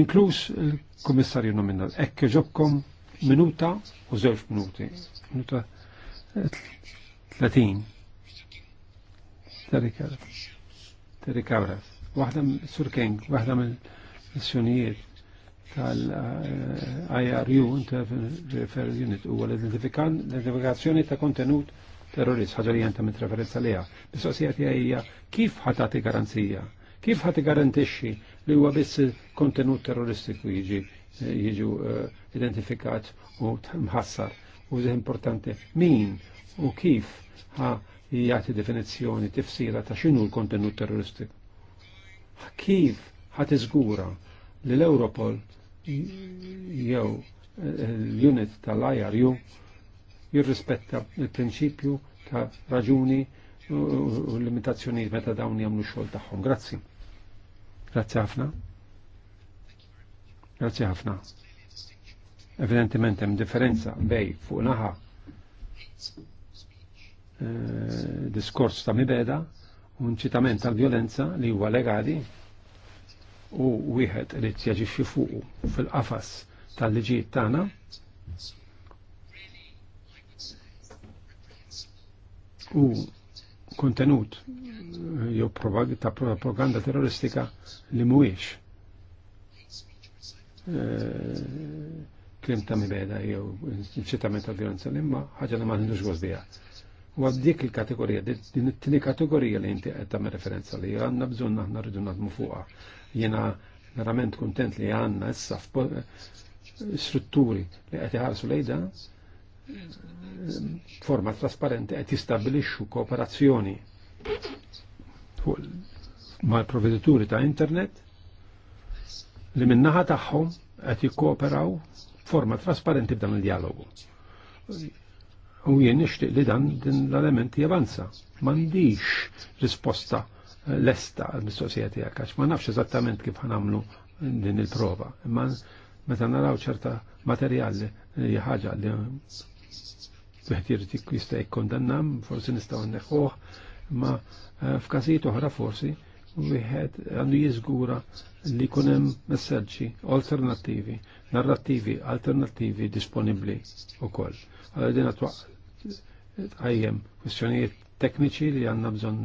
Speaker 2: Inkluż il-Kummissarju nominal. Ekk ġobkom minuta u żewġ minuti. Minuta 30. Terry Cabras. Terry Cabras. Waħda Sur King, waħda mill-missjonijiet tal-IRU, Interfer Unit, u l-identifikazzjoni ta' kontenut terrorist, ħaġa li jenta mit referenza liha. Mistoqsija tiegħi hija kif ħatati garanzija? Kif ħati garantixxi li huwa biss kontenut terroristiku jiġi jiġu eh, identifikat u mħassar? U importanti min u kif ħa jagħti definizjoni tifsira ta' xinu l-kontenut terroristiku. Kif ħat iżgura li l-Europol jew eh, l-unit tal-IRU jirrispetta il-prinċipju ta' raġuni u limitazzjonijiet meta dawn jagħmlu xogħol tagħhom. Grazzi. Grazzi ħafna. Grazzi ħafna. Evidentement hemm differenza bej fuq naħa eh, diskors ta' mibeda u nċitament tal-violenza li huwa legali u wieħed li tjaġixxi fuq fil-qafas tal-liġijiet tagħna u kontenut jew ta' propaganda terroristika li mhuwiex eh, krim ta' mibeda jew inċitament ta' violenza l imma ħaġa li ma nħidux għozdija. U għaddik il-kategorija, din it-tini kategorija li inti qed tagħmel referenza li għandna bżonn aħna rridu naħdmu fuqha. Jiena verament kuntent li għandna issa eh, strutturi li qed iħarsu lejda forma trasparenti qed cooperazioni kooperazzjoni mal-provvedituri ta' internet li minnaħa tagħhom qed jikkooperaw forma trasparenti b'dan il-dialogu. U jien nixtieq li dan din l-element javanza. M'għandix risposta lesta għal-mistoqsija tiegħek ma nafx eżattament kif ħanamlu din il-prova. Imma meta naraw ċerta materjali li ħaġa li ti Zeħtir jista' kondannam, forsi nistaw neħħuħ, ma eh, f'kazijiet uħra forsi u wieħed għandu jizgura li kunem messagġi alternativi, narrativi, alternativi disponibli u koll. Allora din tqajjem kwistjonijiet tekniċi li għanna bżon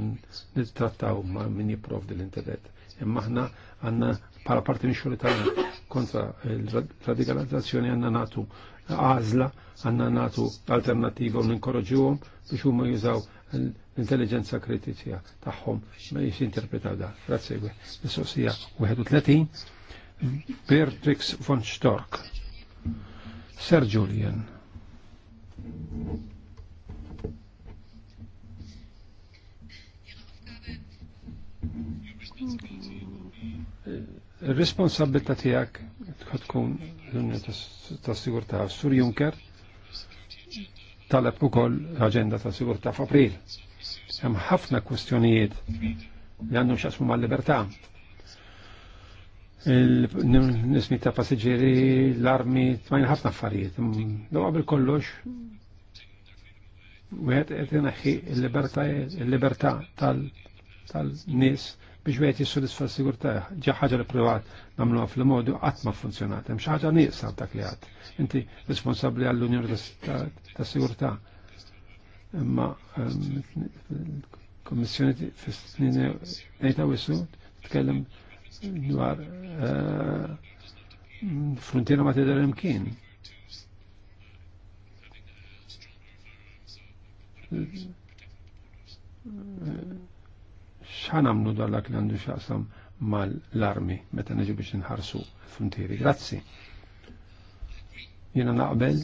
Speaker 2: nittrattaw ma' min jipprovdi l-internet. Imma ħna għanna bħala parti minn xogħol kontra l-radikalizzazzjoni għanna natu għazla għanna natu alternativa u ninkoraġuhom biex huma jużaw l-intelligenza kritiċja tagħhom ma jinterpretaw da. Grazzi gwe. Mistoqsija 31 Bertrix von Stork. Sir Julian. Il-responsabilità eh, tiegħek tkun l-Unjoni ta' Sigurtà. Sur Juncker talab ukoll l aġenda ta' Sigurtà f'April. Hemm ħafna kwestjonijiet li għandhom x'asmu mal-libertà. Nismi ta' passiġġieri, l-armi, tmajn ħafna affarijiet. Dawa bil kollox Wieħed qed inaħħi l-libertà tal-nies biex wieħed jissodisfa s sigurta ġaħħaġa ħaġa li privat għaf l modu għatma funzjonat. Hemm xi ħaġa nieqsa dak li Inti responsabli għall-Unjoni ta' sigurtà Imma l-Kommissjoni ehm, fis-snin ngħidha wissu tkellem dwar ehm, frontiera ma t tidher imkien. Uh, x'ħan għamlu dallak li għandu x'aqsam mal-armi meta neġu biex nħarsu frontieri. Grazzi. Jena naqbel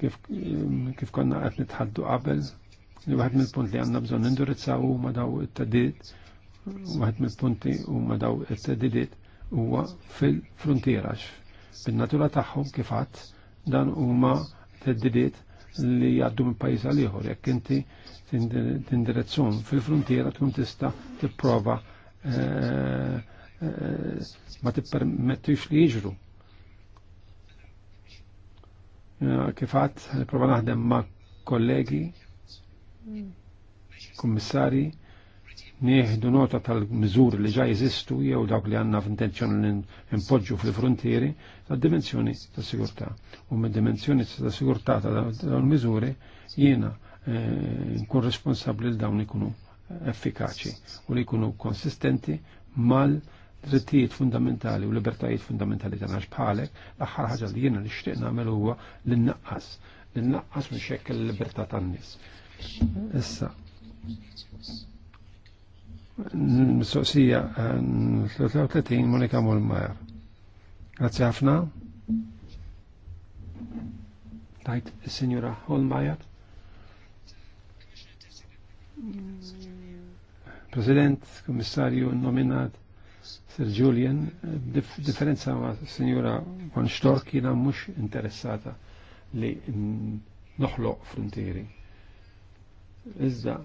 Speaker 2: kif, konna għet nitħaddu qabel li waħed mill-punt li għandna bżonn nindurizzaw ma daw it-tadiet, waħed mill-punti ma daw it-tadidiet huwa fil-frontiera bin-natura tagħhom kif għadd dan huma tadidid li jgħaddu minn pajis għal ieħor jekk inti tindirezzun fil-frontiera tkun tista' tipprova eh, eh, ma tippermettix li jiġru. Kifat, prova naħdem ma' kollegi, kummissari, nieħdu nota tal-mżur li ġa jeżistu jew dawk li għandna f'intenzjon li npoġġu fil-frontieri tad-dimensjoni ta' sigurtà. U mid-dimensjoni ta' sigurtà ta' dawn miżuri jiena eh, nkun responsabbli li dawn ikunu effikaċi u li jkunu konsistenti mal drittijiet fundamentali u libertajiet fundamentali nax bħalek l-aħħar ħaġa li jiena li nixtieq nagħmel huwa li naqqas li naqqas minn xekk il-libertà tan-nies. Issa, Mistoqsija 33 eh, Monika Mulmajer. Grazzi ħafna. Tajt is-Sinjura Holmajer. President, komissarju nominat Sir Julian, differenza ma' Sinjura von Stork jina mux interessata li noħloq frontieri. Iżda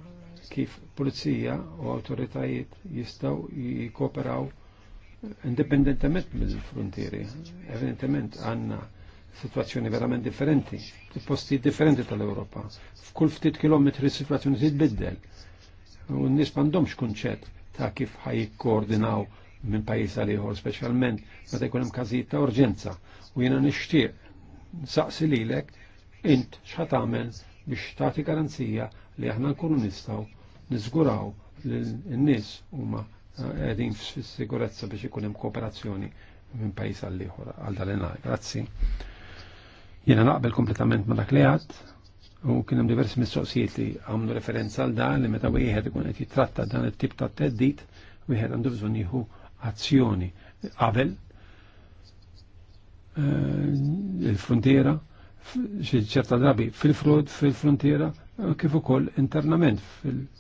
Speaker 2: kif pulizija u autoritajiet jistaw jikoperaw indipendentement mill-frontieri. Evidentement għanna situazzjoni verament differenti, posti differenti tal-Europa. F'kull ftit kilometri situazzjoni titbiddel. U n-nis m'għandhomx kunċett ta' kif ħajkoordinaw minn pajjiż għal ieħor, speċjalment meta jkun hemm każijiet ta' urġenza. U jiena nixtieq saqsi lilek int x'ħat tagħmel biex tagħti garanzija li aħna nkunu nistgħu nizguraw li n-nies huma eh, qegħdin fis-sigurezza biex ikun hemm kooperazzjoni minn pajjiż għal ieħor għal dalenar. Grazzi. Jiena naqbel kompletament ma' dak li għad, U kienem diversi mistoqsijiet li għamlu referenza għal dan li meta wieħed ikun qed jitratta dan it-tip ta' teddit, wieħed għandu bżonn jieħu azzjoni qabel eh, il-frontiera xi ċerta drabi fil-frod fil-frontiera kif ukoll internament fil-frontiera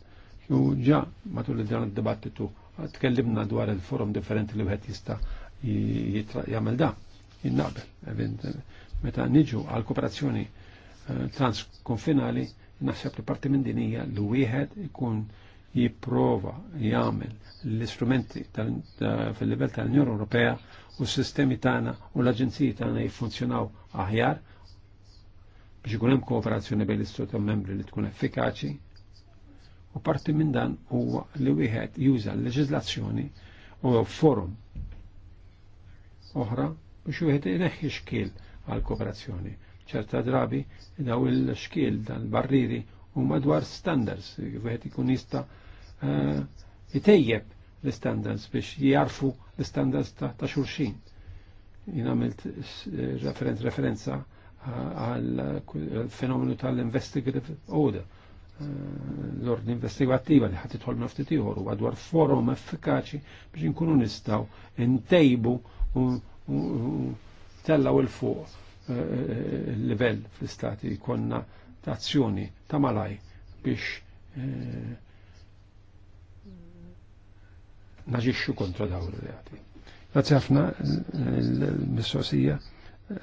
Speaker 2: U ġa matul id-dan id-dibattitu tkellimna dwar il-forum differenti li wieħed jista' jagħmel da. Jinnaqbel. Meta niġu għal kooperazzjoni eh, transkonfinali, naħseb li parti minn dinija li wieħed ikun jipprova jagħmel l-istrumenti fil-livell tal-Unjoni Ewropea u s-sistemi tagħna u l-aġenziji tagħna jiffunzjonaw aħjar biex ikun hemm kooperazzjoni bejn l-istati membri li tkun effikaċi U parti minn dan huwa li wieħed juża l-leġiżlazzjoni u forum oħra biex wieħed ineħħi xkiel għal kooperazzjoni. ċerta drabi daw il-xkiel dan barriri u madwar standards, wieħed ikun jista' jtejjeb eh, l-standards biex jarfu l-standards ta' xulxin. Jien għamilt eh, referenza eh, għal fenomenu tal-investigative order l-ordni investigattiva li ħat idħol minn ftit ieħor forum effikaċi biex inkunu nistgħu ntejbu tellaw il fuq eh, eh, il-livell fl-istati jkollna ta' azzjoni ta' malaj biex eh, naġixxu kontra dawn ir-reati. Grazzi ħafna l missosija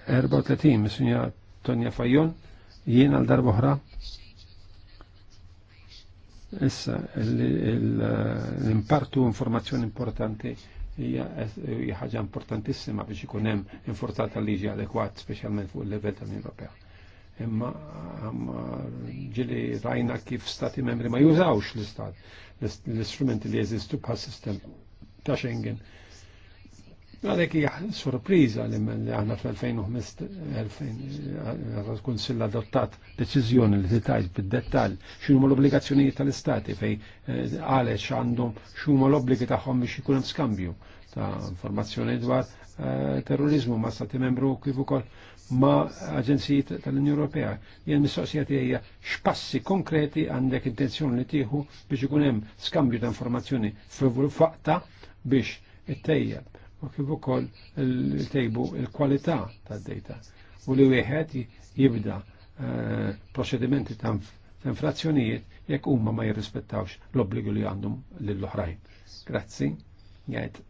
Speaker 2: 34 missunja sinja Tonja Fajon jien għal darba oħra Issa, l-impartu informazzjoni importanti hija ħaġa importantissima biex ikun hemm infurzat tal-liġi adekwat speċjalment fuq il-level tal-Unjoni Ewropea. Imma ġili rajna kif stati membri ma jużawx l-istat l-istrumenti li jeżistu bħal sistem ta' Schengen Għalek hija sorpriża li għanna fl-2005 eh, eh, kunsill adottat deċiżjoni li titajt bid-dettall x'huma l-obbligazzjonijiet tal-istati fej eh, għalex għandhom x'huma l-obbligi tagħhom biex ikun hemm skambju ta' informazzjoni dwar terrorizmu ma' stati membru kif ukoll ma' aġenzijiet tal-Unjoni Ewropea. Jien mistoqsija tiegħi x'passi konkreti għandek intenzjoni li tieħu biex ikun hemm skambju ta' informazzjoni f'faqta biex it-tejjeb u kif ukoll tejbu il-kwalità tad-data u li wieħed jibda eh, proċedimenti ta' infrazzjonijiet jekk huma ma jirrispettawx l-obbligu li għandhom lill-oħrajn. Grazzi, jgħid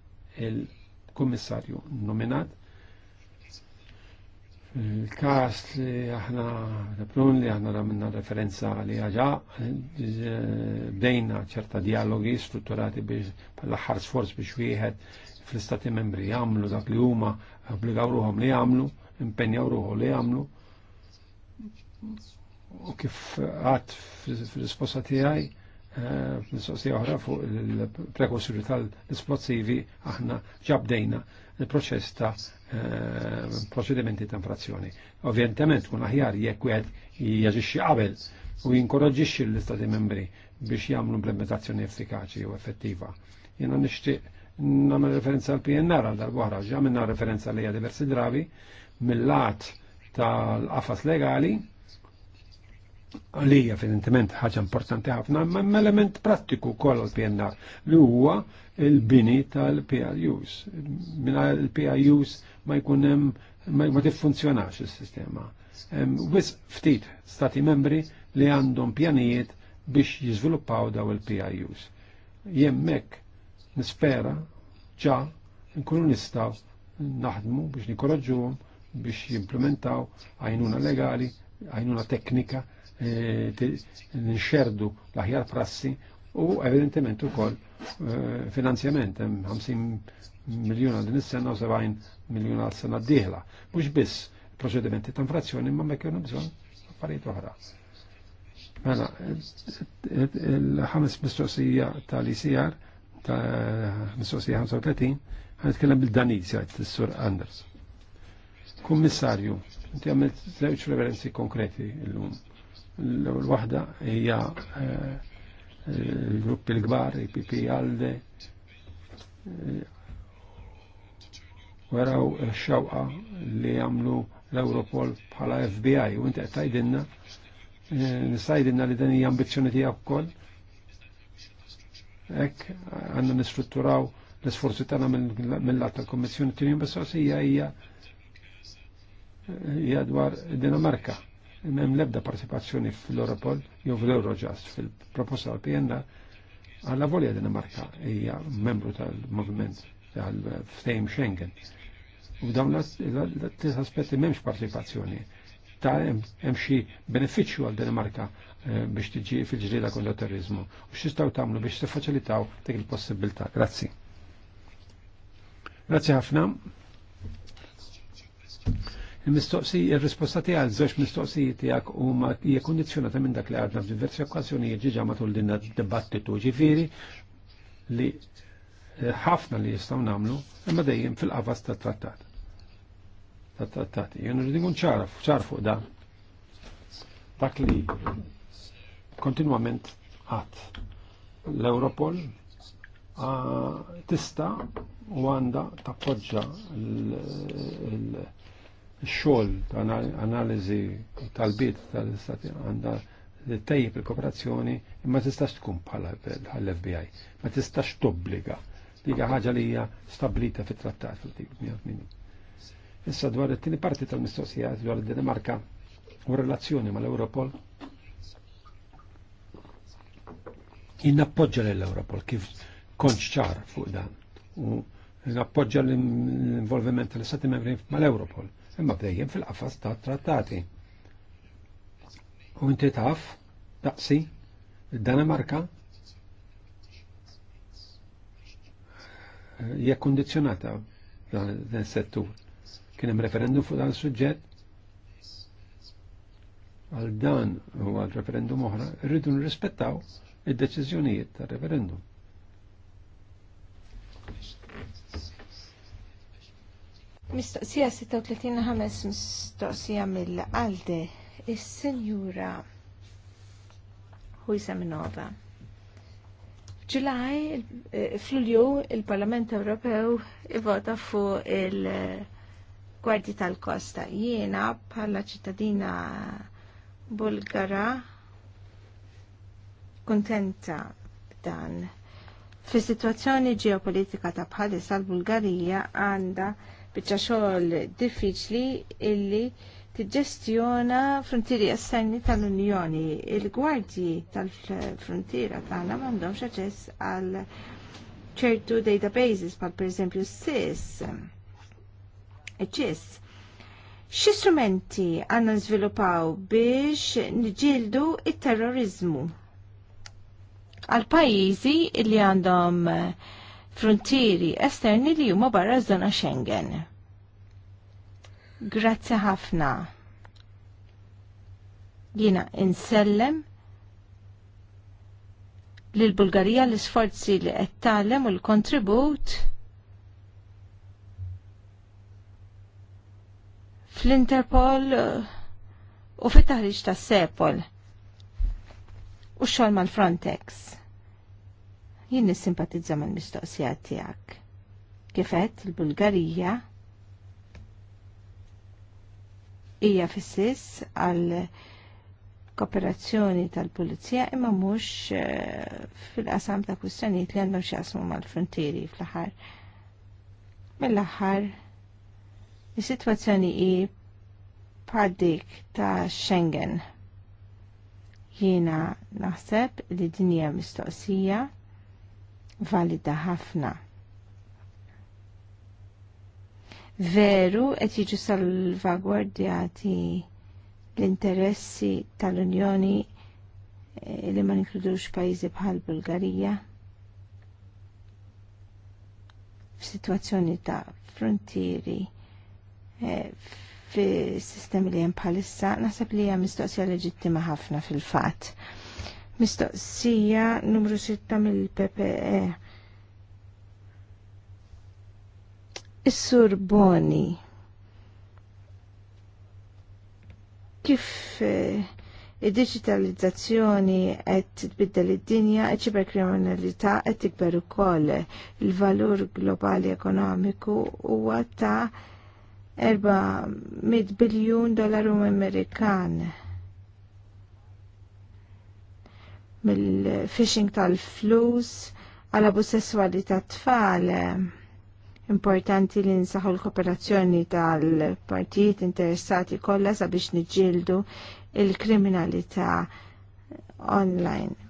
Speaker 2: il-kummissarju nominat. Il-kas li aħna reprun li aħna ramminna referenza li għagħa eh, bdejna ċerta dialogi strutturati biex l-aħħar sforz biex wieħed fl-istati membri jagħmlu dak li huma obbligaw ruhom li jagħmlu, impenjaw ruhom li jagħmlu. U kif għad fil-risposta tiegħi eh, mistoqsija oħra fuq il-prekursuri tal-esplosivi aħna ġabdejna il-proċess ta' eh, proċedimenti ta' infrazzjoni. Ovvjentement kun aħjar jekk wieħed jaġixxi qabel u jinkoraġġixxi l-istati membri biex jagħmlu implementazzjoni effikaċi u effettiva. Jiena nixtieq namel referenza għal PNR għal darbohra, ġa minna referenza li diversi drabi, mill-lat tal-qafas legali, li evidentement ħaġa importanti ħafna, ma element prattiku koll l-PNR li huwa il-bini tal-PIUs. Minna il-PIUs ma jkunem ma tiffunzjonax il-sistema. Wis ftit stati membri li għandhom pjanijiet biex jizviluppaw daw il-PIUs. Jemmek nispera ġa nkunu nistaw naħdmu biex nikoraġġuhom biex jimplementaw għajnuna legali, għajnuna teknika, nxerdu l-aħjar prassi u evidentement ukoll finanzjament 50 miljun għal din is-sena u 70 miljun għal sena d-dieħla. Mhux biss proċedimenti ta' infrazzjoni ma ma kienu bżonn affarijiet oħra. Mela, l ħames mistoqsija tal-ICR ta' 35 għan ħanitkellem bil-Daniz għajt is-Sur Anders. Kummissarju, inti għamil zewċ referenzi konkreti l llum. l wahda hija eh, l-gruppi l-kbar, IPP għalde, għaraw eh, xawqa li għamlu l-Europol bħala FBI u inti qed eh, nistajdinna li dan hija ambizzjoni tiegħek ukoll Ek għanna nistrutturaw l sforzi tagħna mill-lat tal-Kommissjoni tieni mistoqsija hija hija dwar Dinamarka. Hemm l-ebda partipazzjoni fl-Europol jew fl-Eurojust fil-proposta tal-PNR għalla volja Dinamarka hija membru tal movement tal-Fejm Schengen. U dawn l-aspetti memx partipazzjoni ta' hemm xi benefiċċju għal Dinamarka biex tiġi fil-ġrida kollha terrorizmu. U x'istgħu tagħmlu biex tiffaċilitaw dik il-possibilità. Grazzi. Grazzi ħafna. il mistoqsi il-risposta tiegħek żewġ mistoqsijiet tiegħek huma hija kundizzjonata minn dak li għadna f'diversi okkażjonijiet ġiġa matul din dibattitu ġifieri li eh, ħafna li jistgħu nagħmlu imma dejjem fil-qafas tat-trattat. Tat-trattati. Jien rridu nkun ċara fuq da. Dak li kontinwament għat. L-Europol tista u għanda tappoġġa l-xol analizi tal-bit tal-istati għanda tejjib il-kooperazzjoni imma tistax tkun bħala l-FBI, ma tistax tobbliga. Diga ħaġa li hija stabilita fit-trattat fil-tip. Issa dwar it-tieni parti tal-mistoqsija dwar id-Danimarka u relazzjoni mal-Europol jinnappoġġa l-Europol kif konċ ċar fuq dan u nappoġġa l-involviment tal-Stati membri mal-Europol imma bdejjem fil-qafas ta' trattati. U inti taf, daqsi. id-Danamarka hija eh, kondizjonata dan settur. Kien hemm referendum fuq dan is-suġġett għal dan u għal referendum oħra, rridu nirrispettaw id-deċiżjonijiet ta' referendum.
Speaker 1: Mistoqsija 36.5 mistoqsija mill alde il senjura Huisa Minova. Ġulaj, eh, fl-Ulju, il-Parlament Ewropew ivota fu il-Gwardji tal-Kosta. Jiena bħala ċittadina Bulgara kuntenta b'dan. Fi situazzjoni ġeopolitika ta' bħalissa l-Bulgarija għandha biċċa xogħol diffiċli illi tiġġestjona frontieri esterni tal-Unjoni. Il-gwardji tal-frontiera tagħna m'għandhomx aċċess għal ċertu databases bħal pereżempju SIS. ċis X'istrumenti għandna nżvilupaw biex niġildu it-terrorizmu? għal pajjiżi li għandhom eh, frontieri esterni li huma barra żona Schengen. Grazzi ħafna. Jiena insellem lil Bulgarija l-isforzi li qed tagħlem u l-kontribut fl-Interpol eh, u fit-taħriġ tas-Sepol u xol mal Frontex. Jinn nissimpatizza mal mistoqsijat tiegħek. Kifet il-Bulgarija hija fissis għal kooperazzjoni tal-Pulizija imma mhux eh, fil-qasam ta' kwistjonijiet li għandhom x'jaqsmu mal-frontieri fl-aħħar. Mill-aħħar is-sitwazzjoni hi bħal ta' Schengen Jiena naħseb li din hija mistoqsija valida ħafna. Veru qed jiġu salvagwardjati l-interessi tal-Unjoni eh, li ma ninkludux pajjiżi bħal Bulgarija f'sitwazzjoni ta' frontieri eh, fi sistemi li jem palissa, nasab li jem mistoqsija leġittima ħafna fil-fat. Mistoqsija numru 6 mill-PPE. Is-sur Boni. Kif eh, id-digitalizzazzjoni qed titbiddel id-dinja, e iċ kriminalità qed tikber ukoll il-valur globali ekonomiku huwa ta' 400 biljun dollaru Amerikan mill-fishing tal-flus għal abu sessuali ta' tfal importanti li nsaħu l-kooperazzjoni tal-partijiet interessati kollha sabiex niġġieldu il-kriminalità online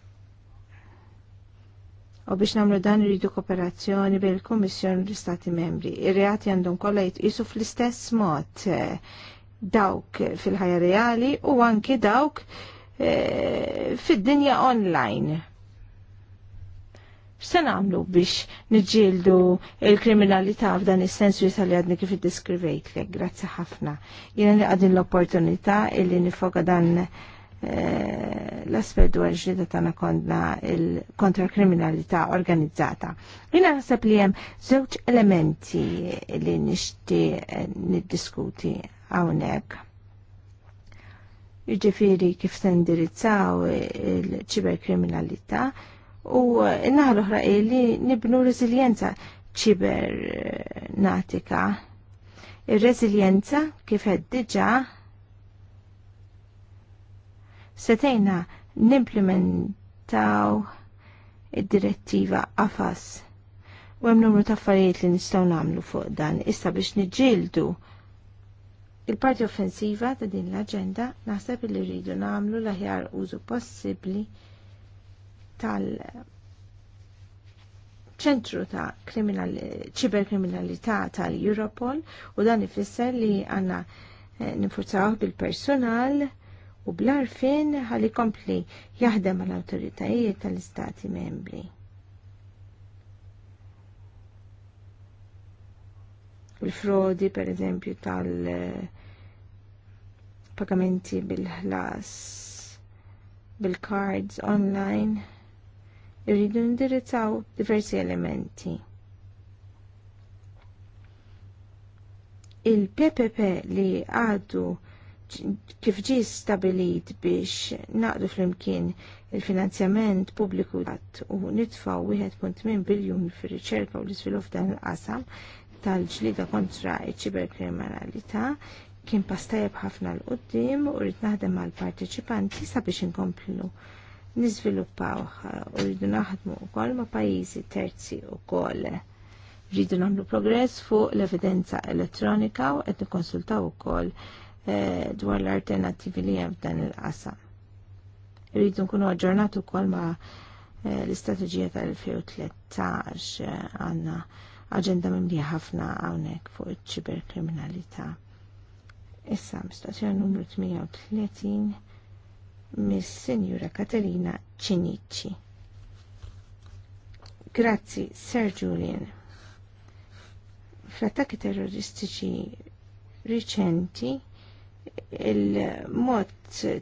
Speaker 1: u biex namlu dan rridu kooperazzjoni bil kummissjoni l istati membri. Ir-reati għandhom kollha jitqisu fl-istess mod eh, dawk fil-ħajja reali u anki dawk eh, fid-dinja online. X'se nagħmlu biex niġġieldu il-kriminalità f'dan is sensu wiesa li għadni kif iddiskrivejtlek, grazzi ħafna. Jiena li għadin l-opportunità illi nifoka dan Eh, l-aspet dwar ġlida tana kondna kontra kriminalità organizzata. Jina nasab li jem zewċ elementi li nishti niddiskuti għawnek. Iġifiri kif sendirizzaw il-ċiberkriminalità u l oħra li nibnu rezilienza ċibernatika. Il-rezilienza kif għeddiġa setejna nimplementaw id-direttiva AFAS u hemm numru ta' affarijiet li nistgħu nagħmlu fuq dan issa biex niġġieldu Il-parti offensiva ta' din l-agenda naħseb li rridu namlu l-aħjar użu possibbli tal-ċentru ta' ċiberkriminalità tal-Europol u dan ifisser li għanna eh, nifurzaw bil-personal u bl-arfin ħalli kompli jaħdem għal autoritajiet tal-istati membri. Il-frodi, per eżempju, tal-pagamenti bil-ħlas, bil-cards online, irridu indirizzaw diversi elementi. Il-PPP li għadu kif ġi stabilit biex naqdu flimkien il-finanzjament pubbliku għat u nitfaw 1.8 biljon fir riċerka u l-izvilup dan il-qasam tal-ġlida kontra iċ-ċiberkriminalità kien pastajab ħafna l-qoddim u rrid naħdem mal parteċipanti sabiex inkomplu niżviluppaw u rridu naħdmu wkoll ma' pajjiżi terzi wkoll. Rridu nagħmlu progress fuq l-evidenza elettronika u qed nikkonsultaw ukoll Eh, dwar l-alternativi li hemm f'dan il-qasam. Irridu nkunu aġġornatu wkoll ma' eh, l-istrateġija tal-2013 eh, għandna aġenda mimli ħafna hawnhekk fuq iċ-ċiberkriminalità. Issa mistoqsija numru 38 mis-Sinjura Katerina Ċinicci. Grazzi, Sir Julian. Fl-attakki terroristiċi riċenti il-mod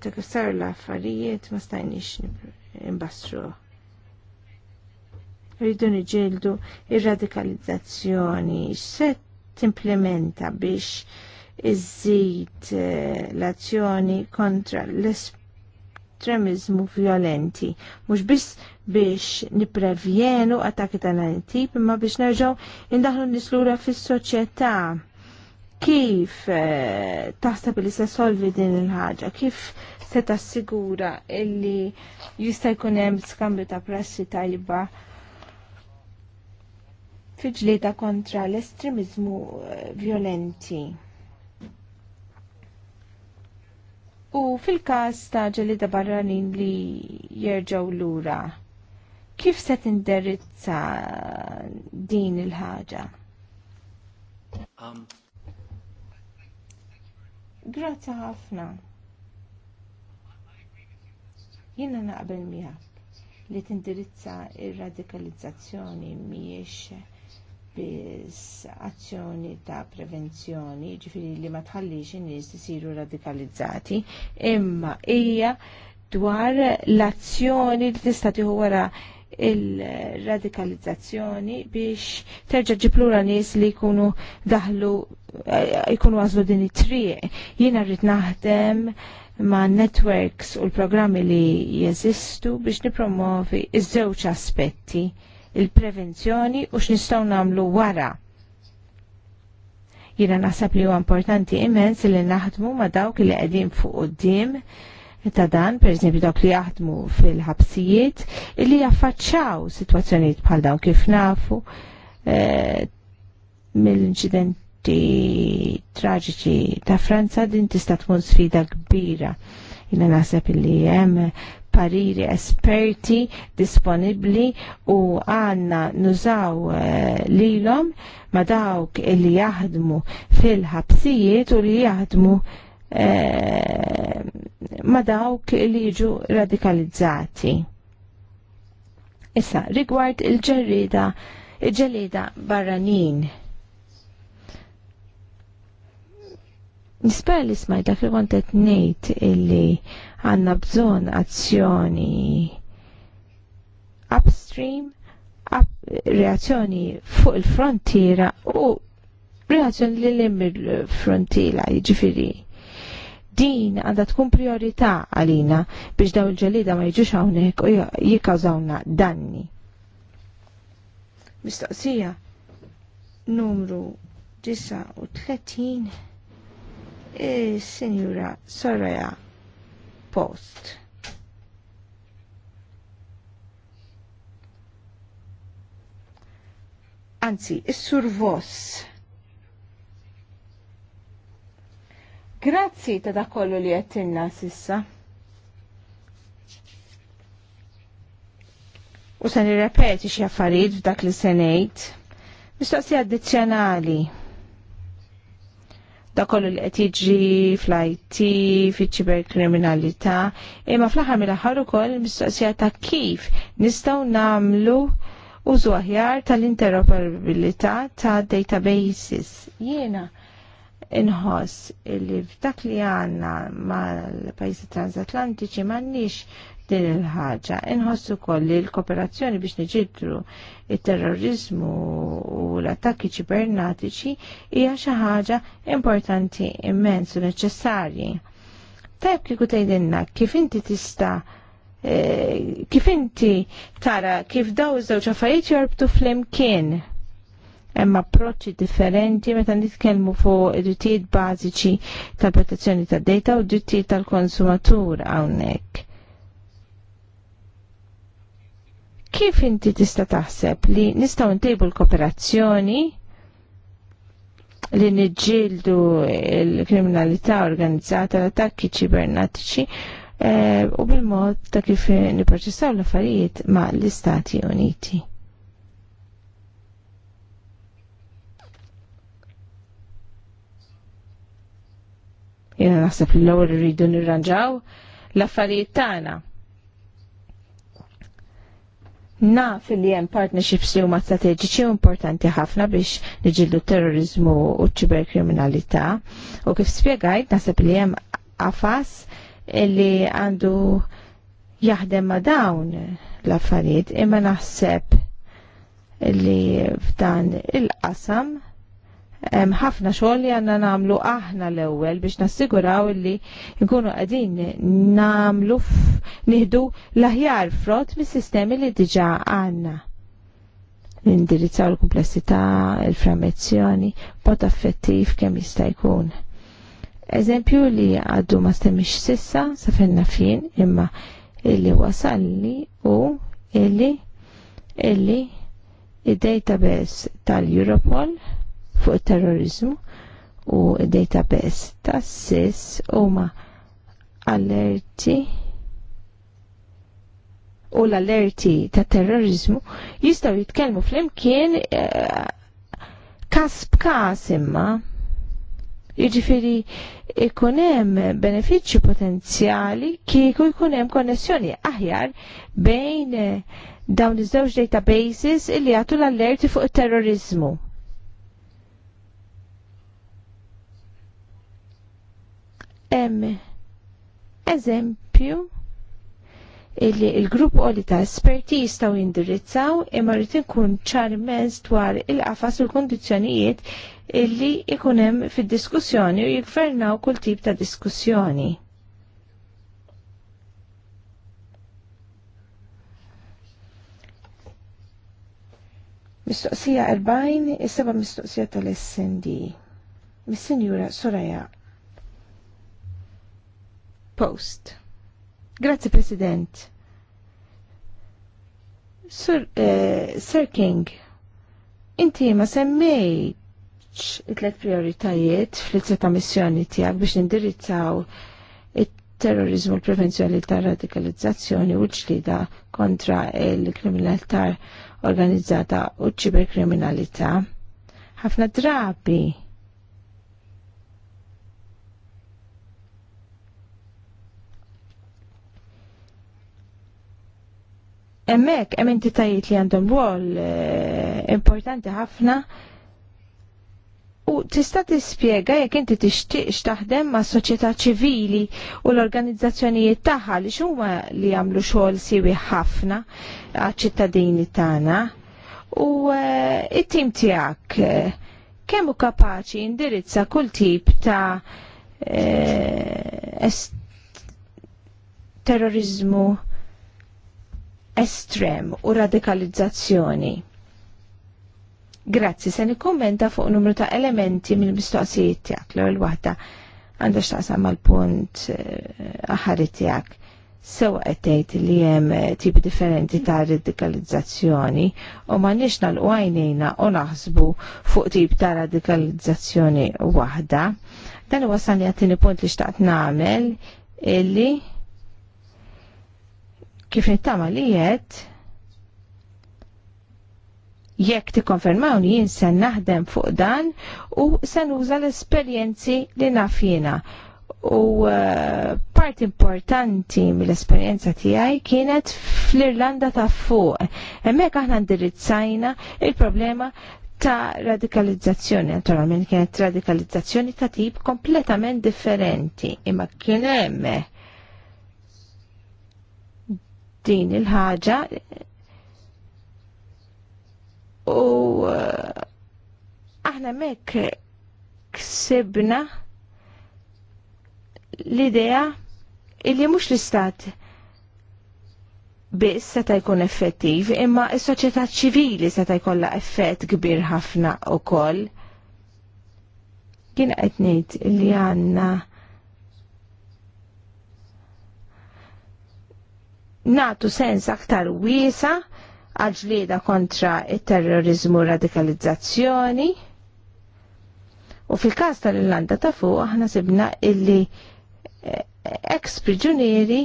Speaker 1: ta' kif saru l-affarijiet ma stajniex imbastru. Rridu niġildu ir-radikalizzazzjoni se timplementa biex iżid eh, l-azzjoni kontra l-estremizmu violenti, mhux biss biex niprevjenu attakki tal-antip, imma biex nerġgħu indaħlu nislura fis-soċjetà Kif eh, taħseb li se solvi din il-ħaġa? Kif se tassigura illi jista' jkun hemm skambju ta' prassi tajba fiġlieta kontra l-estremizmu eh, violenti? U fil każ ta' ġelida barranin li jerġaw lura, kif se tindirizza din il-ħaġa? Um, Grazzi ħafna. Jiena naqbel miegħek li tindirizza ir-radikalizzazzjoni mhijiex biss azzjoni ta' prevenzjoni, ġifiri li ma tħallix in-nies isiru radikalizzati, imma hija dwar l-azzjoni li tista' tieħu wara il-radikalizzazzjoni biex terġa' ġiplura nies li jkunu daħlu eh, jkunu għazlu din it-triq. Jina rrid naħdem ma' networks u l-programmi li jeżistu biex nipromovi iż-żewġ aspetti il-prevenzjoni u x'nistgħu nagħmlu wara Jiena naħseb li huwa importanti immens li naħdmu ma dawk li qegħdin fuq quddiem ta' dan, per eżempju dawk li jaħdmu fil-ħabsijiet, li jaffaċċaw situazzjoniet bħal dawn kif nafu eh, mill-inċidenti traġiċi ta' Franza din tista' tkun sfida kbira. Jina naħseb li hemm pariri esperti disponibli u għanna nużaw eh, lilhom lilom ma dawk li jaħdmu fil-ħabsijiet u li jaħdmu Eh, ma dawk li jiġu radikalizzati. Issa, rigward il-ġerrida, il ġerrida barranin. Nispera li smajt dak li kontet nejt illi għanna bżon azzjoni upstream, up, reazzjoni fuq il-frontiera u reazzjoni li l-immir frontiera, ġifiri din għandha tkun priorità għalina biex daw il-ġelida ma jiġux hawnhekk u jikkawżawna danni. Mistoqsija numru 39 is-Sinjura e, Soraya Post. Anzi, is-Sur Voss. Grazzi ta' dak kollu li jettinna sissa. U se nirrepeti xi affarijiet f'dak li se ngħid. Mistoqsija addizzjonali. Dak kollu li qed jiġri fl-IT, fiċ-ċiberkriminalità, imma fl-aħħar mill-aħħar ukoll mistoqsija ta' kif nistgħu nagħmlu użu aħjar tal-interoperabilità ta' databases. Jiena inħoss li f'dak li għanna mal pajzi transatlantiċi m'għandniex din il-ħaġa. Inħoss ukoll li l-kooperazzjoni biex niġidru il terrorizmu u l-attakki ċibernatiċi hija xi ħaġa importanti immens u neċessarji. Tajb kieku tgħidilna kif inti tista' eh, kif inti tara kif daw iż-żewġ affarijiet jorbtu flimkien hemm approċċi differenti meta nitkellmu fuq id-drittijiet bażiċi tal-protezzjoni tad-data u d-drittijiet tal-konsumatur hawnhekk. Kif inti tista' taħseb li nistgħu ntejbu l-kooperazzjoni li niġġieldu l-kriminalità organizzata l-attakki ċibernatiċi eh, u bil-mod ta' kif niproċessaw l-affarijiet ma' l-Istati Uniti. Jena naħseb li l-ewwel rridu nirranġaw l-affarijiet tagħna. Naf li hemm partnerships li huma strateġiċi u importanti ħafna biex niġillu terrorizmu u ċiberkriminalità u kif spjegajt naħseb li hemm afas li għandu jaħdem ma' dawn l-affarijiet imma naħseb li f'dan il-qasam ħafna xogħol li għandna nagħmlu aħna l-ewwel biex nassiguraw li nkunu qegħdin nagħmlu nieħdu l-aħjar frott mis-sistemi li diġà għandna. Nindirizzaw l-kumplessità, il-framezzjoni, b'mod affettiv kemm jista' jkun. Eżempju li għaddu ma stemmix sissa, sa fenna fin, imma illi wasalli u illi illi id-database tal-Europol fuq terrorizmu u database ta' SIS huma allerti u l-allerti ta' terrorizmu jistaw jitkellmu fl-imkien eh, kas b'kas imma jġifiri ikunem benefiċċju potenzjali kieku jkunem konnessjoni aħjar bejn eh, dawn iż-żewġ databases illi jagħtu l-allerti fuq terrorizmu. hemm eżempju illi il-grupp oli ta' esperti jistaw jindirizzaw imma rrid inkun ċar mezz dwar il-qafas u l-kondizzjonijiet illi ikunem fid-diskussjoni u jikfernaw kull tip ta' diskussjoni. Mistoqsija 40, is-seba mistoqsija tal-SND. Mis-Sinjura Soraya Post. Grazzi President. Sir, eh, Sir King, inti ma semmejx it let prioritajiet fl ta' missjoni tiegħek biex nindirizzaw it-terrorizmu, l-prevenzjoni tar radikalizzazzjoni u l-ġlida kontra il-kriminalità organizzata u ċiberkriminalità. Ħafna drabi Emmek, hemm entitajiet li għandhom wol eh, importanti ħafna u tista' tispjega jekk inti tixtieq taħdem ma' soċjetà ċivili u l-organizzazzjonijiet tagħha li x'huma li jagħmlu xogħol siwi ħafna għaċ-ċittadini tagħna u eh, it-tim tiegħek eh, kemm hu kapaċi indirizza kull tip ta' terrorizmu estrem u radikalizzazzjoni. Grazzi, se kommenta fuq numru ta' elementi mill-mistoqsijiet tiegħek l ewwel waħda għandha x'taqsam mal-punt eh, aħari tiegħek. Sewa qed tgħid li hemm eh, tipi differenti ta' radikalizzazzjoni u m'għandniex nagħlqu għajnejna u naħsbu fuq tip ta' radikalizzazzjoni waħda. Dan huwa sani għattini punt li xtaqt nagħmel illi Kif nittama li jiet jekk tikkonfermawni jien se naħdem fuq dan u se nuża l-esperjenzi li nafjina. U uh, part importanti mill-esperjenza tiegħi kienet fl-Irlanda ta' fuq. Hemmhekk aħna ndirizzajna il-problema ta' radikalizzazzjoni, naturalment kienet radikalizzazzjoni ta' tip kompletament differenti, imma kien hemm din il-ħaġa u eh, aħna mek ksibna l-idea illi mux l-istat biss seta' jkun effettiv, imma s-soċjetà ċivili seta' jkollha effett kbir ħafna koll Kien qed ngħid li għandna natu sens aktar wiesa għalġlieda kontra il-terrorizmu radikalizzazzjoni. U fil-kas tal-Irlanda ta' fuq aħna sibna illi eh, ex-priġunieri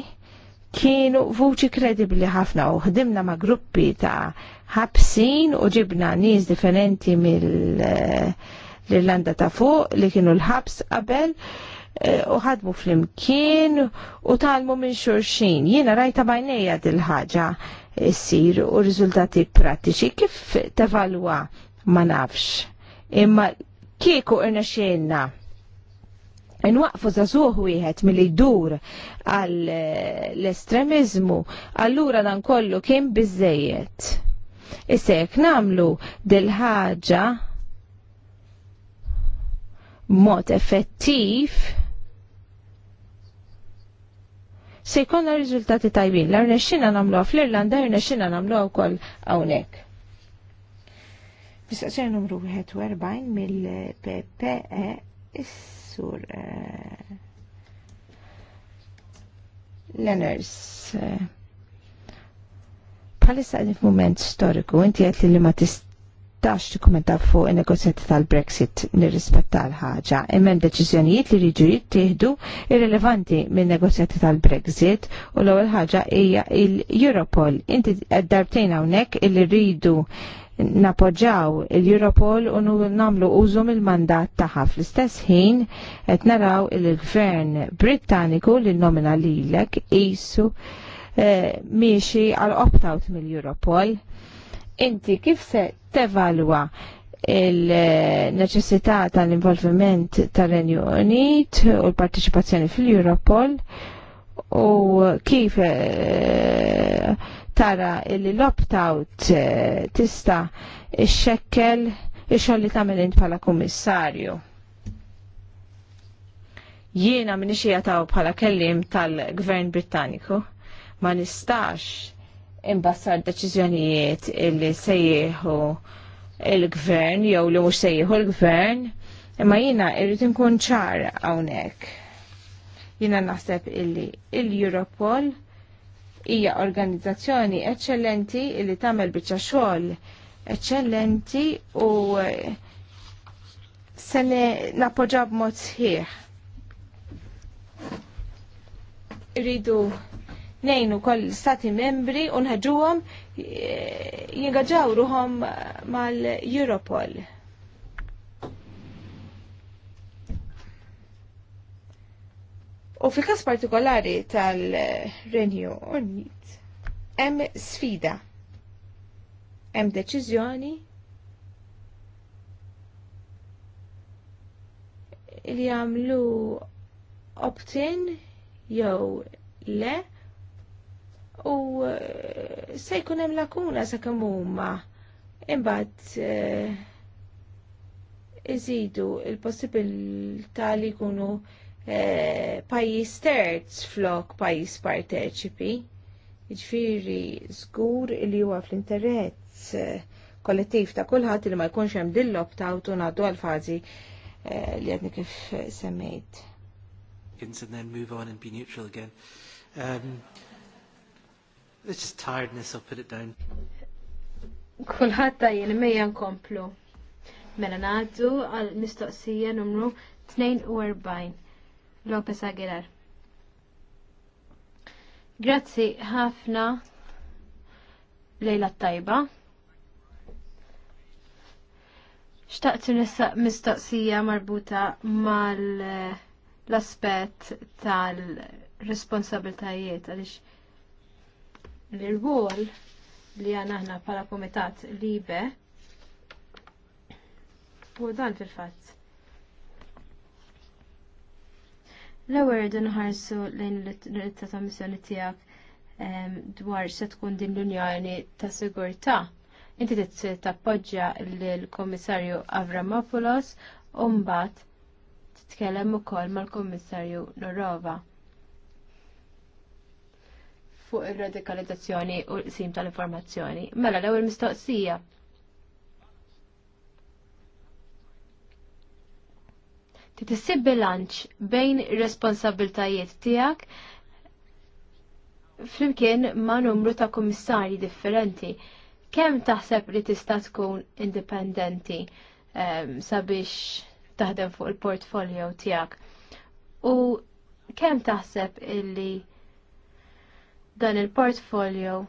Speaker 1: kienu vuċi kredibli ħafna u ħdimna ma' gruppi ta' ħabsin u ġibna nis differenti mill-Irlanda eh, ta' fuq li kienu l-ħabs qabel Eh, u ħadmu fl-imkien u talmu minn xurxin. Jiena rajta bajnejja dil-ħaġa issir u riżultati prattiċi kif tevalwa ma nafx. Imma kieku irna xienna. Nwaqfu zazuħ wieħed mill dur għall eh, estremizmu allura dan kollu kien bizzejiet. Issa jekk namlu dil-ħaġa mod effettiv, se jkollna riżultati tajbin. La rnexxina nagħmluha fl-Irlanda, rnexxina nagħmluha wkoll hawnhekk. Mistoqsija numru 41 mill-PPE is-sur eh, eh. Palissa għadin f-moment storiku, inti għet li ma tist tax dokumenta fuq il-negozjati tal-Brexit nirrispetta l-ħaġa. Imman deċiżjonijiet li rridu jittieħdu irrelevanti minn negozjati tal-Brexit u l-ewwel ħaġa hija il-Europol. Inti darbtejn hawnhekk illi rridu napoġġaw il-Europol u namlu użum mill-mandat taħħa fl-istess ħin qed naraw il-Gvern Brittaniku li nomina lilek qisu eh, miexi għal opt-out mill-Europol inti kif se tevalwa il-neċessità tal-involviment tal-Renju Unit u l-partiċipazzjoni fil-Europol u kif eh, tara li l-opt-out eh, tista xekkel ix-xogħol li tagħmel int bħala kummissarju jiena minni ta'w bħala kellim tal-gvern britanniku ma nistax imbassar deċiżjonijiet li sejjiħu il-gvern jew li mhux sejjiħu l-gvern, imma jiena irrid inkun ċar hawnhekk. Jiena naħseb illi il-Europol hija organizzazzjoni eċċellenti li tagħmel biċċa xogħol eċċellenti u se nappoġġa b'mod sħiħ. Iridu nejnu koll stati membri unħagġuhom e, jingagġaw ruhom mal-Europol. U fil-kas partikolari tal-Renju Unit, hemm sfida, hemm deċiżjoni li għamlu opt-in jew le u eh, se jkun hemm lakuna sakemm huma imbagħad eh, iżidu il-possibilità li jkunu eh, pajjiż terz flok pajjiż parteċipi. Jiġifieri żgur li huwa fl-interess kollettiv ta' kulħadd li ma jkunx hemm dillob ta' u ngħaddu għal fażi li għadni kif semmejt. Couldn't then move on and be neutral again. Um, It's just tiredness, I'll put it down.
Speaker 3: Kulħadd tajjel mejja nkomplu. Mela ngħaddu għal mistoqsija numru 42 Lopez Aguilar. Grazzi ħafna lejla tajba. Xtaqtu nissa mistoqsija marbuta mal l-aspet tal-responsabiltajiet għaliex l-rwol li għana ħna pala komitat libe u dan fil-fatt. L-ewwel nħarsu lejn l-itta ta' missjoni tiegħek dwar se tkun din l-Unjoni ta' Sigurtà. Inti trid tappoġġja l-Komissarju Avramopoulos u mbagħad titkellem ukoll mal-Komissarju Norova fuq ir-radikalizzazzjoni u l-sim tal-informazzjoni. Mela l-ewwel mistoqsija. Titissib bilanċ bejn responsabiltajiet tiegħek flimkien ma' numru ta' kummissarji differenti. Kemm taħseb li tista' tkun indipendenti um, sabiex taħdem fuq il-portfolio tiegħek? U kemm taħseb illi dan il-portfolio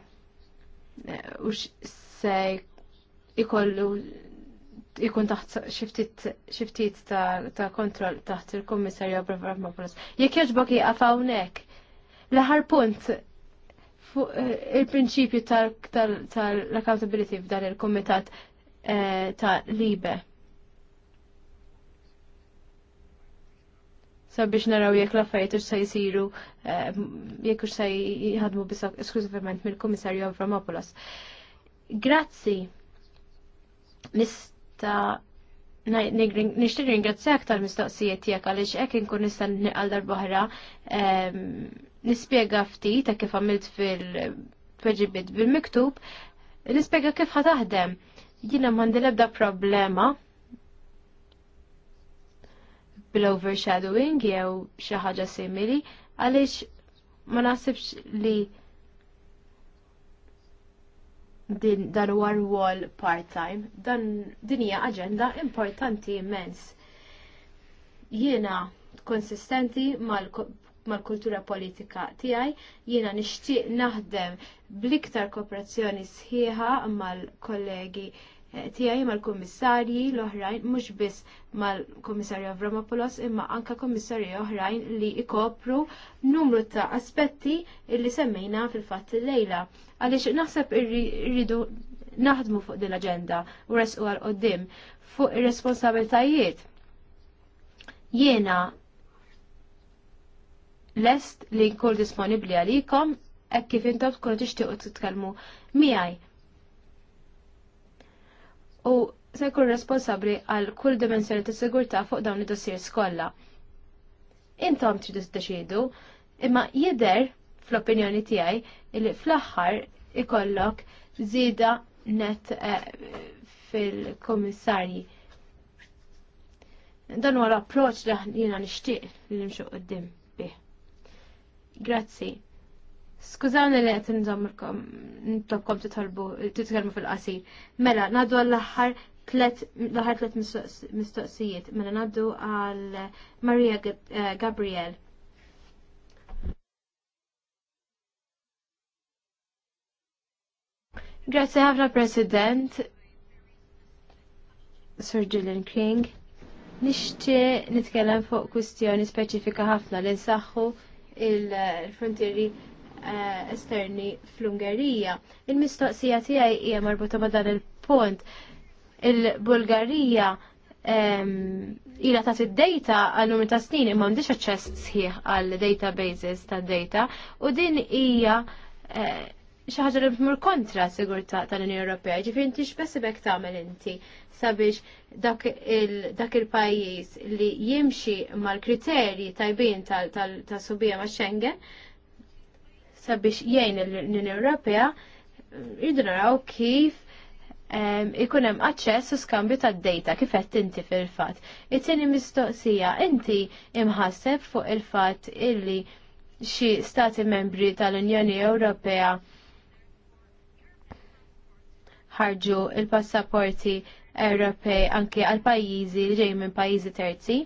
Speaker 3: eh, u se ikollu ikun taħt xiftit ta' kontroll taħt il-Kommissarju Abramovopoulos. Jekk jogħġbok jgħafawnek, hawnhekk. L-aħħar punt fuq eh, il-prinċipju tal-accountability f'dan il-Kumitat eh, ta' Libe. sabiex naraw jekk l-affarijiet se jsiru eh, jekk se jħadmu biss esklużivament mill-Kummissarju Avramopoulos. Grazzi. Nista' nixtieq ringrazzi aktar mistoqsijiet tiegħek għaliex hekk inkun nista' nqal darbohra ehm, nispjega ftit ta' kif għamilt fil-tweġibiet bil-miktub, nispjega kif ħataħdem. Jiena m'għandi l-ebda problema bil-overshadowing jew xi ħaġa simili għaliex ma naħsibx li din dan huwa rwol part-time, dan din hija aġenda importanti immens. Jiena konsistenti mal-kultura mal politika tiegħi, jiena nixtieq naħdem bl-iktar kooperazzjoni sħiħa mal-kollegi tiegħi mal-kummissarji l-oħrajn mhux biss mal-kummissarju Avramopoulos imma anka kummissarji oħrajn li ikopru numru ta' aspetti li semmejna fil-fatt lejla. Għaliex naħseb irridu naħdmu fuq din l-aġenda u resqu għal qoddim fuq ir-responsabiltajiet. Jiena lest li nkun disponibli għalikom, hekk kif intom tkunu tixtiequ titkellmu miegħi u se jkun responsabbli għal kull dimensjoni ta' sigurtà fuq dawn id dossier kollha. Intom tridu tiddeċiedu, imma jidher fl-opinjoni tiegħi li fl-aħħar ikollok żieda net eh, fil-komissarji. Dan huwa l-approċċ li jiena nixtieq li nimxu qudiem bih. Grazzi. Skużawni li qed nżommirkom ntokkom t titkellmu fil-qasir. Mela, ngħaddu għall-aħħar tlet l-aħħar tlet mistoqsijiet. Mela ngħaddu għal Maria eh, Gabriel. Grazie ħafna President Sir Gillian King. Nixtieq nitkellem fuq kwistjoni speċifika ħafna li nsaħħu il-frontieri il frontieri Eh, esterni fl-Ungerija. Il-mistoqsija tiegħi hija marbuta ma' dan il-punt. Il-Bulgarija ila ta' id-data għal numri ta' snin imma m'għandix aċċess sħiħ għal databases ta' data u din hija eh, xi ħaġa li bmur kontra sigurtà tal-Unjoni Ewropea. Ġifieri inti x'besibek tagħmel inti sabiex dak il-pajjiż li jimxi mal-kriterji tajbin tal-subija ma' Schengen sabiex jgħin l-Unjoni Ewropea jridu naraw kif ikun hemm aċċess u skambju tad dejta kif qed inti fil-fatt. It-tieni mistoqsija, inti imħasseb fuq il-fatt illi xi stati membri tal-Unjoni Ewropea ħarġu il-passaporti Ewropej anke għal pajjiżi li ġej minn pajjiżi terzi.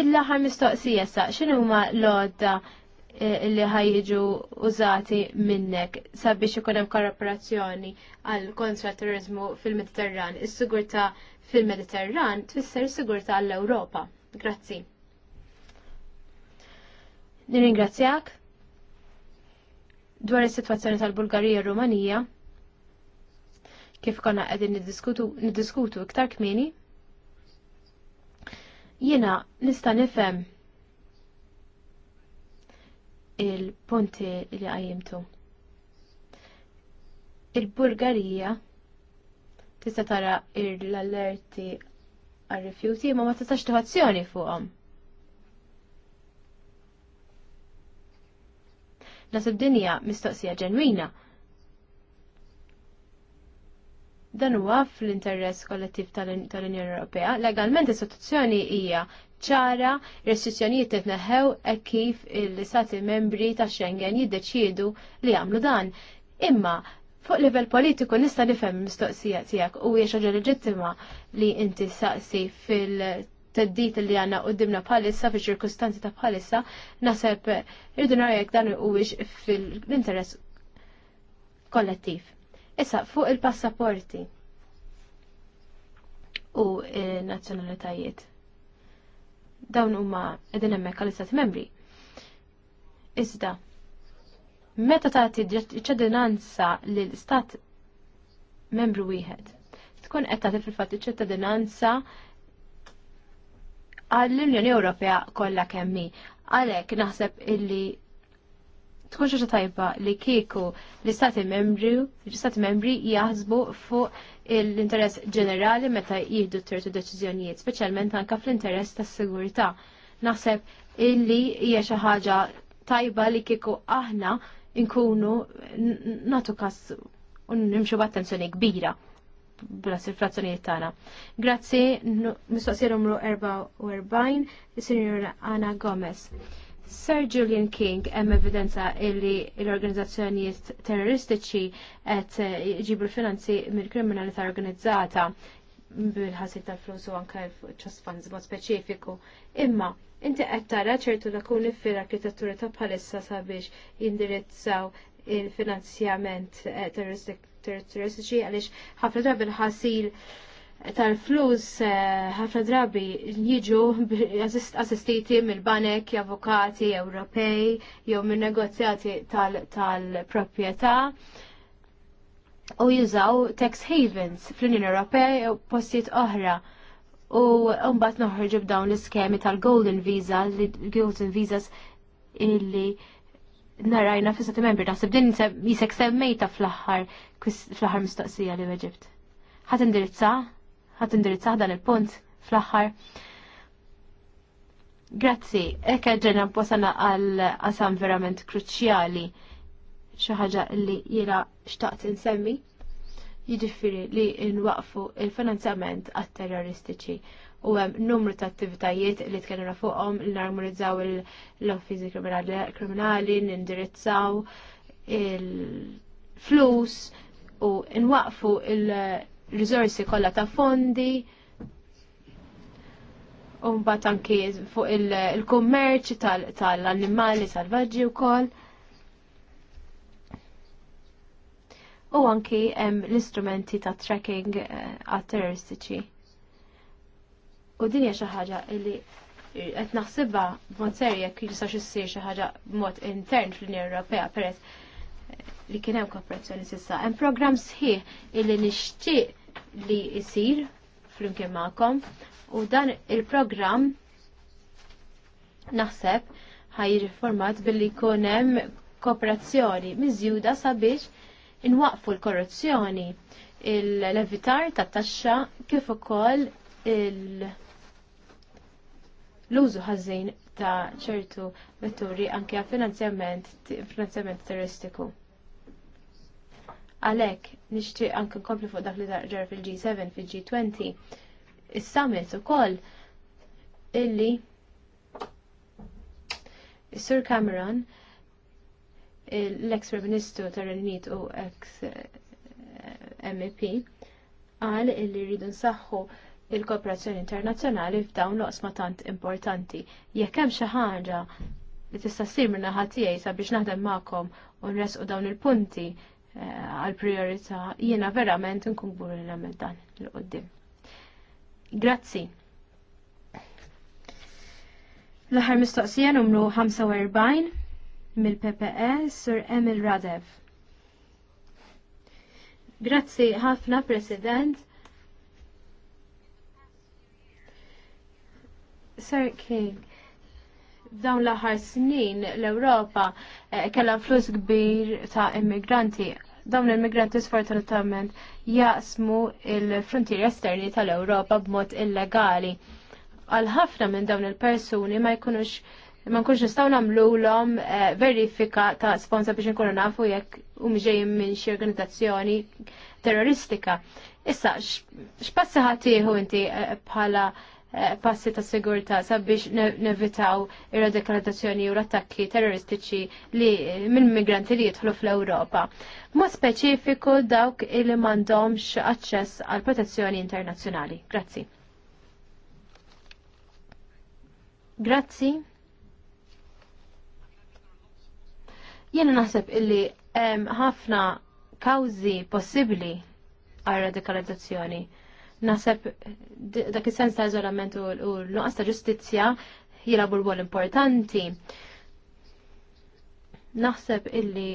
Speaker 3: Il-laħar mistoqsija sa x'inhuma l-għodda Eh, li ħajġu użati minnek sabiex ikun hemm korporazzjoni għal kontra terrorizmu fil-Mediterran. Is-sigurtà fil-Mediterran tfisser is-sigurtà għall ewropa Grazzi. Nirringrazzjak dwar is-sitwazzjoni tal-Bulgarija u Rumanija kif konna qegħdin niddiskutu iktar kmieni. Jiena nista' nifhem il-punti li għajimtu. Il-Bulgarija tista tara l-allerti għal-rifjuti ma ma tistax tuħazzjoni fuqhom. Nasib dinja mistoqsija ġenwina. Dan huwa fl-interess kollettiv tal-Unjoni Ewropea, legalment istituzzjoni hija ċara restrizzjonijiet titneħħew e kif il-sati membri ta' Schengen jiddeċiedu li jagħmlu dan. Imma fuq livell politiku nista' nifhem mistoqsija tiegħek u hija ġoġa leġittima li inti saqsi fil teddit li għanna dimna bħalissa fi ċirkustanzi ta' bħalissa naseb irridu narajek dan huwiex fil-interess kollettiv. Issa fuq il-passaporti u il nazzjonalitajiet dawn huma qegħdin hemmhekk għall-Istati Membri. Iżda, meta tagħti ċedinanza lil stat membru wieħed, tkun qed tagħti fil-fatt iċ-ċedinanza għall-Unjoni Ewropea kollha kemm hi. Għalhekk naħseb illi tkun xaġa tajba li kieku l-istati membri, l-istati membri jaħsbu fuq l-interess ġenerali meta jihdu t-tertu deċizjonijiet, specialment anka fl-interess tas sigurtà Naħseb illi hija xi ħaġa tajba li kieku aħna nkunu natu kas u nimxu b'attenzjoni kbira bla sirfrazzjonijiet tagħna. Grazzi, mistoqsija numru 44, is-Sinjura Ana Gomez. Sir Julian King hemm evidenza illi l-organizzazzjonijiet terroristiċi qed jġibu l-finanzi mill-kriminalità organizzata bil-ħasib tal-flus u anke trust funds mod speċifiku. Imma inti qed tara ċertu lakuni fil-arkitettura ta' bħalissa sabiex jindirizzaw il-finanzjament eh, terroristiċi għaliex ħafna drabi l-ħasil tal-flus eh, ħafna drabi jiġu assistiti mill-banek, avukati Ewropej, jew minn negozjati tal-proprjetà u jużaw tax havens fl-Unjoni Ewropej u postijiet oħra. U mbagħad noħorġu b'dawn l-iskemi tal-Golden Visa, l-Golden Visas illi narajna fis membri naħseb din jisek semmejta fl-aħħar fl-aħħar mistoqsija li weġibt. Ħat indirizza? ħat indirizzah dan il-punt fl-aħħar. Grazzi, ekk ġenna posana għal qasam verament kruċjali xi ħaġa li jiena xtaqt insemmi. Jiġifieri li nwaqfu il-finanzjament għat-terroristiċi u hemm numru ta' attivitajiet li tkellimna fuqhom li narmonizzaw l-offiżi kriminali, nindirizzaw il-flus u nwaqfu il- Risorsi rizorsi kollha ta' fondi, u mbagħad anki fuq il-kummerċ tal-annimali salvaġġi wkoll. U anki hemm l-istrumenti ta' tracking għat-terroristiċi. Eh, u din hija xi ħaġa li qed naħsibha b'mod serja kif jista' issir xi ħaġa b'mod intern fl-Unjoni Ewropea peress li kien hemm kooperazzjoni s'issa. Hemm programm sħiħ illi nixtieq li jisir flimkien ma'kom u dan il-programm naħseb ħajri format billi kunem kooperazzjoni miżjuda sabiex inwaqfu l-korruzzjoni il-levitar ta' taxxa kif ukoll l-użu ħażin ta' ċertu vetturi anke finanzjament finanzjament terroristiku. Għalhekk nixtieq anke nkompli fuq dak li ġar fil-G7 fil-G20 is-summit ukoll illi Sir Cameron l-ex Prim Ministru tar-Renit u ex MEP qal illi rridu nsaħħu il-kooperazzjoni internazzjonali f'dawn l-osma tant importanti. Jekk hemm xi ħaġa li tista' ssir minn naħa tiegħi sabiex naħdem magħkom u nresqu dawn il-punti għal priorità jiena verament nkun gbur nagħmel dan l qoddim Grazzi. L-aħħar mistoqsija numru 45 mill-PPE Sur Emil Radev. Grazzi ħafna President. Sir King, dawn l-aħħar snin l-Ewropa eh, kellha flus kbir ta' immigranti. Dawn l-immigranti sfortunatament jaqsmu il-frontier esterni tal-Ewropa b'mod illegali. Għal ħafna minn dawn il-persuni ma jkunux ma nkunx nistgħu nagħmluhom eh, verifika ta' sponsa biex inkunu nafu jekk hum ġejjin minn xi organizzazzjoni terroristika. Issa, x'passi ħaddieħu inti eh, bħala uh, Eh, passi ta' sigurta sabiex nevitaw ir-radikalizzazzjoni u l-attakki terroristiċi li eh, minn migranti li jidħlu fl-Ewropa. Ma' speċifiku dawk li mandomx aċċess għal protezzjoni internazzjonali. Grazzi. Grazzi. Jena naħseb illi ħafna kawzi possibli għal radikalizzazzjoni nasab dak is-sens ta' iżolament u l-nuqqas ta' ġustizzja jilabu l-wol importanti. Naħseb illi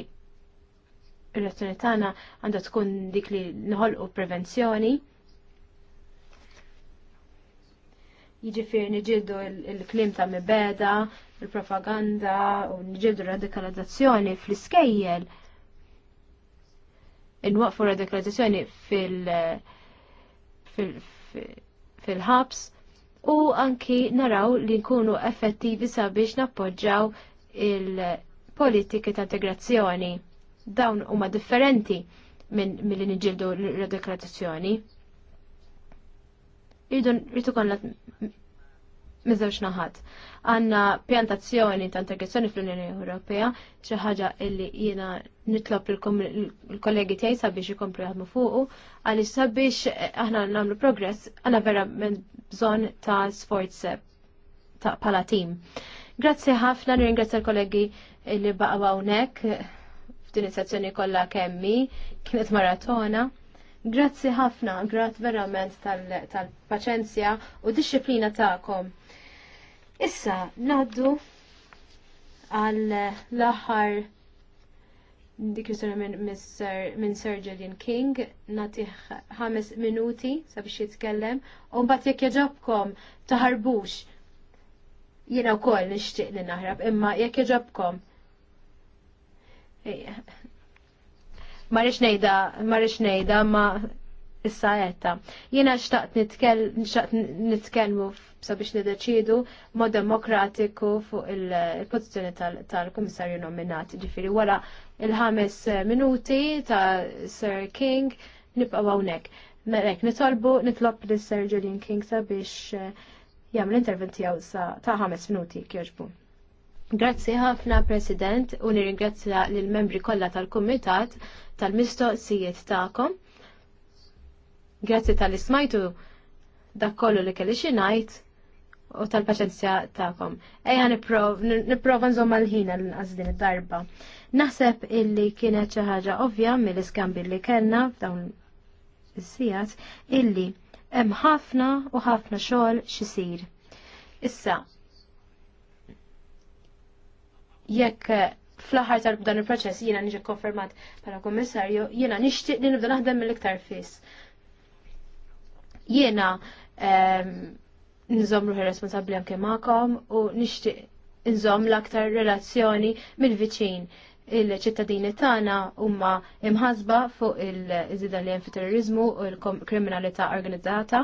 Speaker 3: il-reazzjoni tagħna għandha tkun dik li nħolqu prevenzjoni. Jiġifieri niġildu il-klim ta' mibeda, il-propaganda u niġildu radikalizzazzjoni fl-iskejjel. Inwaqfu radikalizzazzjoni fil- uh, fil-ħabs u anki naraw li nkunu effettivi sabiex nappoġġaw il-politiki ta' integrazzjoni. Dawn huma differenti minn mill niġildu l deklarazzjoni Irridu konna miżewġ naħat. Għanna pjantazzjoni ta' integrazzjoni fl-Unjoni Ewropea, xi ħaġa illi jiena nitlob il-kollegi tiegħi sabiex ikomplu jaħdmu fuqu, għaliex sabiex eh, aħna nagħmlu progress, għanna vera bżonn ta' sforz eh, ta' pala tim. Grazzi ħafna, nirringrazzja l-kollegi li baqgħu hawnhekk eh, f'din is-sezzjoni kollha kemmi, kienet maratona. Grazzi ħafna, grat verament tal-paċenzja u disċiplina tagħkom. Issa naddu għal l-aħħar dikrisura minn Sir Julian King natiħ ħames minuti sabiex jitkellem u mbagħad jekk jaġobkom taħarbux jiena wkoll nixtieq li naħrab imma jekk jaġobkom Marriċ nejda, marriċ nejda, ma issa għetta. Jena xtaqt nitkellmu sabiex nideċidu mod demokratiku fuq il-pozizjoni tal-komissarju tal nominat. Ġifiri, wara il-ħames minuti ta' Sir King nibqaw hawnhekk. Merek, mela, nitolbu nitlob li Sir Julian King sabiex eh, jagħmel intervent tiegħu ta' ħames minuti kjoġbu. Grazzi ħafna President u nirringrazzja lill membri kollha tal-Kumitat tal-mistoqsijiet tagħkom. Grazzi tal-ismajtu dak kollu li kelli xi ngħid u tal-paċenzja ta'kom. Ejja niprofa nżomma l-ħina l għazdin din id-darba. Naħseb illi kienet xi ħaġa ovvja mill-iskambi li kellna f'dawn is-sijat illi hemm ħafna u ħafna xogħol xisir. Issa jekk fl-aħħar tal dan il-proċess jiena niġi konfermat bħala kummissarju, jiena nixtieq li nibda naħdem mill-iktar fis. Jiena ehm, nżom ruħi responsabli anke ma'kom u nixtieq nżom l-aktar relazzjoni mill-viċin. Il-ċittadini tagħna huma imħasba fuq il-żidan li fi terrorizmu u l-kriminalità organizzata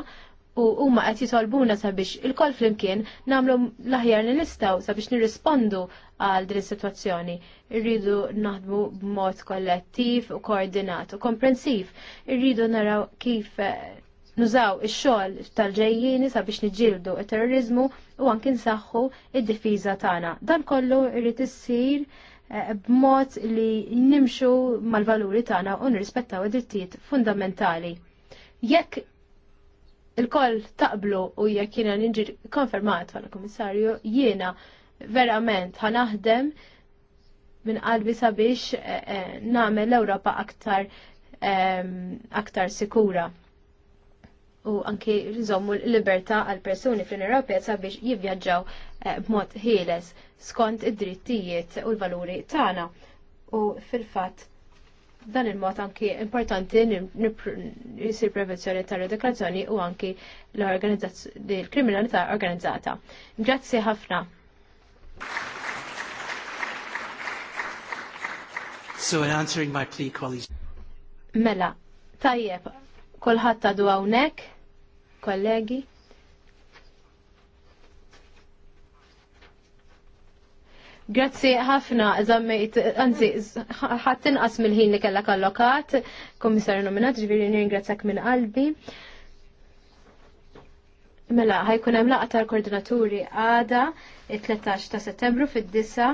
Speaker 3: u huma qed jitolbuna sabiex il-kol flimkien nagħmlu l-aħjar li nistgħu sabiex nirrispondu għal din is-sitwazzjoni. Irridu naħdmu b'mod kollettiv u koordinat u komprensiv. Irridu naraw kif nużaw ix-xogħol tal-ġejjieni sabiex niġġieldu t terrorizmu u anki nsaħħu id-difiża tagħna. Dan kollu irid issir eh, b'mod li nimxu mal-valuri tagħna u nirrispettaw id-drittijiet fundamentali. Jekk il-koll taqblu u jekk jiena niġi konfermat għal komissarju jiena verament ħanaħdem minn qalbi sabiex eh, eh, nagħmel l-Ewropa aktar aktar sikura u anki rizommu l-libertà għal persuni fl Ewropea sabiex jivvjaġġaw eh, b'mod ħieles skont id-drittijiet u l-valuri tagħna. U fil-fatt dan il-mod anki importanti jisir prevenzjoni ta' radikazzjoni u anki l-kriminalità organizzata. Grazzi ħafna.
Speaker 1: So in answering my plea, colleagues.
Speaker 3: Mela, tajjeb, kolħat ta' du kollegi. Grazzi ħafna, zammejt, għanzi, ħattin qas mill-ħin li kellek allokat, komissar nominat, ġviri ringrazzak minn qalbi. Mela, ħajkun hemm laqgħa tal-koordinaturi għada 13 ta' Settembru fid-disa'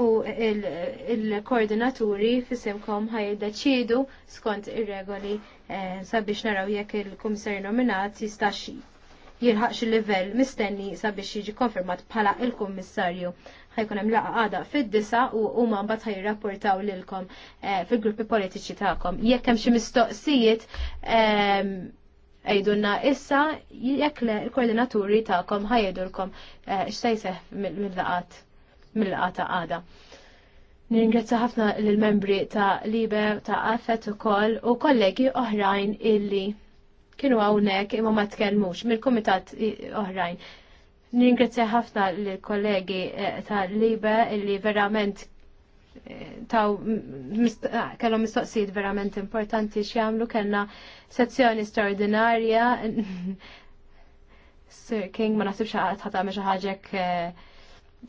Speaker 3: u il-koordinaturi fissemkom ħajdeċidu skont ir-regoli eh, sabiex naraw jekk il-komissar nominat jistax jirħax il-livell mistenni sabiex jiġi konfermat bħala il-kummissarju. Ħajkun hemm laqa għada fid-disa u huma mbagħad ħajrapportaw lilkom eh, fil-gruppi politiċi tagħkom. Jekk hemm xi mistoqsijiet għajdunna eh, issa jekk il-koordinaturi ta'kom ħajedulkom x'tajseħ mill-laqat mill-qata għada. Ningrazzja ħafna l-membri ta' Liber, ta' Affet u koll u kollegi oħrajn illi kienu għawnek imma ma tkellmux mill-komitat oħrajn. Ningrazzja ħafna l-kollegi eh, ta' Liber illi verament eh, taw ah, kellhom mistoqsijiet verament importanti x'jagħmlu kellna sezzjoni straordinarja. Sir King ma nasibx ħadd ħadd xi ħaġa eh,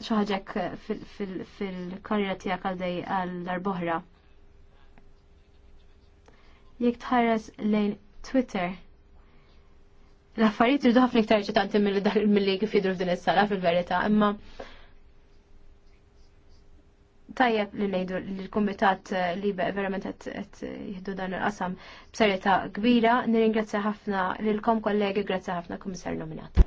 Speaker 3: xaħġek fil-karriera tijak għaldej għal-darbohra. Jek tħares lejn Twitter, l-affarijiet irdu ħafna iktar ċitanti mill-li kif jidru f'din is-sala fil-verità, imma tajjeb li ngħidu li l-kumitat li verament qed jieħdu dan il-qasam b'serjetà kbira, nirringrazzja ħafna lilkom kollegi, grazzja ħafna kummissar nominat.